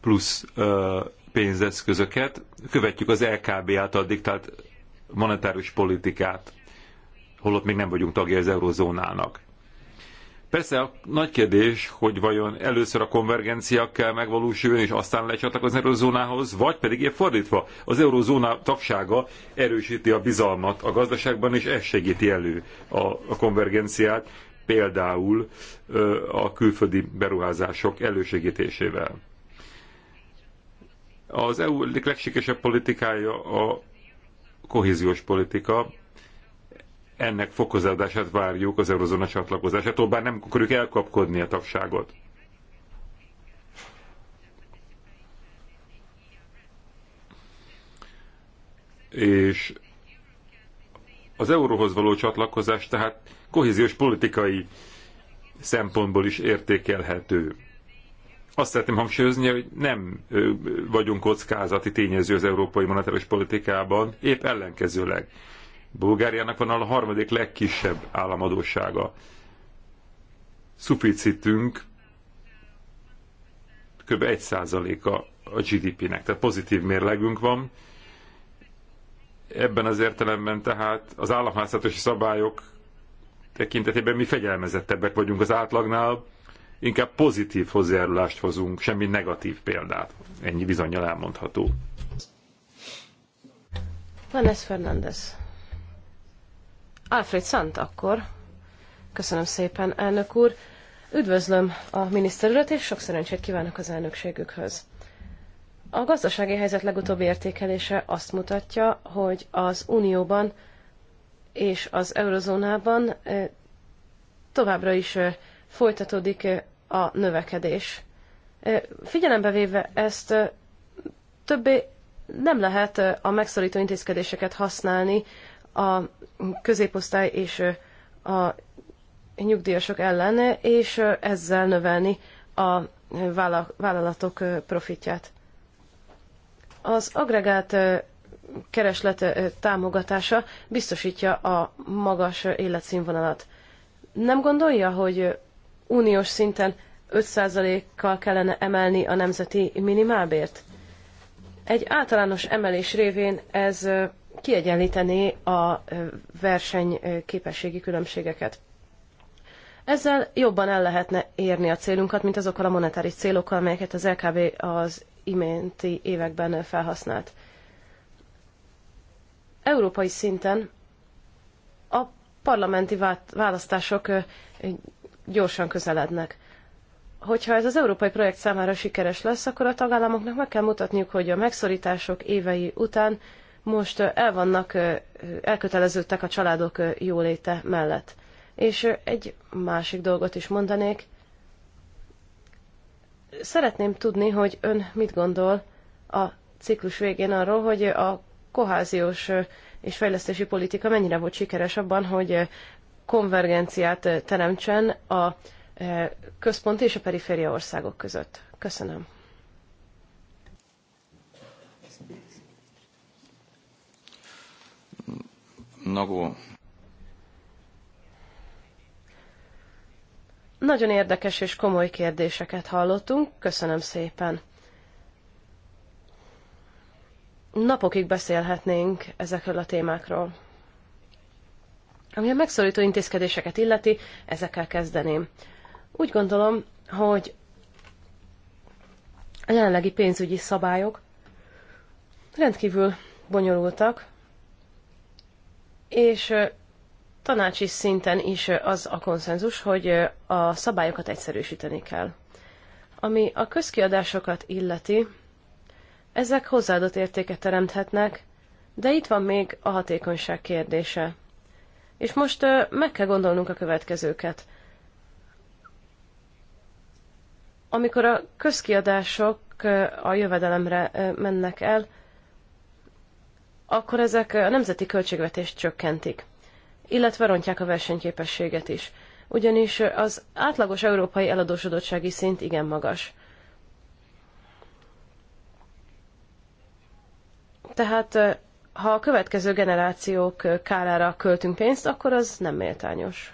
plusz ö, pénzeszközöket. Követjük az LKB által diktált monetáris politikát, holott még nem vagyunk tagja az eurozónának. Persze a nagy kérdés, hogy vajon először a konvergencia kell megvalósuljon, és aztán lecsatlakozni az eurozónához, vagy pedig épp fordítva, az eurozóna tagsága erősíti a bizalmat a gazdaságban, és ez segíti elő a, a konvergenciát, például a külföldi beruházások elősegítésével. Az EU legsikesebb politikája a kohéziós politika, ennek fokozódását várjuk az eurozóna csatlakozásától, bár nem akarjuk elkapkodni a tagságot. És az euróhoz való csatlakozás tehát kohéziós politikai szempontból is értékelhető. Azt szeretném hangsúlyozni, hogy nem vagyunk kockázati tényező az európai monetáris politikában, épp ellenkezőleg Bulgáriának van a harmadik legkisebb államadósága. Szuficitünk kb. 1%-a a GDP-nek, tehát pozitív mérlegünk van. Ebben az értelemben tehát az államháztartási szabályok tekintetében mi fegyelmezettebbek vagyunk az átlagnál, inkább pozitív hozzájárulást hozunk, semmi negatív példát. Ennyi bizonyal elmondható. Vanessa Fernández. Alfred Sant akkor. Köszönöm szépen, elnök úr. Üdvözlöm a miniszter urat, és sok szerencsét kívánok az elnökségükhöz. A gazdasági helyzet legutóbbi értékelése azt mutatja, hogy az Unióban és az eurozónában továbbra is folytatódik a növekedés. Figyelembe véve ezt, többé nem lehet a megszorító intézkedéseket használni a középosztály és a nyugdíjasok ellen, és ezzel növelni a vállalatok profitját. Az agregált kereslet támogatása biztosítja a magas életszínvonalat. Nem gondolja, hogy uniós szinten 5%-kal kellene emelni a nemzeti minimálbért? Egy általános emelés révén ez kiegyenlíteni a versenyképességi különbségeket. Ezzel jobban el lehetne érni a célunkat, mint azokkal a monetáris célokkal, amelyeket az LKB az iménti években felhasznált. Európai szinten a parlamenti választások gyorsan közelednek. Hogyha ez az európai projekt számára sikeres lesz, akkor a tagállamoknak meg kell mutatniuk, hogy a megszorítások évei után most el vannak elköteleződtek a családok jóléte mellett. És egy másik dolgot is mondanék. Szeretném tudni, hogy ön mit gondol a ciklus végén arról, hogy a koháziós és fejlesztési politika mennyire volt sikeres abban, hogy konvergenciát teremtsen a központi és a periféria országok között. Köszönöm. Nagyon érdekes és komoly kérdéseket hallottunk, köszönöm szépen. Napokig beszélhetnénk ezekről a témákról. Ami a megszólító intézkedéseket illeti, ezekkel kezdeném. Úgy gondolom, hogy a jelenlegi pénzügyi szabályok rendkívül bonyolultak, és tanácsi szinten is az a konszenzus, hogy a szabályokat egyszerűsíteni kell. Ami a közkiadásokat illeti, ezek hozzáadott értéket teremthetnek, de itt van még a hatékonyság kérdése. És most meg kell gondolnunk a következőket. Amikor a közkiadások a jövedelemre mennek el, akkor ezek a nemzeti költségvetést csökkentik, illetve rontják a versenyképességet is, ugyanis az átlagos európai eladósodottsági szint igen magas. Tehát ha a következő generációk kárára költünk pénzt, akkor az nem méltányos.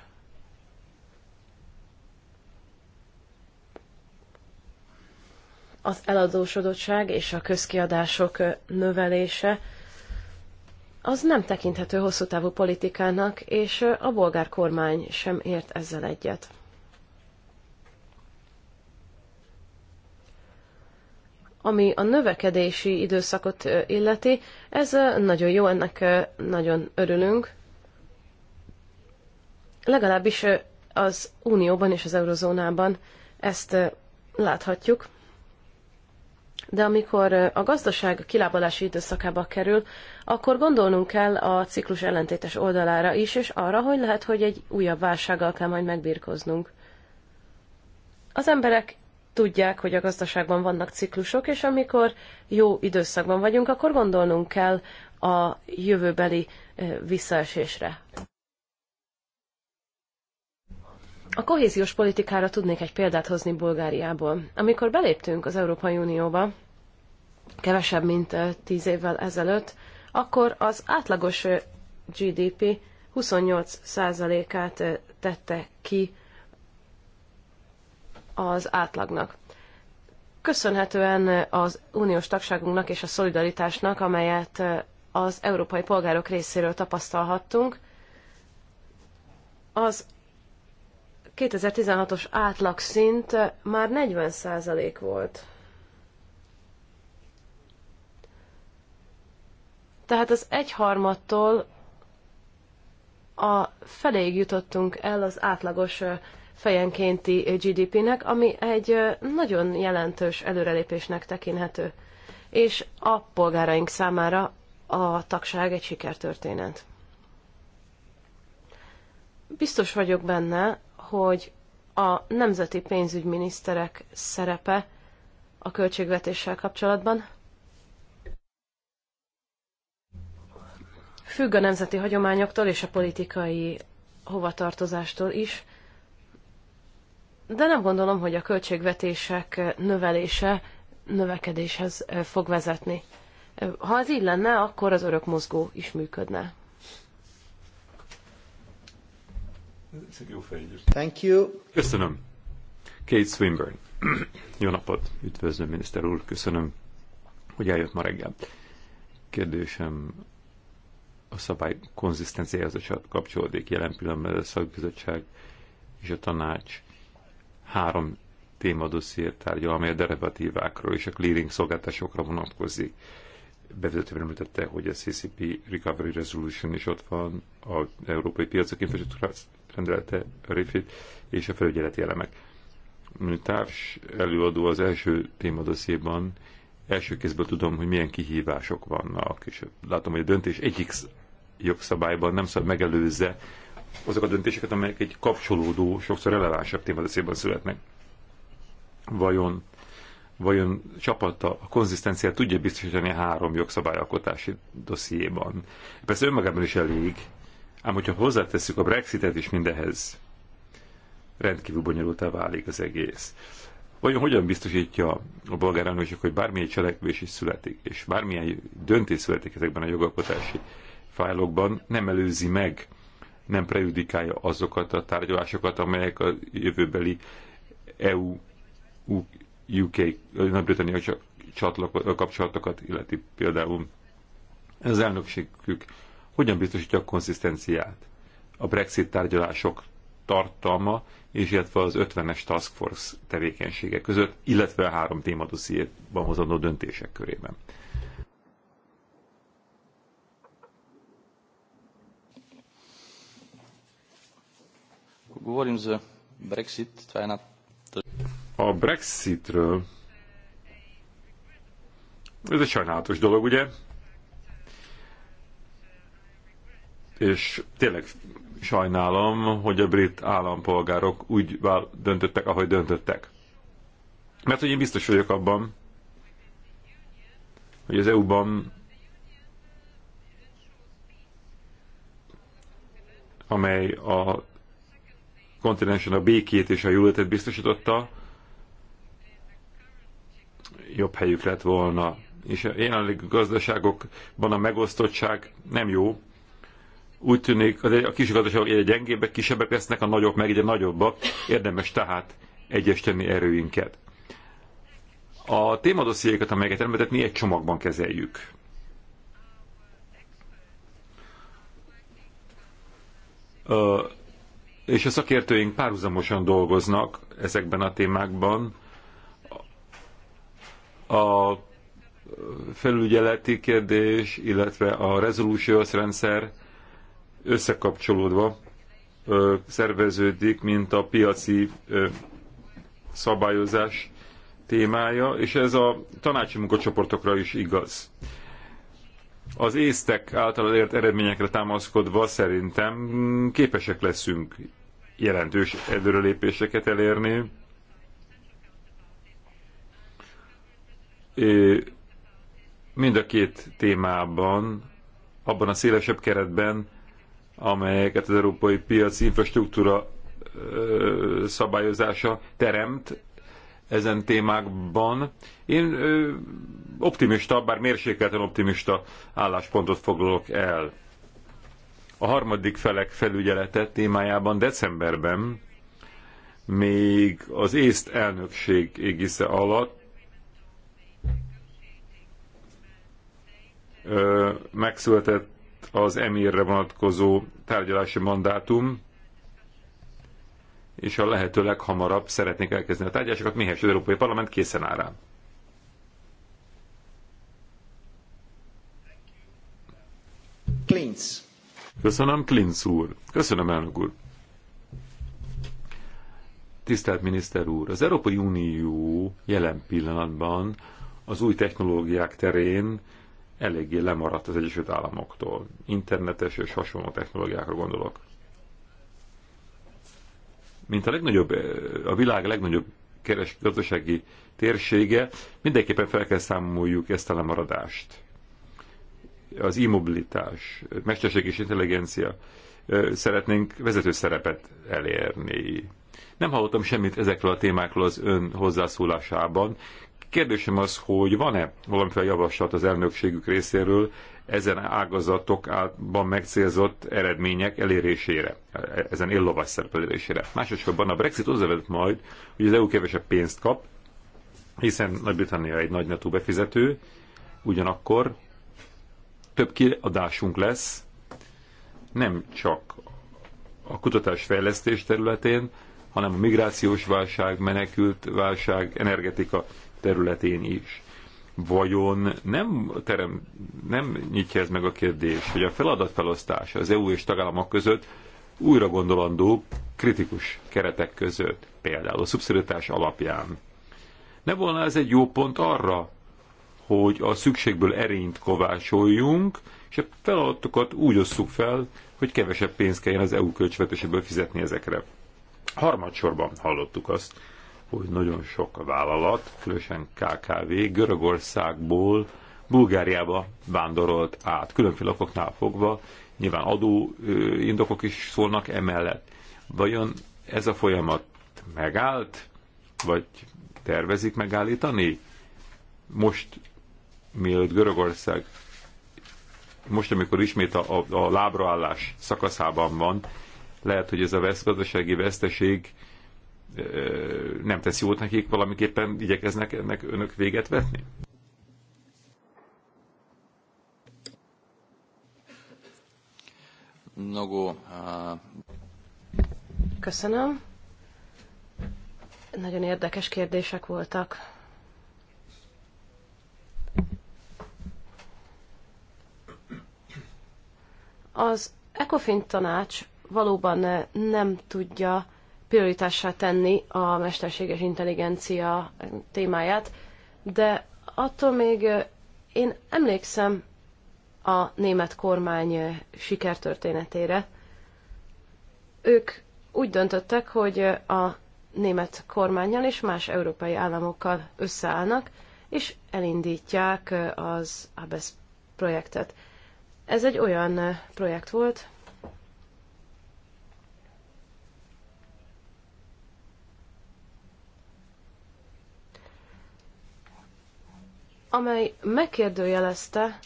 Az eladósodottság és a közkiadások növelése az nem tekinthető hosszú távú politikának, és a bolgár kormány sem ért ezzel egyet. Ami a növekedési időszakot illeti, ez nagyon jó, ennek nagyon örülünk. Legalábbis az Unióban és az Eurozónában ezt láthatjuk de amikor a gazdaság kilábalási időszakába kerül, akkor gondolnunk kell a ciklus ellentétes oldalára is, és arra, hogy lehet, hogy egy újabb válsággal kell majd megbírkoznunk. Az emberek tudják, hogy a gazdaságban vannak ciklusok, és amikor jó időszakban vagyunk, akkor gondolnunk kell a jövőbeli visszaesésre. A kohéziós politikára tudnék egy példát hozni Bulgáriából. Amikor beléptünk az Európai Unióba, kevesebb, mint 10 évvel ezelőtt, akkor az átlagos GDP 28%-át tette ki az átlagnak. Köszönhetően az uniós tagságunknak és a szolidaritásnak, amelyet az európai polgárok részéről tapasztalhattunk, az 2016-os átlagszint már 40% volt. Tehát az egyharmattól a feléig jutottunk el az átlagos fejenkénti GDP-nek, ami egy nagyon jelentős előrelépésnek tekinthető. És a polgáraink számára a tagság egy sikertörténet. Biztos vagyok benne, hogy a nemzeti pénzügyminiszterek szerepe a költségvetéssel kapcsolatban függ a nemzeti hagyományoktól és a politikai hovatartozástól is, de nem gondolom, hogy a költségvetések növelése növekedéshez fog vezetni. Ha ez így lenne, akkor az örök mozgó is működne. Thank you. Köszönöm. Kate Swinburne. jó napot, üdvözlöm miniszter úr, köszönöm, hogy eljött ma reggel. Kérdésem a szabály konzisztenciához kapcsolódik. Jelen pillanatban a szakbizottság és a tanács három téma tárgya, amely a derivatívákról és a clearing szolgáltatásokra vonatkozik. Bevezetőben említette, hogy a CCP Recovery Resolution is ott van, az Európai Piacok Infrastruktúra rendelete, a RIFID, és a felügyeleti elemek. A társ előadó az első témadosszéban első kézből tudom, hogy milyen kihívások vannak, és látom, hogy a döntés egyik jogszabályban nem szabad megelőzze azok a döntéseket, amelyek egy kapcsolódó, sokszor relevánsabb témadeszében születnek. Vajon, vajon csapata a konzisztenciát tudja biztosítani a három jogszabályalkotási dossziéban? Persze önmagában is elég, ám hogyha hozzátesszük a Brexitet is mindehez, rendkívül bonyolultá válik az egész. Vajon hogyan biztosítja a bolgár elnökség, hogy bármilyen cselekvés is születik, és bármilyen döntés születik ezekben a jogalkotási fájlokban nem előzi meg, nem prejudikálja azokat a tárgyalásokat, amelyek a jövőbeli EU, UK, Nagy-Britannia kapcsolatokat illeti például. Az elnökségük hogyan biztosítja a konszisztenciát? A Brexit tárgyalások tartalma, és illetve az 50-es Task Force tevékenysége között, illetve a három témadossziéban hozandó döntések körében. govorim za Brexit, това е една... A Brexitről. Ez egy sajnálatos dolog, ugye? És tényleg sajnálom, hogy a brit állampolgárok úgy döntöttek, ahogy döntöttek. Mert hogy én biztos vagyok abban, hogy az EU-ban amely a kontinensen a békét és a jólétet biztosította, jobb helyük lett volna. És a jelenlegi gazdaságokban a megosztottság nem jó. Úgy tűnik, a kis gazdaságok egyre gyengébbek, kisebbek lesznek, a nagyok meg egyre nagyobbak. Érdemes tehát egyesteni erőinket. A témadossziékat, amelyeket említett, mi egy csomagban kezeljük. A és a szakértőink párhuzamosan dolgoznak ezekben a témákban. A felügyeleti kérdés, illetve a resolutions rendszer összekapcsolódva ö, szerveződik, mint a piaci ö, szabályozás témája, és ez a tanácsi munkacsoportokra is igaz az észtek által ért eredményekre támaszkodva szerintem képesek leszünk jelentős előrelépéseket elérni. Mind a két témában, abban a szélesebb keretben, amelyeket az európai piaci infrastruktúra szabályozása teremt, ezen témákban. Én ö, optimista, bár mérsékelten optimista álláspontot foglalok el. A harmadik felek felügyelete témájában decemberben még az észt elnökség égisze alatt ö, megszületett az emírre vonatkozó tárgyalási mandátum, és a lehető leghamarabb szeretnék elkezdeni a tárgyalásokat, mihez az Európai Parlament készen áll rá. Klinz. Köszönöm, Klinz úr. Köszönöm, elnök úr. Tisztelt miniszter úr, az Európai Unió jelen pillanatban az új technológiák terén eléggé lemaradt az Egyesült Államoktól. Internetes és hasonló technológiákra gondolok mint a legnagyobb, eh, a világ legnagyobb keres gazdasági térsége, mindenképpen fel kell számoljuk ezt a lemaradást. Az immobilitás, e mesterség és intelligencia eh, szeretnénk vezető szerepet elérni. Nem hallottam semmit ezekről a témákról az ön hozzászólásában. Kérdésem az, hogy van-e valamiféle javaslat az elnökségük részéről ezen ágazatok általában megcélzott eredmények elérésére, ezen illovas szerep Másodszorban a Brexit az majd, hogy az EU kevesebb pénzt kap, hiszen Nagy-Britannia egy nagy netú befizető, ugyanakkor több kiadásunk lesz, nem csak a kutatás-fejlesztés területén, hanem a migrációs válság, menekült válság, energetika területén is vajon nem, terem, nem nyitja ez meg a kérdés, hogy a feladatfelosztás az EU és tagállamok között újra gondolandó kritikus keretek között, például a szubszidiaritás alapján. Ne volna ez egy jó pont arra, hogy a szükségből erényt kovácsoljunk, és a feladatokat úgy osszuk fel, hogy kevesebb pénzt kelljen az EU költségvetéséből fizetni ezekre. Harmadsorban hallottuk azt, hogy nagyon sok vállalat, különösen KKV Görögországból Bulgáriába vándorolt át, különféle okoknál fogva, nyilván adó indokok is szólnak emellett. Vajon ez a folyamat megállt, vagy tervezik megállítani? Most, mielőtt Görögország, most, amikor ismét a, a, a lábraállás szakaszában van, lehet, hogy ez a vesz, veszteség nem tesz jót nekik, valamiképpen igyekeznek ennek önök véget vetni? Много. Uh, Köszönöm. Nagyon érdekes kérdések voltak. Az ECOFIN tanács valóban nem tudja prioritássá tenni a mesterséges intelligencia témáját, de attól még én emlékszem a német kormány sikertörténetére. Ők úgy döntöttek, hogy a német kormányjal és más európai államokkal összeállnak, és elindítják az ABESZ projektet. Ez egy olyan projekt volt, amely megkérdőjelezte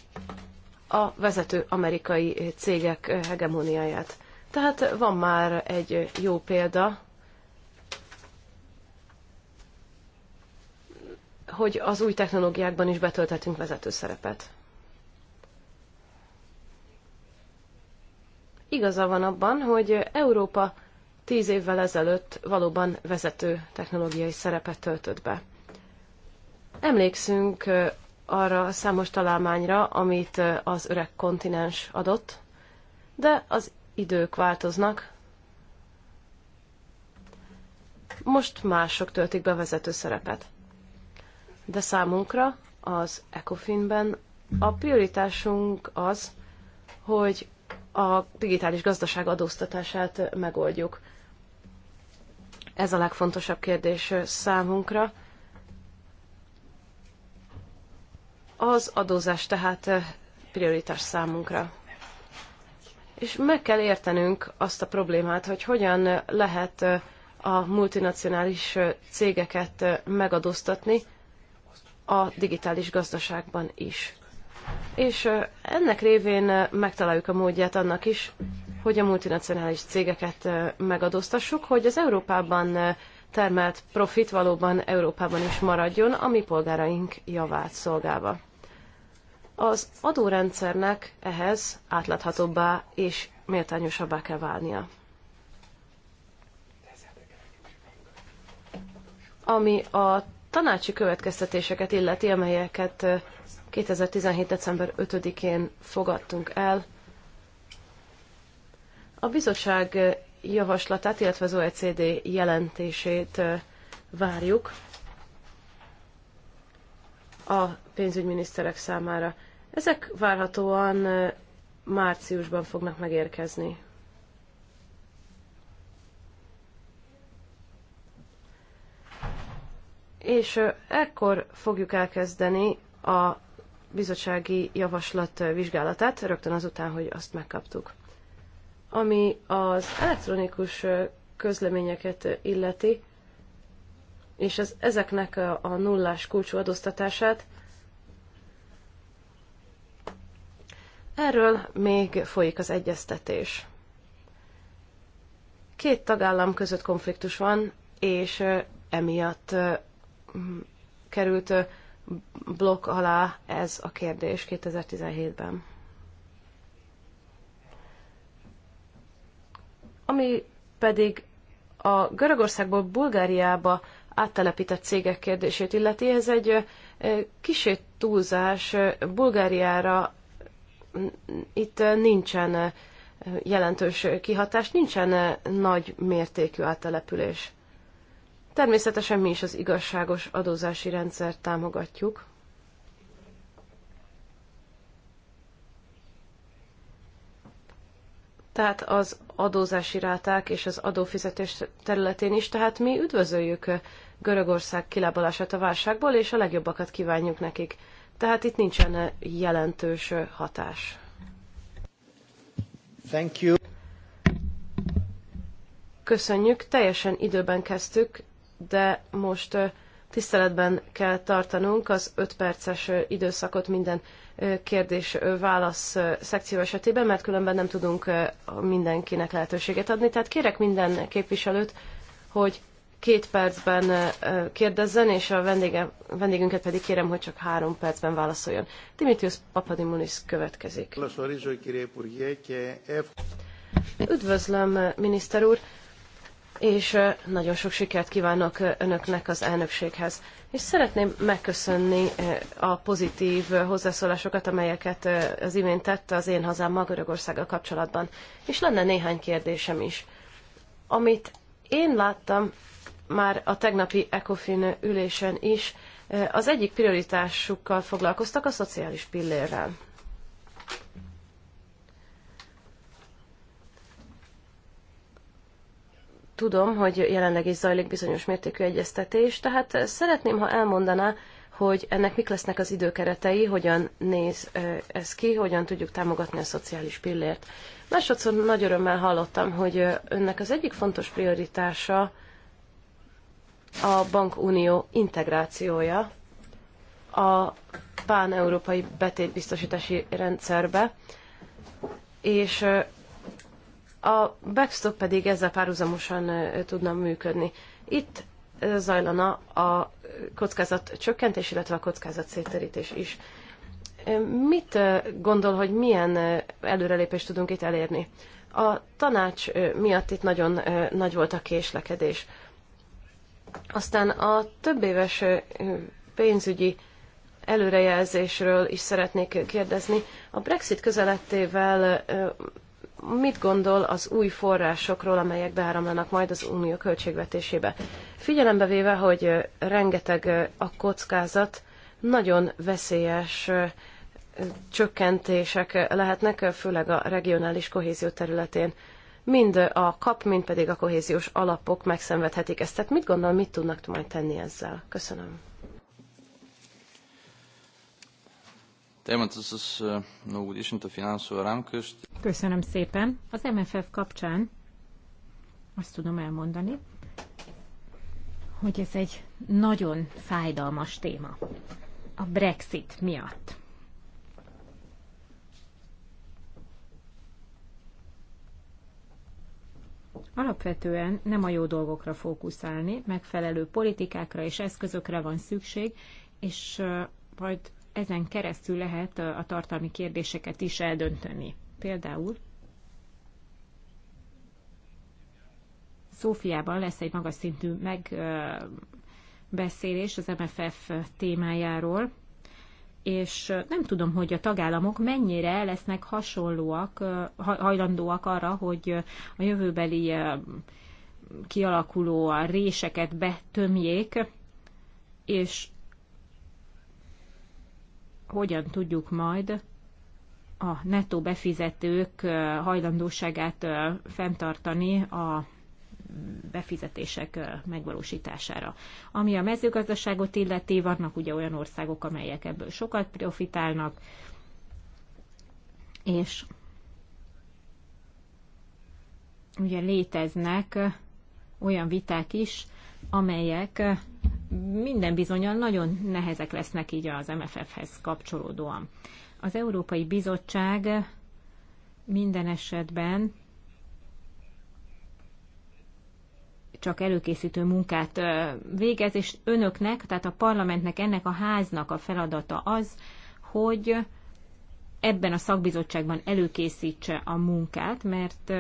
a vezető amerikai cégek hegemóniáját. Tehát van már egy jó példa, hogy az új technológiákban is betölthetünk vezető szerepet. Igaza van abban, hogy Európa tíz évvel ezelőtt valóban vezető technológiai szerepet töltött be. Emlékszünk arra a számos találmányra, amit az öreg kontinens adott, de az idők változnak. Most mások töltik be vezető szerepet. De számunkra az ECOFIN-ben a prioritásunk az, hogy a digitális gazdaság adóztatását megoldjuk. Ez a legfontosabb kérdés számunkra Az adózás tehát eh, prioritás számunkra. És meg kell értenünk azt a problémát, hogy hogyan lehet eh, a multinacionális eh, cégeket megadóztatni a digitális gazdaságban is. És ennek révén megtaláljuk a módját annak is, hogy a multinacionális cégeket megadóztassuk, hogy az Európában termelt profit valóban Európában is maradjon, ami polgáraink javát szolgálva. Az adórendszernek ehhez átláthatóbbá és méltányosabbá kell válnia. Ami a tanácsi következtetéseket illeti, amelyeket 2017. Eh, december 5-én fogadtunk el, a bizottság eh, javaslatát, illetve az OECD jelentését eh, várjuk a pénzügyminiszterek számára. Ezek várhatóan márciusban fognak megérkezni. És ekkor fogjuk elkezdeni a bizottsági javaslat vizsgálatát, rögtön azután, hogy azt megkaptuk. Ami az elektronikus közleményeket illeti, és az, ezeknek a, a nullás kulcsú adóztatását, Erről még folyik az egyeztetés. Két tagállam között konfliktus van, és emiatt került blokk alá ez a kérdés 2017-ben. Ami pedig a Görögországból Bulgáriába áttelepített cégek kérdését illeti, ez egy kisét túlzás Bulgáriára itt nincsen jelentős kihatás, nincsen nagy mértékű áttelepülés. Természetesen mi is az igazságos adózási rendszert támogatjuk. Tehát az adózási ráták és az adófizetés területén is, tehát mi üdvözöljük Görögország kilábalását a válságból, és a legjobbakat kívánjuk nekik. Tehát itt nincsen jelentős hatás. Thank you. Köszönjük, teljesen időben kezdtük, de most tiszteletben kell tartanunk az 5 perces időszakot minden kérdés-válasz szekció esetében, mert különben nem tudunk mindenkinek lehetőséget adni. Tehát kérek minden képviselőt, hogy két percben kérdezzen, és a vendége, vendégünket pedig kérem, hogy csak három percben válaszoljon. Dimitrios Papadimulis következik. Üdvözlöm, miniszter úr, és nagyon sok sikert kívánok önöknek az elnökséghez. És szeretném megköszönni a pozitív hozzászólásokat, amelyeket az imént tette az én hazámmal Magyarországgal kapcsolatban. És lenne néhány kérdésem is. Amit én láttam, már a tegnapi ECOFIN ülésen is eh, az egyik prioritásukkal foglalkoztak a szociális pillérrel. Tudom, hogy jelenleg is zajlik bizonyos mértékű egyeztetés, tehát eh, szeretném, ha elmondaná, hogy ennek mik lesznek az időkeretei, hogyan néz eh, ez ki, hogyan tudjuk támogatni a szociális pillért. Másodszor nagy örömmel hallottam, hogy önnek az egyik fontos prioritása a bankunió integrációja a pán-európai betétbiztosítási rendszerbe, és a backstop pedig ezzel párhuzamosan tudna működni. Itt zajlana a kockázat csökkentés, illetve a kockázat széterítés is. Mit gondol, hogy milyen előrelépést tudunk itt elérni? A tanács miatt itt nagyon nagy volt a késlekedés. Aztán a több éves pénzügyi előrejelzésről is szeretnék kérdezni. A Brexit közelettével mit gondol az új forrásokról, amelyek beáramlanak majd az unió költségvetésébe? Figyelembe véve, hogy rengeteg a kockázat, nagyon veszélyes csökkentések lehetnek, főleg a regionális kohézió területén mind a kap, mind pedig a kohéziós alapok megszenvedhetik ezt. Tehát mit gondol, mit tudnak majd tenni ezzel? Köszönöm. Köszönöm szépen. Az MFF kapcsán azt tudom elmondani, hogy ez egy nagyon fájdalmas téma a Brexit miatt. alapvetően nem a jó dolgokra fókuszálni, megfelelő politikákra és eszközökre van szükség, és majd ezen keresztül lehet a tartalmi kérdéseket is eldönteni. Például Szófiában lesz egy magas szintű megbeszélés az MFF témájáról, és nem tudom, hogy a tagállamok mennyire lesznek hasonlóak, hajlandóak arra, hogy a jövőbeli kialakuló réseket betömjék, és hogyan tudjuk majd a nettó befizetők hajlandóságát fenntartani a befizetések megvalósítására. Ami a mezőgazdaságot illeti, vannak ugye olyan országok, amelyek ebből sokat profitálnak, és ugye léteznek olyan viták is, amelyek minden bizonyal nagyon nehezek lesznek így az MFF-hez kapcsolódóan. Az Európai Bizottság minden esetben csak előkészítő munkát végez, és önöknek, tehát a parlamentnek, ennek a háznak a feladata az, hogy ebben a szakbizottságban előkészítse a munkát, mert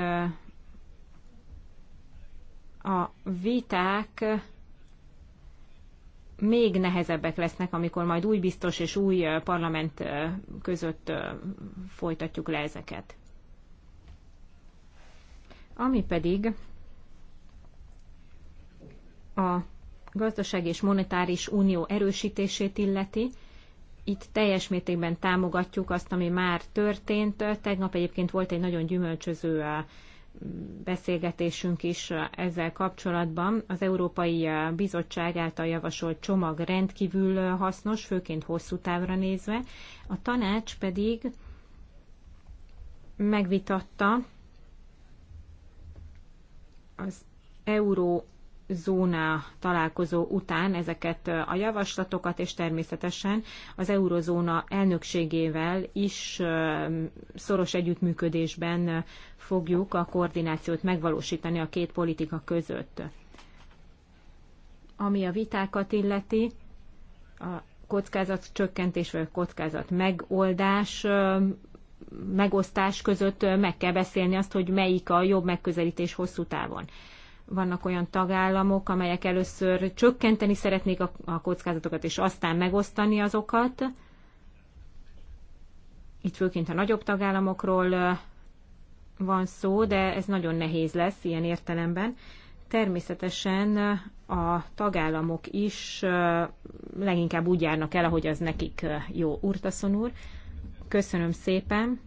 a viták még nehezebbek lesznek, amikor majd új biztos és új parlament között folytatjuk le ezeket. Ami pedig a gazdasági és monetáris unió erősítését illeti, itt teljes mértékben támogatjuk azt, ami már történt. Tegnap egyébként volt egy nagyon gyümölcsöző beszélgetésünk is ezzel kapcsolatban. Az Európai Bizottság által javasolt csomag rendkívül hasznos, főként hosszú távra nézve. A tanács pedig megvitatta az euró zóna találkozó után ezeket a javaslatokat, és természetesen az eurozóna elnökségével is szoros együttműködésben fogjuk a koordinációt megvalósítani a két politika között. Ami a vitákat illeti, a kockázat csökkentés vagy a kockázat megoldás megosztás között meg kell beszélni azt, hogy melyik a jobb megközelítés hosszú távon. Vannak olyan tagállamok, amelyek először csökkenteni szeretnék a kockázatokat, és aztán megosztani azokat. Itt főként a nagyobb tagállamokról van szó, de ez nagyon nehéz lesz ilyen értelemben. Természetesen a tagállamok is leginkább úgy járnak el, ahogy az nekik jó. Urtaszon úr, köszönöm szépen.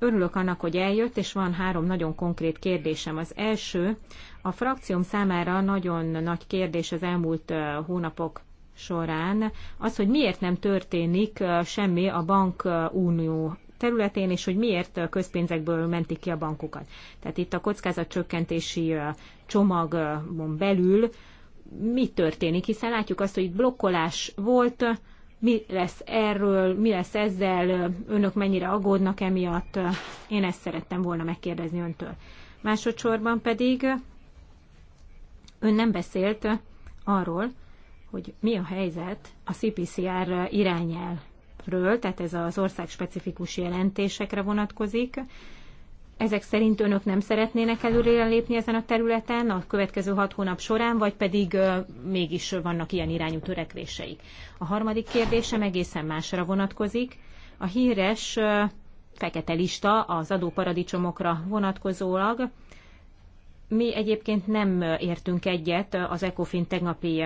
Örülök annak, hogy eljött, és van három nagyon konkrét kérdésem. Az első, a frakcióm számára nagyon nagy kérdés az elmúlt hónapok során az, hogy miért nem történik semmi a bankunió területén, és hogy miért közpénzekből mentik ki a bankokat. Tehát itt a kockázatcsökkentési csomagon belül mi történik, hiszen látjuk azt, hogy itt blokkolás volt, mi lesz erről, mi lesz ezzel, önök mennyire aggódnak emiatt, én ezt szerettem volna megkérdezni öntől. Másodszorban pedig ön nem beszélt arról, hogy mi a helyzet a CPCR irányelről, tehát ez az ország specifikus jelentésekre vonatkozik, ezek szerint önök nem szeretnének előre lépni ezen a területen a következő hat hónap során, vagy pedig mégis vannak ilyen irányú törekvéseik. A harmadik kérdésem egészen másra vonatkozik. A híres fekete lista az adóparadicsomokra vonatkozólag. Mi egyébként nem értünk egyet az ECOFIN tegnapi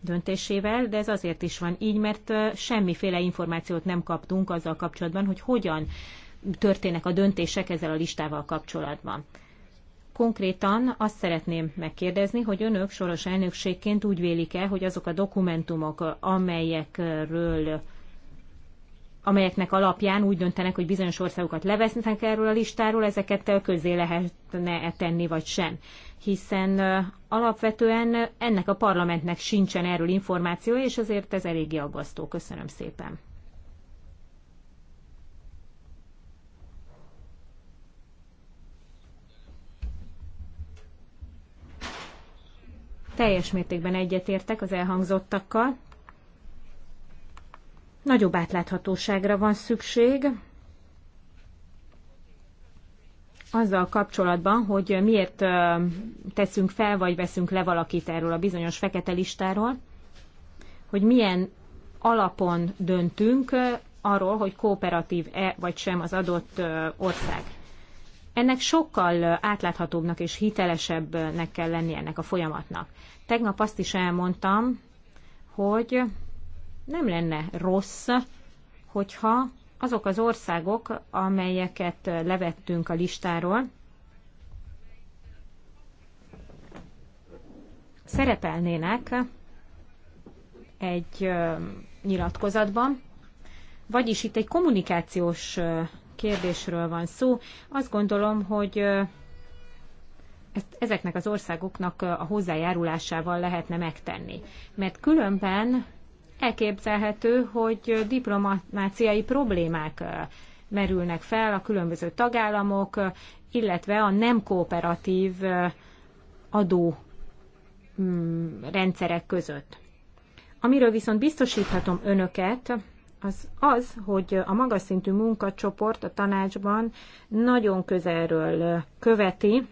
döntésével, de ez azért is van így, mert semmiféle információt nem kaptunk azzal kapcsolatban, hogy hogyan történnek a döntések ezzel a listával kapcsolatban. Konkrétan azt szeretném megkérdezni, hogy önök soros elnökségként úgy vélik-e, hogy azok a dokumentumok, amelyekről amelyeknek alapján úgy döntenek, hogy bizonyos országokat levesznek erről a listáról, ezeket közé lehetne tenni, vagy sem. Hiszen alapvetően ennek a parlamentnek sincsen erről információja, és azért ez eléggé aggasztó. Köszönöm szépen. Teljes mértékben egyetértek az elhangzottakkal. Nagyobb átláthatóságra van szükség azzal kapcsolatban, hogy miért teszünk fel, vagy veszünk le valakit erről a bizonyos fekete listáról, hogy milyen alapon döntünk arról, hogy kooperatív-e vagy sem az adott ország. Ennek sokkal átláthatóbbnak és hitelesebbnek kell lennie ennek a folyamatnak. Tegnap azt is elmondtam, hogy nem lenne rossz, hogyha azok az országok, amelyeket levettünk a listáról, szerepelnének egy nyilatkozatban, vagyis itt egy kommunikációs kérdésről van szó. Azt gondolom, hogy ezt ezeknek az országoknak a hozzájárulásával lehetne megtenni. Mert különben elképzelhető, hogy diplomáciai problémák merülnek fel a különböző tagállamok, illetve a nem kooperatív adó mm, rendszerek között. Amiről viszont biztosíthatom önöket, az az, hogy a magas szintű munkacsoport a tanácsban nagyon közelről követi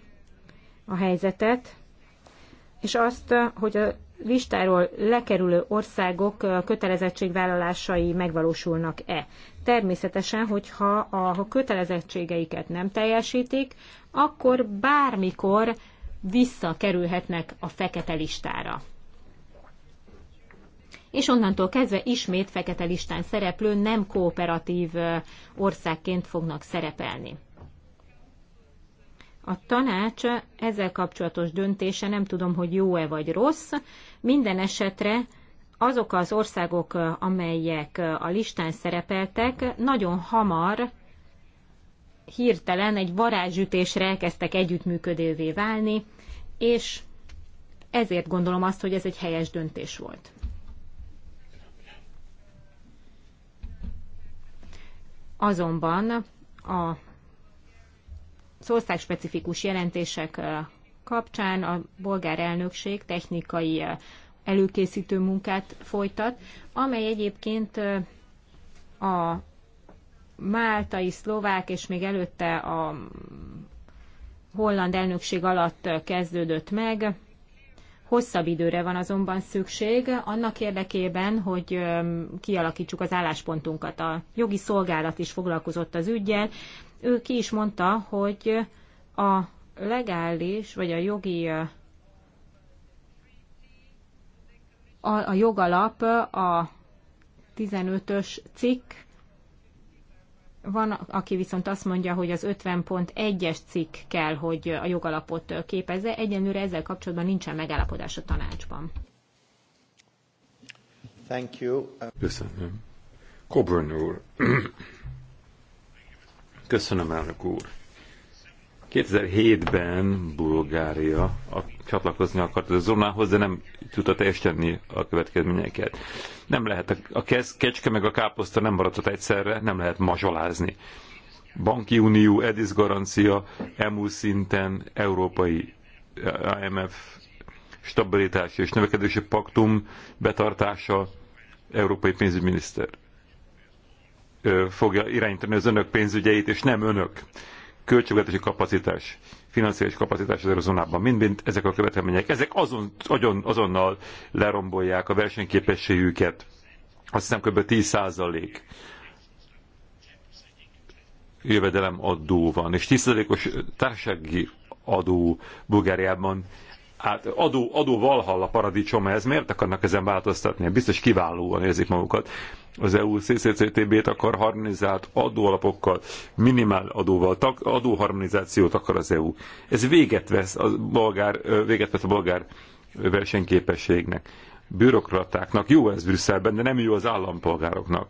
a helyzetet, és azt, hogy a listáról lekerülő országok kötelezettségvállalásai megvalósulnak-e. Természetesen, hogyha a kötelezettségeiket nem teljesítik, akkor bármikor visszakerülhetnek a fekete listára és onnantól kezdve ismét fekete listán szereplő nem kooperatív országként fognak szerepelni. A tanács ezzel kapcsolatos döntése nem tudom, hogy jó-e vagy rossz. Minden esetre azok az országok, amelyek a listán szerepeltek, nagyon hamar hirtelen egy varázsütésre elkezdtek együttműködővé válni, és ezért gondolom azt, hogy ez egy helyes döntés volt. Azonban a specifikus jelentések kapcsán a bolgár elnökség technikai előkészítő munkát folytat, amely egyébként a máltai, szlovák és még előtte a mm, holland elnökség alatt kezdődött meg. Hosszabb időre van azonban szükség annak érdekében, hogy kialakítsuk az álláspontunkat. A jogi szolgálat is foglalkozott az ügyjel. Ő ki is mondta, hogy a legális, vagy a jogi a, a jogalap a 15-ös cikk, van, aki viszont azt mondja, hogy az 50.1-es cikk kell, hogy a jogalapot képezze. Egyenlőre ezzel kapcsolatban nincsen megállapodás a tanácsban. Thank you. Köszönöm. Coburn úr. Köszönöm, elnök úr. 2007-ben Bulgária a, csatlakozni akart az zónához, de nem tudta teljesíteni a következményeket. Nem lehet a, a kez, kecske meg a káposzta nem maradhat egyszerre, nem lehet mazsolázni. Banki Unió, EDIS garancia, EMU szinten, Európai eh, IMF stabilitási és növekedési paktum betartása, Európai pénzügyminiszter eh, fogja irányítani az önök pénzügyeit, és nem önök költségvetési kapacitás, finanszírozási kapacitás az eurozónában, mind-mind ezek a követelmények, ezek azon, azon, azonnal lerombolják a versenyképességüket. Azt hiszem kb. 10 százalék jövedelem adó van, és 10%-os társasági adó Bulgáriában hát adó, adó valhalla paradicsom ez, miért akarnak ezen változtatni? Hát biztos kiválóan érzik magukat. Az EU CCCTB-t akar harmonizált adóalapokkal, minimál adóval, tak, adóharmonizációt akar az EU. Ez véget vesz a bolgár, véget vesz a bolgár versenyképességnek, bürokratáknak. Jó ez Brüsszelben, de nem jó az állampolgároknak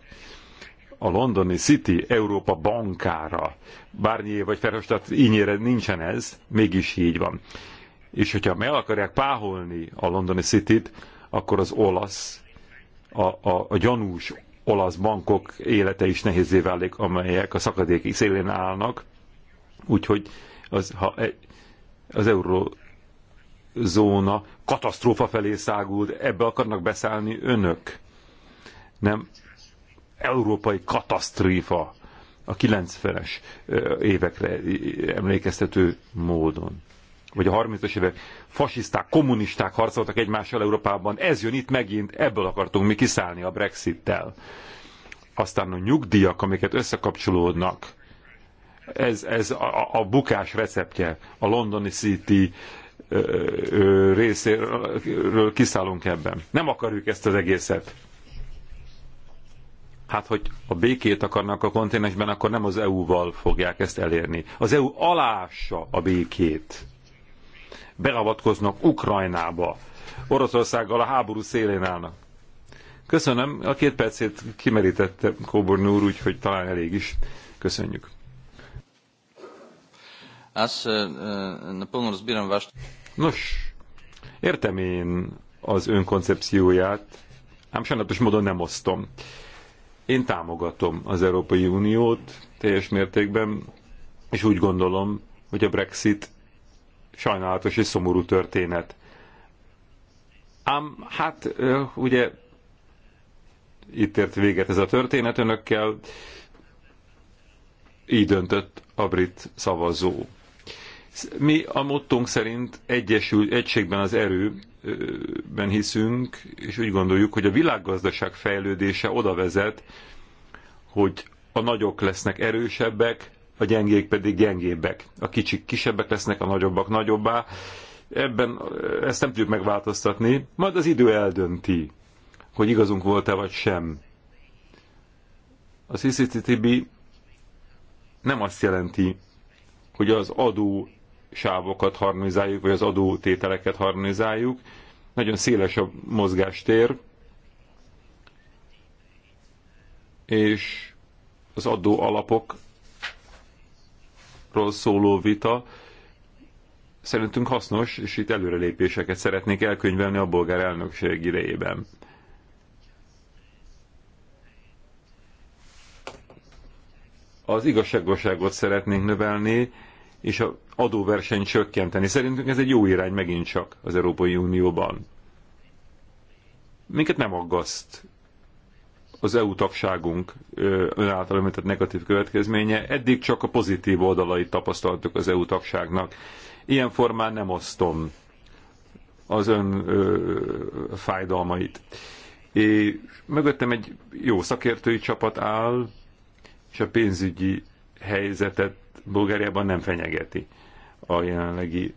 a londoni City Európa bankára. Bárnyi vagy Ferhofstadt ínyére nincsen ez, mégis így van és hogyha meg akarják páholni a londoni City-t, akkor az olasz, a, a, a gyanús olasz bankok élete is nehézé válik, amelyek a szakadék szélén állnak, úgyhogy az, ha az eurozóna katasztrófa felé szágult, ebbe akarnak beszállni önök. Nem európai katasztrófa a 90-es évekre emlékeztető módon vagy a 30-as évek fasiszták, kommunisták harcoltak egymással Európában, ez jön itt megint, ebből akartunk mi kiszállni a Brexit-tel. Aztán a nyugdíjak, amiket összekapcsolódnak, ez, ez a, a bukás receptje, a londoni City ö, ö, részéről kiszállunk ebben. Nem akarjuk ezt az egészet. Hát, hogy a békét akarnak a kontinensben, akkor nem az EU-val fogják ezt elérni. Az EU alássa a békét beavatkoznak Ukrajnába. Oroszországgal a háború szélén állnak. Köszönöm, a két percét kimerítette Kóborn úr, úgyhogy talán elég is. Köszönjük. Nos, értem én az koncepcióját, ám sajnálatos módon nem osztom. Én támogatom az Európai Uniót teljes mértékben, és úgy gondolom, hogy a Brexit sajnálatos és szomorú történet. Ám hát ugye itt ért véget ez a történet önökkel, így döntött a brit szavazó. Mi a mottónk szerint egyesül, egységben az erőben hiszünk, és úgy gondoljuk, hogy a világgazdaság fejlődése oda vezet, hogy a nagyok lesznek erősebbek, a gyengék pedig gyengébbek. A kicsik kisebbek lesznek, a nagyobbak nagyobbá. Ebben ezt nem tudjuk megváltoztatni, majd az idő eldönti, hogy igazunk volt-e vagy sem. A CCTB nem azt jelenti, hogy az adó sávokat harmonizáljuk, vagy az adótételeket harmonizáljuk. Nagyon széles a mozgástér, és az adó alapok ról szóló vita szerintünk hasznos, és itt előrelépéseket szeretnék elkönyvelni a bolgár elnökség idejében. Az igazságosságot szeretnénk növelni, és az adóversenyt csökkenteni. Szerintünk ez egy jó irány megint csak az Európai Unióban. Minket nem aggaszt az EU tagságunk önáltal említett negatív következménye. Eddig csak a pozitív oldalait tapasztaltuk az EU tagságnak. Ilyen formán nem osztom az ön ö, fájdalmait. És mögöttem egy jó szakértői csapat áll, és a pénzügyi helyzetet Bulgáriában nem fenyegeti a jelenlegi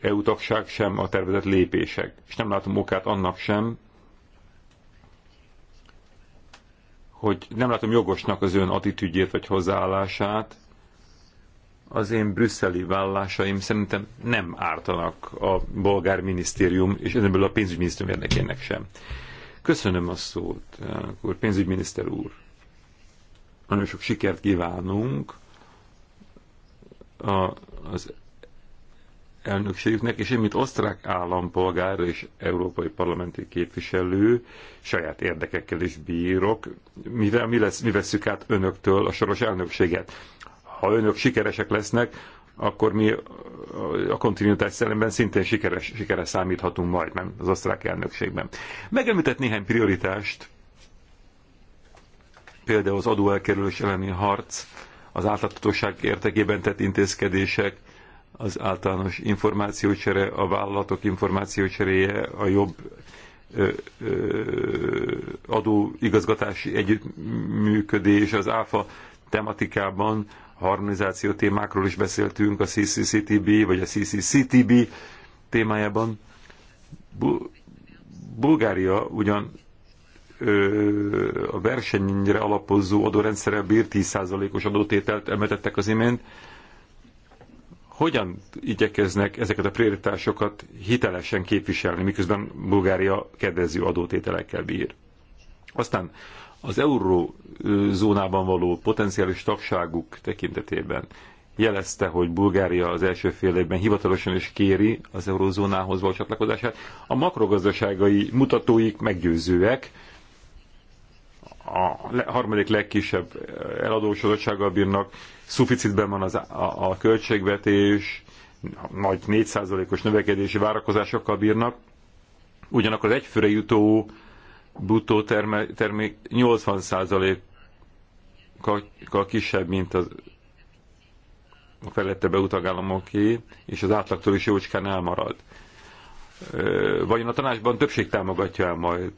EU tagság sem, a tervezett lépések. És nem látom okát annak sem, hogy nem látom jogosnak az ön attitűdjét vagy hozzáállását, az én brüsszeli vállásaim szerintem nem ártanak a bolgár minisztérium, és ezenből a pénzügyminisztérium érdekének sem. Köszönöm a szót, úr, pénzügyminiszter úr. Nagyon sok sikert kívánunk a, az elnökségüknek, és én, mint osztrák állampolgár és európai parlamenti képviselő, saját érdekekkel is bírok, mivel mi, lesz, mi veszük át önöktől a soros elnökséget. Ha önök sikeresek lesznek, akkor mi a kontinuitás szellemben szintén sikeres, sikeres számíthatunk majd nem, az osztrák elnökségben. Megemlített néhány prioritást, például az adóelkerülés elleni harc, az átláthatóság értekében tett intézkedések, az általános információcsere, a vállalatok információcseréje, a jobb adóigazgatási együttműködés, az ÁFA tematikában harmonizáció témákról is beszéltünk, a CCCTB vagy a CCCTB témájában. Bulgária ugyan ö, a versenyre alapozó adórendszerrel bír 10%-os adótételt emeltettek az imént, hogyan igyekeznek ezeket a prioritásokat hitelesen képviselni, miközben Bulgária kedvező adótételekkel bír. Aztán az eurózónában való potenciális tagságuk tekintetében jelezte, hogy Bulgária az első fél évben hivatalosan is kéri az eurózónához való csatlakozását. A makrogazdaságai mutatóik meggyőzőek, a harmadik legkisebb eladósodottsággal bírnak, szuficitben van az, a, a költségvetés, nagy 4%-os növekedési várakozásokkal bírnak, ugyanakkor az egyfőre jutó bruttó termék 80%-kal kisebb, mint az a felette beutagállamoké, és az átlagtól is jócskán elmarad. Vajon a tanácsban többség támogatja el majd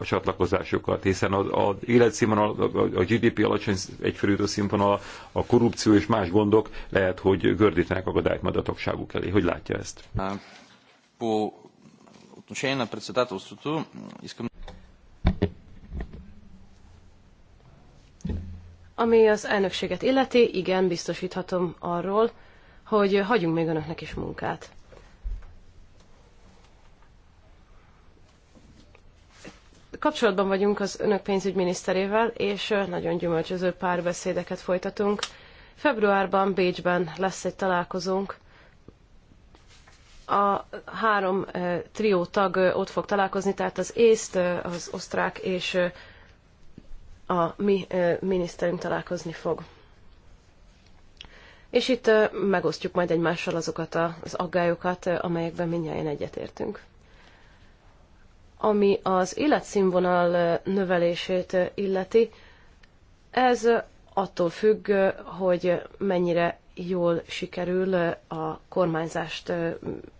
a csatlakozásokat, hiszen az, az életszínvonal, a, a GDP alacsony egyfőjutó színvonal, a korrupció és más gondok lehet, hogy gördítenek akadályt majd a tagságuk elé. Hogy látja ezt? Po Ami az elnökséget illeti, igen, biztosíthatom arról, hogy hagyjunk még önöknek is munkát. kapcsolatban vagyunk az önök pénzügyminiszterével, és nagyon gyümölcsöző párbeszédeket folytatunk. Februárban Bécsben lesz egy találkozónk. A három trió tag ott fog találkozni, tehát az észt, az osztrák és a mi miniszterünk találkozni fog. És itt megosztjuk majd egymással azokat az aggályokat, amelyekben mindjárt egyetértünk. Ami az életszínvonal növelését illeti, ez attól függ, hogy mennyire jól sikerül a kormányzást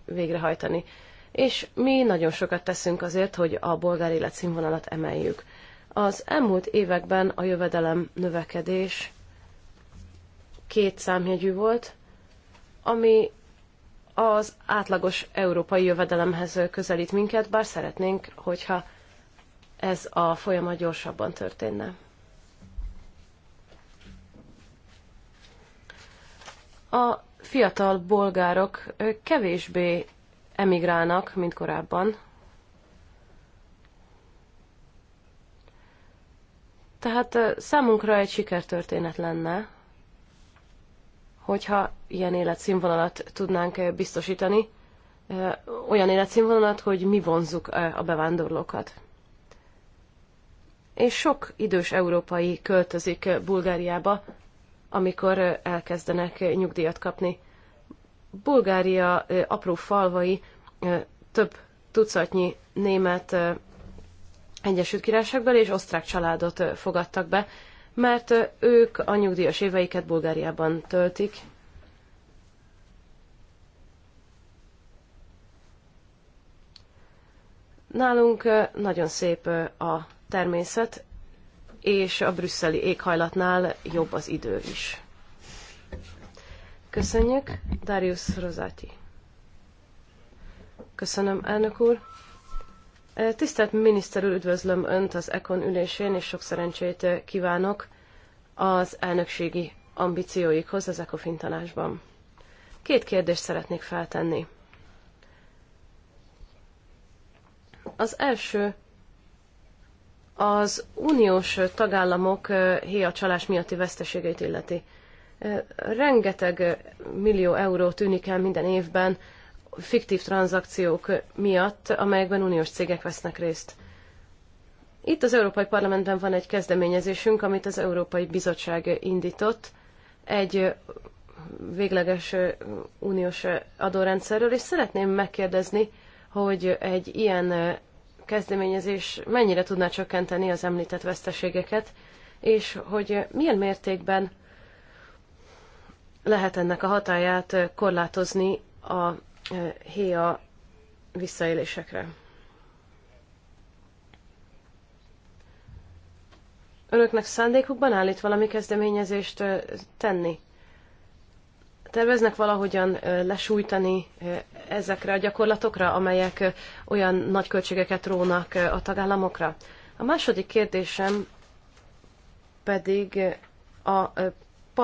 végrehajtani. És mi nagyon sokat teszünk azért, hogy a bolgár életszínvonalat emeljük. Az elmúlt években a jövedelem növekedés két számjegyű volt, ami az átlagos európai jövedelemhez közelít minket, bár szeretnénk, hogyha ez a folyamat gyorsabban történne. A fiatal bolgárok kevésbé emigrálnak, mint korábban. Tehát számunkra egy sikertörténet lenne, hogyha ilyen életszínvonalat tudnánk eh, biztosítani, eh, olyan életszínvonalat, hogy mi vonzuk eh, a bevándorlókat. És sok idős európai költözik Bulgáriába, amikor elkezdenek nyugdíjat kapni. Bulgária apró falvai több tucatnyi német Egyesült Királyságból és osztrák családot fogadtak be, mert ők a nyugdíjas éveiket Bulgáriában töltik. Nálunk nagyon szép a természet, és a brüsszeli éghajlatnál jobb az idő is. Köszönjük, Darius Rozati. Köszönöm, elnök úr. Tisztelt miniszter úr, üdvözlöm Önt az ECON ülésén, és sok szerencsét kívánok az elnökségi ambícióikhoz az ECOFIN tanácsban. Két kérdést szeretnék feltenni. Az első az uniós tagállamok héja csalás miatti veszteségeit illeti. Rengeteg millió euró tűnik el minden évben fiktív tranzakciók miatt, amelyekben uniós cégek vesznek részt. Itt az Európai Parlamentben van egy kezdeményezésünk, amit az Európai Bizottság indított, egy végleges uniós adórendszerről, és szeretném megkérdezni, hogy egy ilyen kezdeményezés mennyire tudná csökkenteni az említett veszteségeket, és hogy milyen mértékben lehet ennek a hatáját korlátozni a héja visszaélésekre. Önöknek szándékukban állít valami kezdeményezést tenni? Terveznek valahogyan lesújtani ezekre a gyakorlatokra, amelyek olyan nagy költségeket rónak a tagállamokra? A második kérdésem pedig a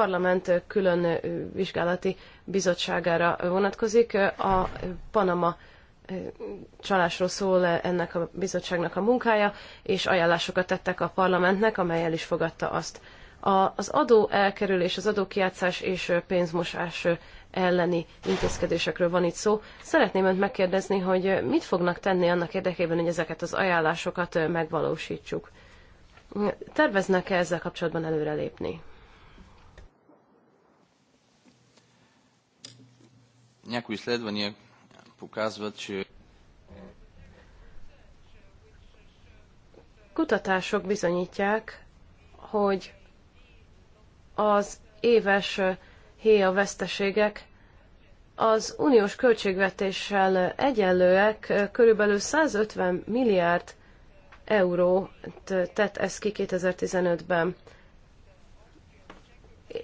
parlament külön vizsgálati bizottságára vonatkozik. A Panama csalásról szól ennek a bizottságnak a munkája, és ajánlásokat tettek a parlamentnek, amely el is fogadta azt. az adó elkerülés, az adókiátszás és pénzmosás elleni intézkedésekről van itt szó. Szeretném önt megkérdezni, hogy mit fognak tenni annak érdekében, hogy ezeket az ajánlásokat megvalósítsuk. Terveznek-e ezzel kapcsolatban előrelépni? някои изследвания показват, че Kutatások bizonyítják, hogy az éves héja veszteségek az uniós költségvetéssel egyenlőek, körülbelül 150 milliárd eurót tett ez ki 2015-ben.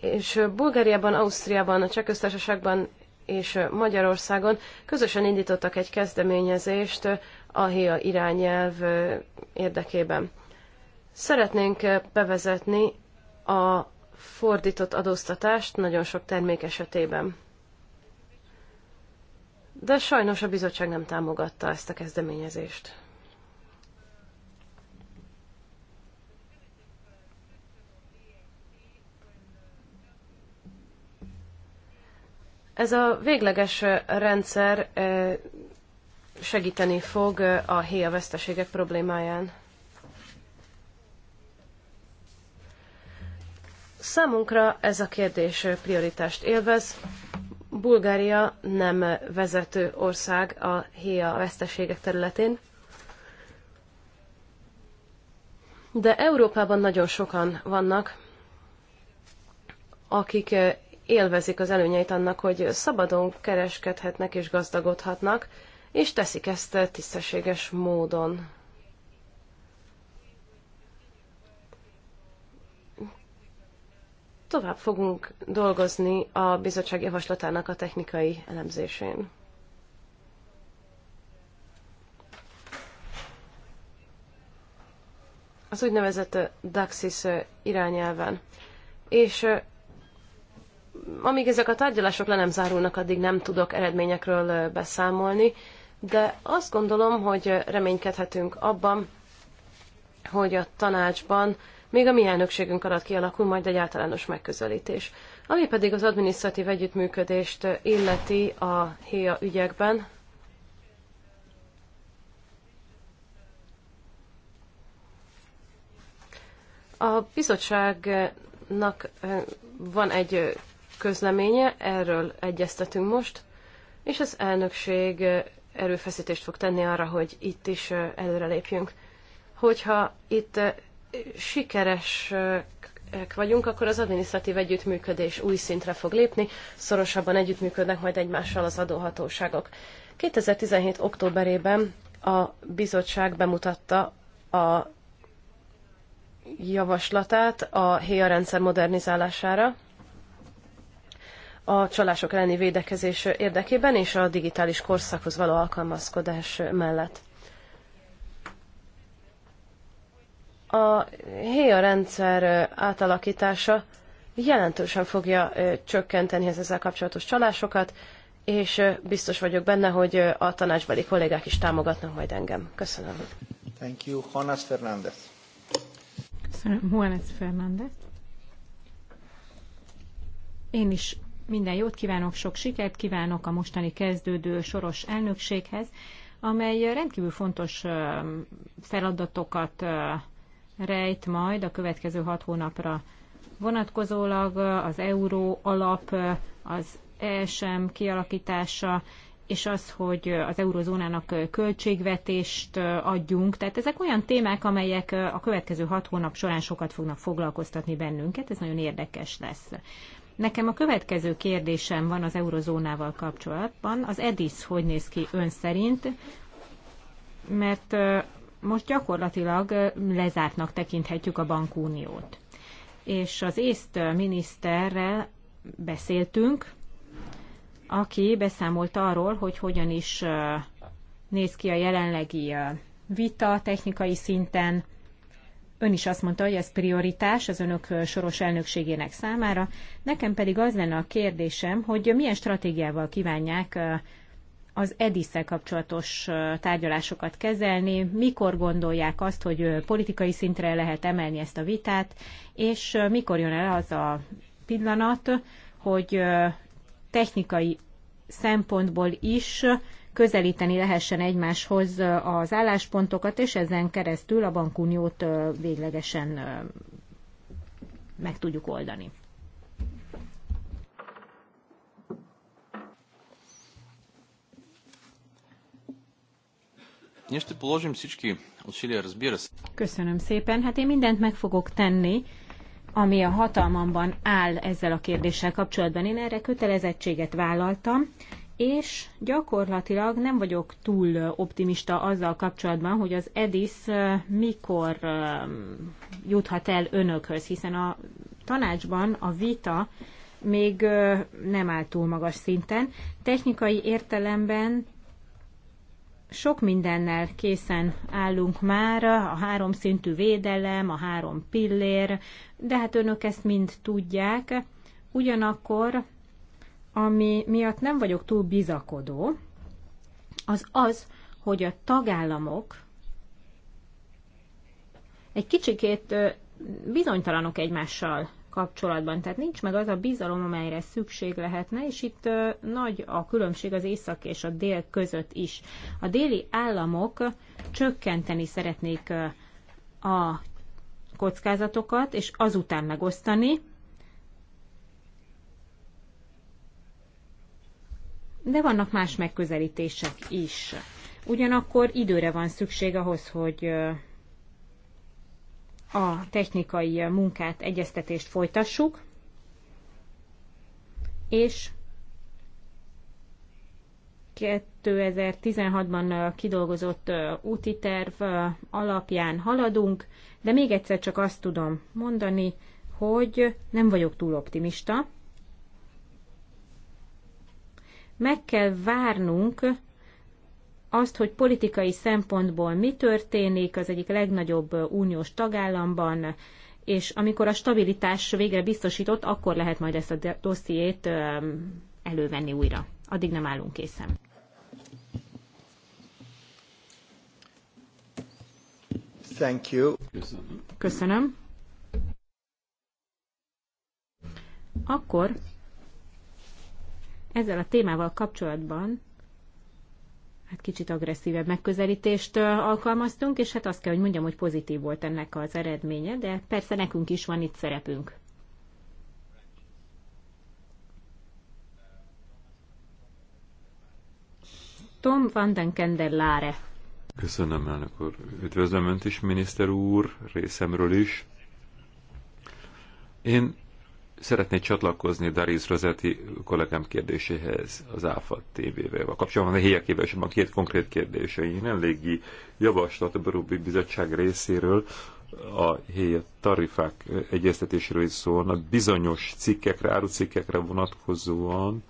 És Bulgáriában, Ausztriában, a Csehköztársaságban és Magyarországon közösen indítottak egy kezdeményezést a HIA irányelv érdekében. Szeretnénk bevezetni a fordított adóztatást nagyon sok termék esetében. De sajnos a bizottság nem támogatta ezt a kezdeményezést. Ez a végleges rendszer segíteni fog a héja veszteségek problémáján. Számunkra ez a kérdés prioritást élvez. Bulgária nem vezető ország a héja veszteségek területén, de Európában nagyon sokan vannak, akik élvezik az előnyeit annak, hogy szabadon kereskedhetnek és gazdagodhatnak, és teszik ezt tisztességes módon. Tovább fogunk dolgozni a bizottság javaslatának a technikai elemzésén. Az úgynevezett DAXIS irányelven. És amíg ezek a tárgyalások le nem zárulnak, addig nem tudok eredményekről beszámolni, de azt gondolom, hogy reménykedhetünk abban, hogy a tanácsban még a mi elnökségünk alatt kialakul majd egy általános megközelítés. Ami pedig az adminisztratív együttműködést illeti a HIA ügyekben, A bizottságnak van egy közleménye, erről egyeztetünk most, és az elnökség erőfeszítést fog tenni arra, hogy itt is előrelépjünk. Hogyha itt sikeresek vagyunk, akkor az adminisztratív együttműködés új szintre fog lépni, szorosabban együttműködnek majd egymással az adóhatóságok. 2017. októberében a bizottság bemutatta a javaslatát a HIA rendszer modernizálására, a csalások elleni védekezés érdekében és a digitális korszakhoz való alkalmazkodás mellett. A HÉA rendszer átalakítása jelentősen fogja csökkenteni az ezzel kapcsolatos csalásokat, és biztos vagyok benne, hogy a tanácsbeli kollégák is támogatnak majd engem. Köszönöm. Thank you. Juanes Fernández. Köszönöm. Juanes Fernández. Én is minden jót kívánok, sok sikert kívánok a mostani kezdődő soros elnökséghez, amely rendkívül fontos feladatokat rejt majd a következő hat hónapra vonatkozólag az euró alap, az ESM kialakítása, és az, hogy az eurozónának költségvetést adjunk. Tehát ezek olyan témák, amelyek a következő hat hónap során sokat fognak foglalkoztatni bennünket, ez nagyon érdekes lesz. Nekem a következő kérdésem van az eurozónával kapcsolatban. Az EDIS hogy néz ki ön szerint? Mert most gyakorlatilag lezártnak tekinthetjük a bankuniót. És az észt miniszterrel beszéltünk, aki beszámolt arról, hogy hogyan is néz ki a jelenlegi vita technikai szinten, Ön is azt mondta, hogy ez prioritás az önök soros elnökségének számára. Nekem pedig az lenne a kérdésem, hogy milyen stratégiával kívánják az edis kapcsolatos tárgyalásokat kezelni, mikor gondolják azt, hogy politikai szintre lehet emelni ezt a vitát, és mikor jön el az a pillanat, hogy technikai szempontból is közelíteni lehessen egymáshoz az álláspontokat, és ezen keresztül a bankuniót véglegesen meg tudjuk oldani. Köszönöm szépen. Hát én mindent meg fogok tenni, ami a hatalmamban áll ezzel a kérdéssel kapcsolatban. Én erre kötelezettséget vállaltam, és gyakorlatilag nem vagyok túl optimista azzal kapcsolatban, hogy az EDIS mikor juthat el önökhöz, hiszen a tanácsban a vita még nem áll túl magas szinten. Technikai értelemben sok mindennel készen állunk már, a három szintű védelem, a három pillér, de hát önök ezt mind tudják. Ugyanakkor ami miatt nem vagyok túl bizakodó, az az, hogy a tagállamok egy kicsikét bizonytalanok egymással kapcsolatban. Tehát nincs meg az a bizalom, amelyre szükség lehetne, és itt nagy a különbség az észak és a dél között is. A déli államok csökkenteni szeretnék a kockázatokat, és azután megosztani, de vannak más megközelítések is. Ugyanakkor időre van szükség ahhoz, hogy a technikai munkát, egyeztetést folytassuk, és 2016-ban kidolgozott úti terv alapján haladunk, de még egyszer csak azt tudom mondani, hogy nem vagyok túl optimista, meg kell várnunk azt, hogy politikai szempontból mi történik az egyik legnagyobb uniós tagállamban, és amikor a stabilitás végre biztosított, akkor lehet majd ezt a dossziét elővenni újra. Addig nem állunk készen. Thank you. Köszönöm. Köszönöm. Akkor ezzel a témával kapcsolatban hát kicsit agresszívebb megközelítést alkalmaztunk, és hát azt kell, hogy mondjam, hogy pozitív volt ennek az eredménye, de persze nekünk is van itt szerepünk. Tom van den Lare. Köszönöm, elnök úr. Üdvözlöm Önt is, miniszter úr, részemről is. Én szeretnék csatlakozni Darius Rosetti kollégám kérdéséhez az ÁFA TV-vel kapcsolatban. A helyekével sem van két konkrét kérdése. Én eléggé javaslat a Berúbi Bizottság részéről a helyi tarifák egyeztetéséről is szólna, bizonyos cikkekre, árucikkekre vonatkozóan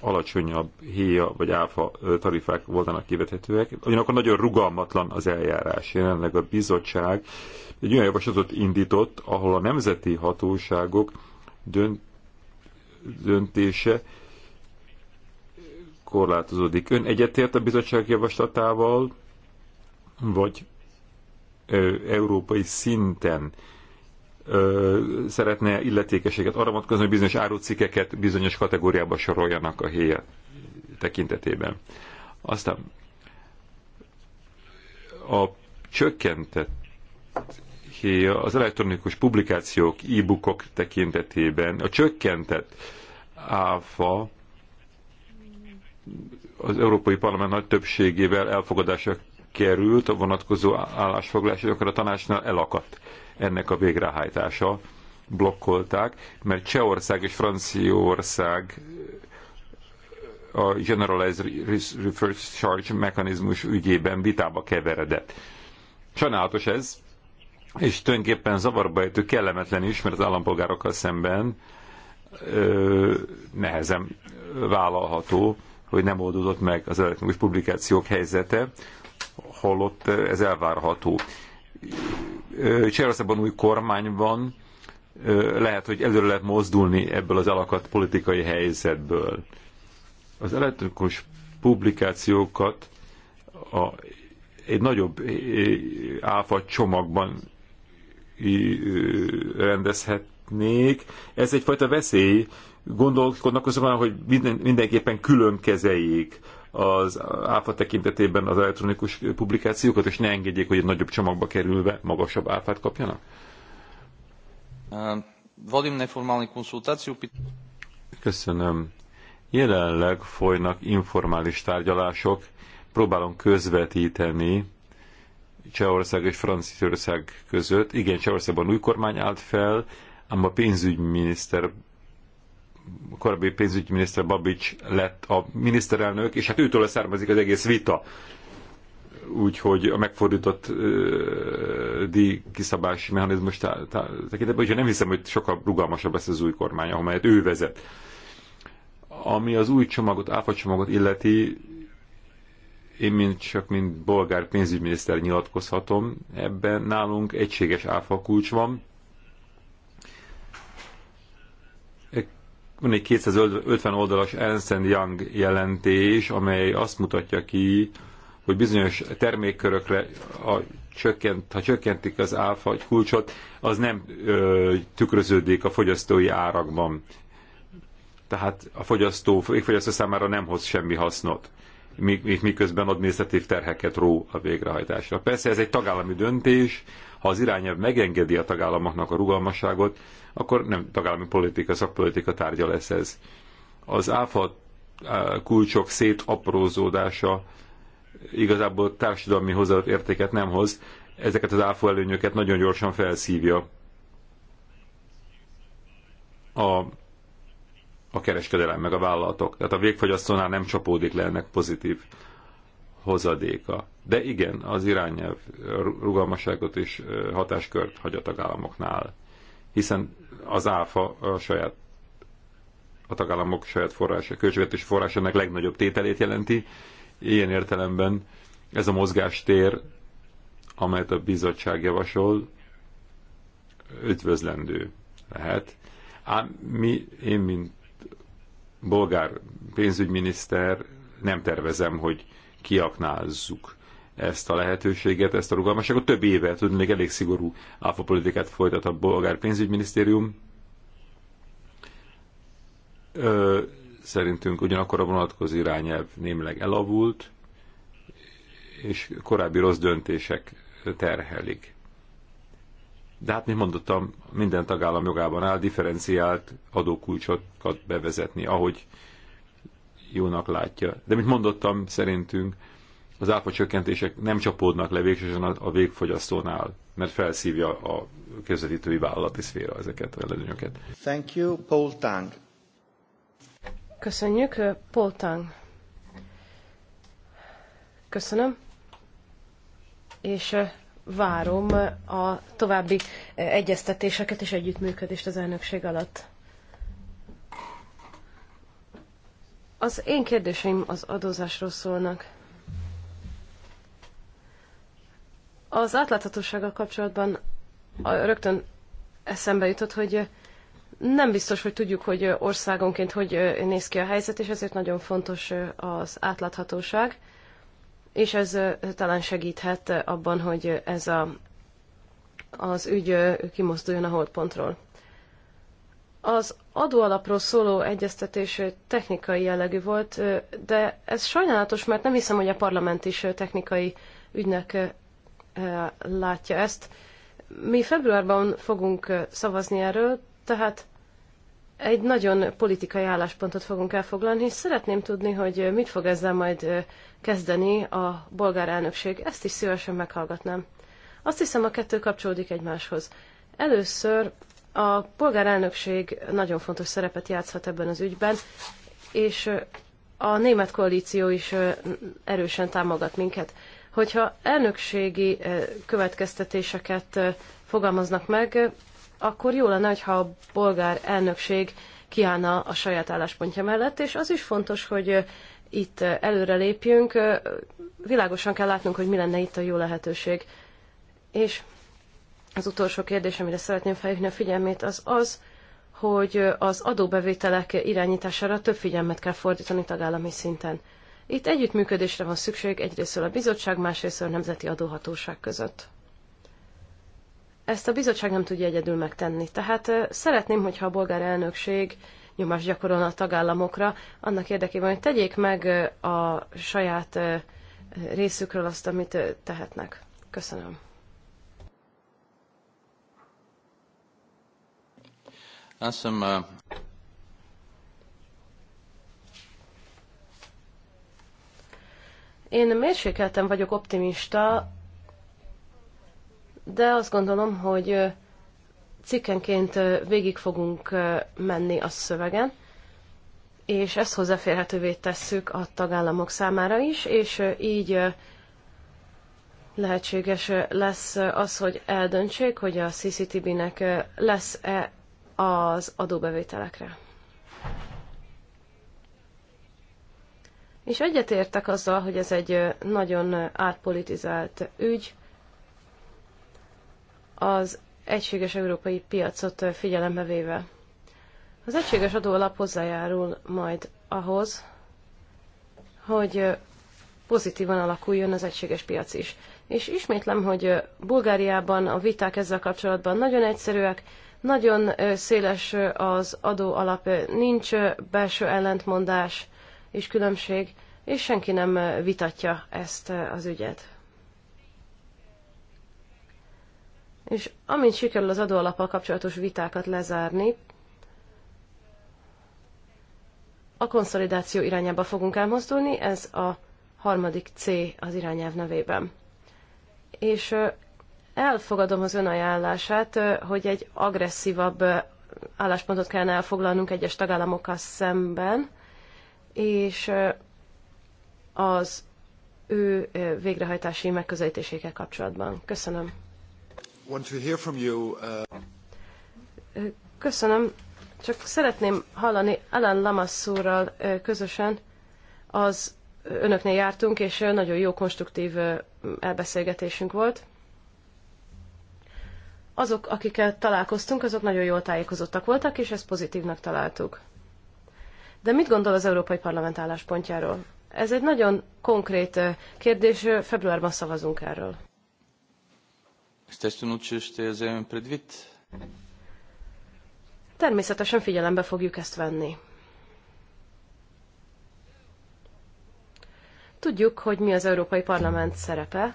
alacsonyabb héja vagy áfa tarifák voltanak kivethetőek, ugyanakkor nagyon rugalmatlan az eljárás. Jelenleg a bizottság egy olyan javaslatot indított, ahol a nemzeti hatóságok dönt, döntése korlátozódik. Ön egyetért a bizottság javaslatával, vagy ö, európai szinten ö, szeretne illetékeséget arra vonatkozni, hogy bizonyos árucikkeket bizonyos kategóriába soroljanak a helye tekintetében. Aztán a csökkentett hierarchia az elektronikus publikációk, e-bookok tekintetében. A csökkentett áfa az Európai Parlament nagy többségével elfogadásra került, a vonatkozó állásfoglalás, akkor a tanácsnál elakadt ennek a végrehajtása, blokkolták, mert Csehország és Franciaország a Generalized Reverse Charge mechanizmus ügyében vitába keveredett. Sajnálatos ez, és tulajdonképpen zavarba ejtő, kellemetlen is, mert az állampolgárokkal szemben ö, nehezen vállalható, hogy nem oldódott meg az elektronikus publikációk helyzete, holott ez elvárható. Cserszában új kormány van, lehet, hogy előre lehet mozdulni ebből az alakadt politikai helyzetből. Az elektronikus publikációkat a, egy nagyobb áfa csomagban rendezhetnék. Ez egyfajta veszély. Gondolkodnak azokon, hogy minden, mindenképpen külön kezeljék az áfa tekintetében az elektronikus publikációkat, és ne engedjék, hogy egy nagyobb csomagba kerülve magasabb áfát kapjanak? Um, Vodim neformális konsultáció? Köszönöm. Jelenleg folynak informális tárgyalások. Próbálom közvetíteni Csehország és Franciaország között. Igen, Csehországban új kormány állt fel, ám a pénzügyminiszter a korábbi pénzügyminiszter Babics lett a miniszterelnök, és hát őtől származik az egész vita. Úgyhogy a megfordított uh, díj kiszabási mechanizmus tekintetben, úgyhogy nem hiszem, hogy sokkal rugalmasabb lesz az új kormány, amelyet ő vezet. Ami az új csomagot, áfa csomagot illeti, én mint csak mint bolgár pénzügyminiszter nyilatkozhatom, ebben nálunk egységes áfakulcs van. Van egy 250 oldalas Ernst Young jelentés, amely azt mutatja ki, hogy bizonyos termékkörökre, a csökkent, ha csökkentik az áfa kulcsot, az nem ö, tükröződik a fogyasztói árakban. Tehát a fogyasztó, a fogyasztó számára nem hoz semmi hasznot miközben adminisztratív terheket ró a végrehajtásra. Persze ez egy tagállami döntés, ha az irányelv megengedi a tagállamoknak a rugalmasságot, akkor nem tagállami politika, szakpolitika tárgya lesz ez. Az áfa kulcsok szétaprózódása igazából társadalmi hozzáadott értéket nem hoz, ezeket az áfa előnyöket nagyon gyorsan felszívja a a kereskedelem meg a vállalatok. Tehát a végfogyasztónál nem csapódik le ennek pozitív hozadéka. De igen, az irányelv rugalmasságot és hatáskört hagy a tagállamoknál, hiszen az áfa a saját a tagállamok saját forrása, költségvetési forrásának legnagyobb tételét jelenti. Ilyen értelemben ez a mozgástér, amelyet a bizottság javasol, üdvözlendő lehet. Ám mi, én, mint bolgár pénzügyminiszter, nem tervezem, hogy kiaknázzuk ezt a lehetőséget, ezt a rugalmasságot. Több éve tudnék elég szigorú áfapolitikát folytat a bolgár pénzügyminisztérium. Ö, szerintünk ugyanakkor a vonatkozó irányelv némileg elavult, és korábbi rossz döntések terhelik de hát, mint mondottam, minden tagállam jogában áll differenciált adókulcsokat bevezetni, ahogy jónak látja. De, mint mondottam, szerintünk az áfa csökkentések nem csapódnak le végsősorban a, végfogyasztónál, mert felszívja a közvetítői vállalati szféra ezeket a előnyöket. Thank you, Paul Tang. Köszönjük, Paul Tang. Köszönöm. És várom a további egyeztetéseket és együttműködést az elnökség alatt. Az én kérdéseim az adózásról szólnak. Az átláthatósággal kapcsolatban rögtön eszembe jutott, hogy nem biztos, hogy tudjuk, hogy országonként hogy néz ki a helyzet, és ezért nagyon fontos az átláthatóság és ez talán segíthet abban, hogy ez a, az ügy kimozduljon a holdpontról. Az adóalapról szóló egyeztetés technikai jellegű volt, de ez sajnálatos, mert nem hiszem, hogy a parlament is technikai ügynek látja ezt. Mi februárban fogunk szavazni erről, tehát egy nagyon politikai álláspontot fogunk elfoglalni, és szeretném tudni, hogy mit fog ezzel majd kezdeni a bolgár elnökség. Ezt is szívesen meghallgatnám. Azt hiszem, a kettő kapcsolódik egymáshoz. Először a bolgár elnökség nagyon fontos szerepet játszhat ebben az ügyben, és a német koalíció is erősen támogat minket. Hogyha elnökségi következtetéseket fogalmaznak meg, akkor jó lenne, ha a bolgár elnökség kiállna a saját álláspontja mellett, és az is fontos, hogy itt előre lépjünk. Világosan kell látnunk, hogy mi lenne itt a jó lehetőség. És az utolsó kérdés, amire szeretném felhívni a figyelmét, az az, hogy az adóbevételek irányítására több figyelmet kell fordítani tagállami szinten. Itt együttműködésre van szükség egyrészt a bizottság, másrészt a nemzeti adóhatóság között ezt a bizottság nem tudja egyedül megtenni. Tehát szeretném, hogyha a bolgár elnökség nyomás gyakorolna a tagállamokra, annak érdekében, hogy tegyék meg a saját részükről azt, amit tehetnek. Köszönöm. Azt uh, Én mérsékelten vagyok optimista de azt gondolom, hogy cikkenként végig fogunk menni a szövegen, és ezt hozzáférhetővé tesszük a tagállamok számára is, és így lehetséges lesz az, hogy eldöntsék, hogy a CCTB-nek lesz-e az adóbevételekre. És egyetértek azzal, hogy ez egy nagyon átpolitizált ügy, az egységes európai piacot figyelembe véve. Az egységes adóalap hozzájárul majd ahhoz, hogy pozitívan alakuljon az egységes piac is. És ismétlem, hogy Bulgáriában a viták ezzel kapcsolatban nagyon egyszerűek, nagyon széles az adóalap, nincs belső ellentmondás és különbség, és senki nem vitatja ezt az ügyet. És amint sikerül az adóalappal kapcsolatos vitákat lezárni, a konszolidáció irányába fogunk elmozdulni, ez a harmadik C az irányelv nevében. És elfogadom az ön ajánlását, hogy egy agresszívabb álláspontot kellene elfoglalnunk egyes tagállamokkal szemben, és az ő végrehajtási megközelítésékkel kapcsolatban. Köszönöm. Uh, Köszönöm. Csak szeretném hallani Alan Lamassúrral közösen az önöknél jártunk, és nagyon jó konstruktív elbeszélgetésünk volt. Azok, akikkel találkoztunk, azok nagyon jól tájékozottak voltak, és ezt pozitívnak találtuk. De mit gondol az Európai Parlament álláspontjáról? Ez egy nagyon konkrét kérdés, februárban szavazunk erről. Естествено, че ще я вземем предвид. Természetesen figyelembe fogjuk ezt venni. Tudjuk, hogy mi az Európai Parlament szerepe,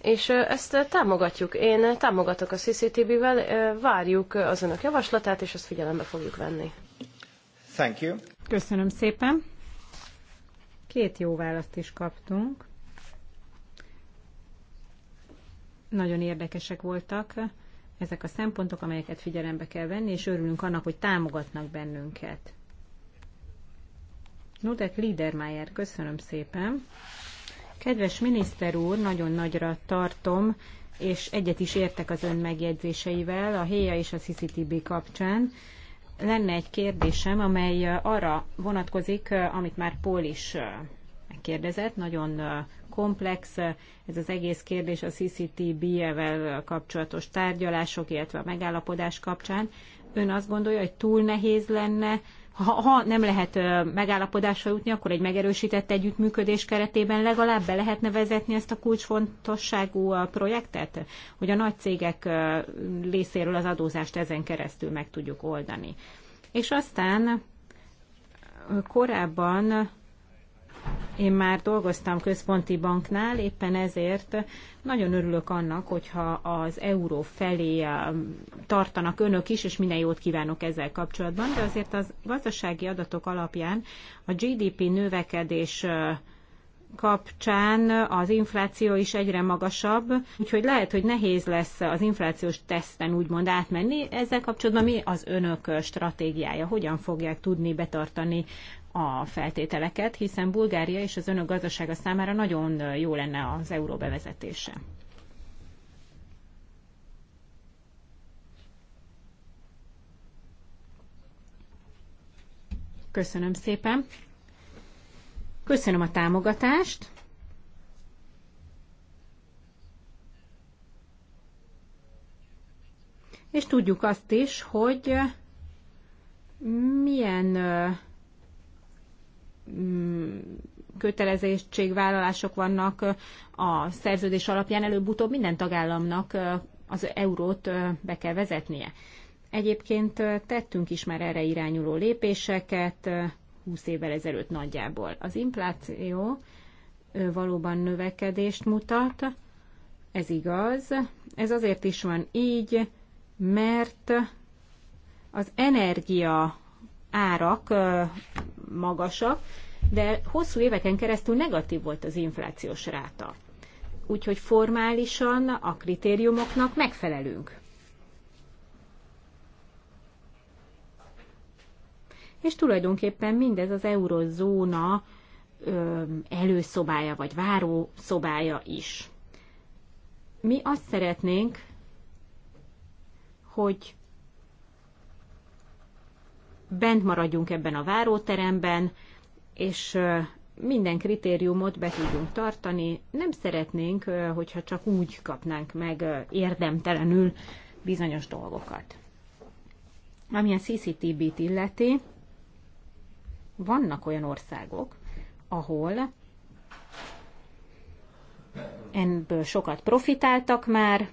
és ezt támogatjuk. Én támogatok a cctv vel várjuk az önök javaslatát, és ezt figyelembe fogjuk venni. Thank you. Köszönöm szépen. Két jó választ is kaptunk. Nagyon érdekesek voltak ezek a szempontok, amelyeket figyelembe kell venni, és örülünk annak, hogy támogatnak bennünket. Nudek Liedermeyer, köszönöm szépen. Kedves miniszter úr, nagyon nagyra tartom, és egyet is értek az ön megjegyzéseivel a HÉA és a CCTB kapcsán. Lenne egy kérdésem, amely arra vonatkozik, amit már Pól is eh, kérdezett, nagyon eh, komplex ez az egész kérdés a CCTB-vel kapcsolatos tárgyalások, illetve a megállapodás kapcsán. Ön azt gondolja, hogy túl nehéz lenne, ha, ha nem lehet megállapodásra jutni, akkor egy megerősített együttműködés keretében legalább be lehetne vezetni ezt a kulcsfontosságú projektet, hogy a nagy cégek részéről az adózást ezen keresztül meg tudjuk oldani. És aztán korábban én már dolgoztam központi banknál, éppen ezért nagyon örülök annak, hogyha az euró felé tartanak önök is, és minden jót kívánok ezzel kapcsolatban, de azért az gazdasági adatok alapján a GDP növekedés kapcsán az infláció is egyre magasabb, úgyhogy lehet, hogy nehéz lesz az inflációs teszten úgymond átmenni. Ezzel kapcsolatban mi az önök stratégiája? Hogyan fogják tudni betartani a feltételeket, hiszen Bulgária és az önök gazdasága számára nagyon jó lenne az euró bevezetése. Köszönöm szépen. Köszönöm a támogatást. És tudjuk azt is, hogy milyen kötelezettségvállalások vannak a szerződés alapján, előbb-utóbb minden tagállamnak az eurót be kell vezetnie. Egyébként tettünk is már erre irányuló lépéseket 20 évvel ezelőtt nagyjából. Az infláció valóban növekedést mutat, ez igaz. Ez azért is van így, mert az energia árak magasak, de hosszú éveken keresztül negatív volt az inflációs ráta. Úgyhogy formálisan a kritériumoknak megfelelünk. És tulajdonképpen mindez az eurozóna előszobája vagy várószobája is. Mi azt szeretnénk, hogy bent maradjunk ebben a váróteremben, és minden kritériumot be tudjunk tartani. Nem szeretnénk, hogyha csak úgy kapnánk meg érdemtelenül bizonyos dolgokat. Ami a CCTB-t illeti, vannak olyan országok, ahol ebből sokat profitáltak már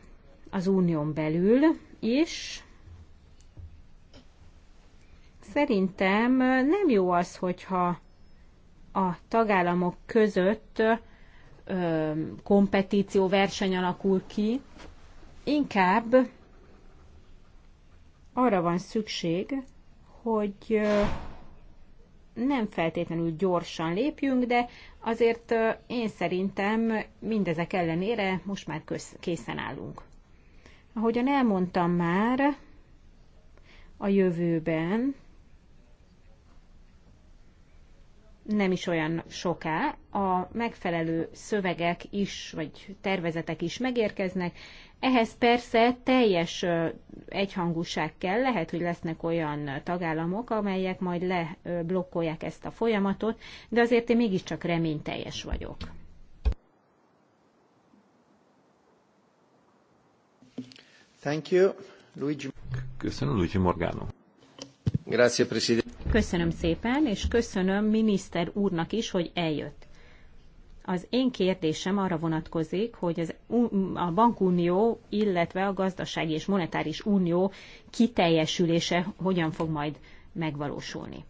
az unión belül is, szerintem nem jó az, hogyha a tagállamok között kompetíció, verseny alakul ki, inkább arra van szükség, hogy nem feltétlenül gyorsan lépjünk, de azért én szerintem mindezek ellenére most már készen állunk. Ahogyan elmondtam már, a jövőben nem is olyan soká, a megfelelő szövegek is, vagy tervezetek is megérkeznek. Ehhez persze teljes egyhangúság kell, lehet, hogy lesznek olyan tagállamok, amelyek majd leblokkolják ezt a folyamatot, de azért én mégiscsak reményteljes vagyok. Thank you, Luigi. Köszönöm, Luigi Morgano. Grazie, Presidente. Köszönöm szépen, és köszönöm miniszter úrnak is, hogy eljött. Az én kérdésem arra vonatkozik, hogy az, a bankunió, illetve a gazdasági és monetáris unió kiteljesülése hogyan fog majd megvalósulni.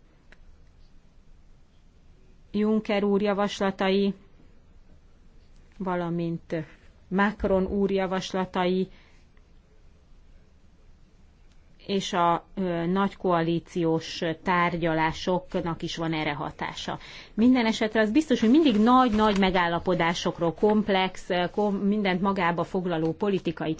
Juncker úr javaslatai, valamint Macron úr javaslatai és a nagy koalíciós tárgyalásoknak is van erre hatása. Minden esetre az biztos, hogy mindig nagy-nagy megállapodásokról, komplex, kom, mindent magába foglaló politikai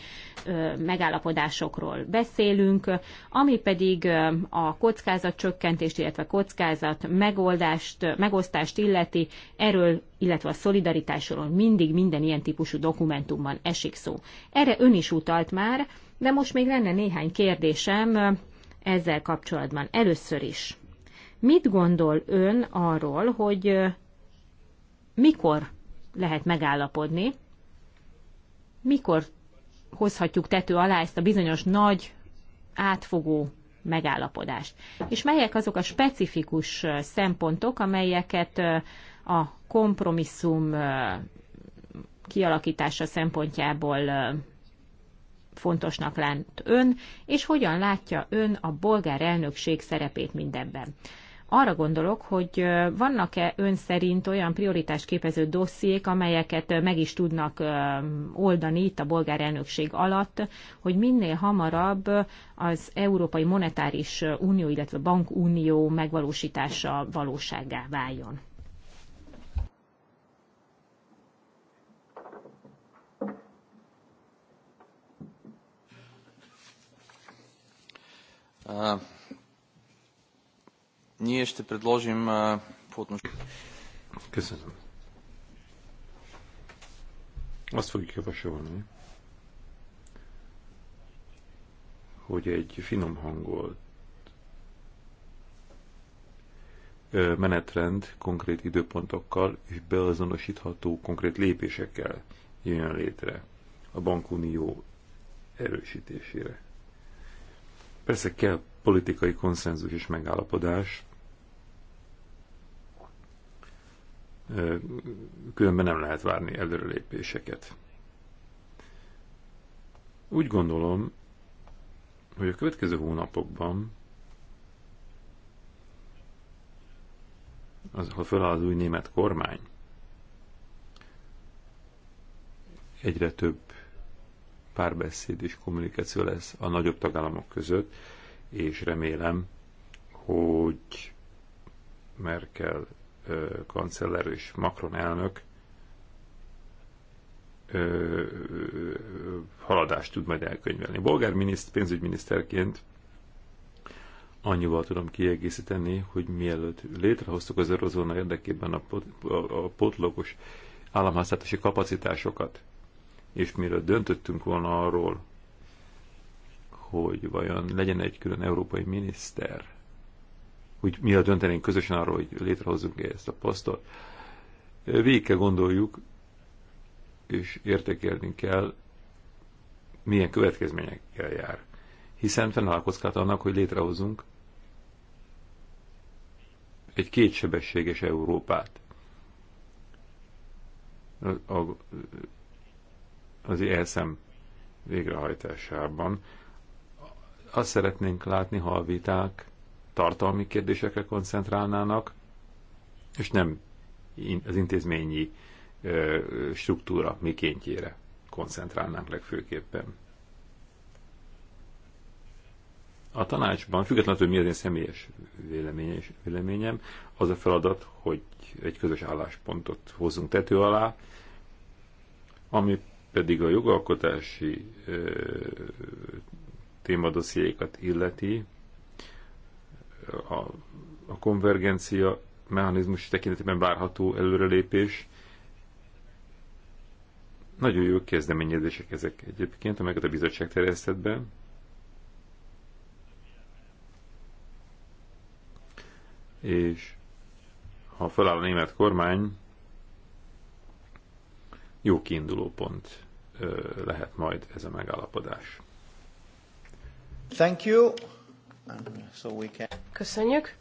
ö, megállapodásokról beszélünk, ami pedig ö, a kockázatcsökkentést, illetve kockázat megoldást, megosztást illeti, erről, illetve a szolidaritásról mindig minden ilyen típusú dokumentumban esik szó. Erre ön is utalt már, de most még lenne néhány kérdésem ezzel kapcsolatban. Először is, mit gondol ön arról, hogy mikor lehet megállapodni, mikor hozhatjuk tető alá ezt a bizonyos nagy átfogó megállapodást. És melyek azok a specifikus szempontok, amelyeket a kompromisszum kialakítása szempontjából fontosnak lát ön, és hogyan látja ön a bolgár elnökség szerepét mindebben. Arra gondolok, hogy vannak-e ön szerint olyan prioritásképező dossziék, amelyeket meg is tudnak oldani itt a bolgár elnökség alatt, hogy minél hamarabb az Európai Monetáris Unió, illetve Bankunió megvalósítása valóságá váljon. ние ще предложим по отношение... Köszönöm. Azt fogjuk javasolni, hogy egy finom hangolt menetrend konkrét időpontokkal és beazonosítható konkrét lépésekkel jön létre a bankunió erősítésére. Persze kell politikai konszenzus és megállapodás, különben nem lehet várni előrelépéseket. Úgy gondolom, hogy a következő hónapokban, az, ha feláll az új német kormány, egyre több párbeszéd és kommunikáció lesz a nagyobb tagállamok között, és remélem, hogy Merkel kancellár és Macron elnök ö, haladást tud majd elkönyvelni. Bolgár miniszt, pénzügyminiszterként annyival tudom kiegészíteni, hogy mielőtt létrehoztuk az eurozóna érdekében a, pot, a, a potlogos államháztartási kapacitásokat, és mire döntöttünk volna arról, hogy vajon legyen egy külön európai miniszter, hogy a döntenénk közösen arról, hogy létrehozzunk -e ezt a posztot, végig kell gondoljuk, és értékelni kell, milyen következményekkel jár. Hiszen fennáll kockát annak, hogy létrehozunk egy kétsebességes Európát. A, a az ESM végrehajtásában. Azt szeretnénk látni, ha a viták tartalmi kérdésekre koncentrálnának, és nem az intézményi struktúra mikéntjére koncentrálnánk legfőképpen. A tanácsban, függetlenül, hogy mi az én személyes véleményem, az a feladat, hogy egy közös álláspontot hozzunk tető alá, ami pedig a jogalkotási témadossziékat illeti, a, a konvergencia mechanizmus tekintetében várható előrelépés. Nagyon jó kezdeményezések ezek egyébként, amelyeket a bizottság terjesztett be. És ha feláll a német kormány, jó kiinduló pont lehet majd ez a megállapodás. Thank you. So we can... Köszönjük.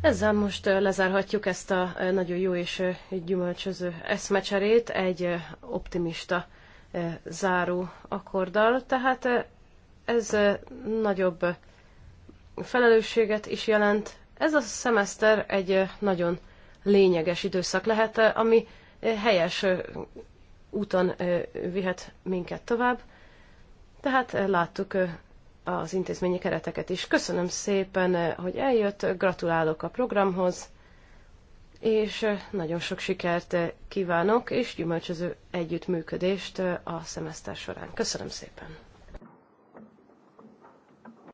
Ezzel most lezárhatjuk ezt a nagyon jó és gyümölcsöző eszmecserét egy optimista záró akkorddal, tehát ez nagyobb felelősséget is jelent. Ez a szemeszter egy nagyon lényeges időszak lehet, ami helyes úton vihet minket tovább. Tehát láttuk az intézményi kereteket is. Köszönöm szépen, hogy eljött, gratulálok a programhoz, és nagyon sok sikert kívánok, és gyümölcsöző együttműködést a szemeszter során. Köszönöm szépen!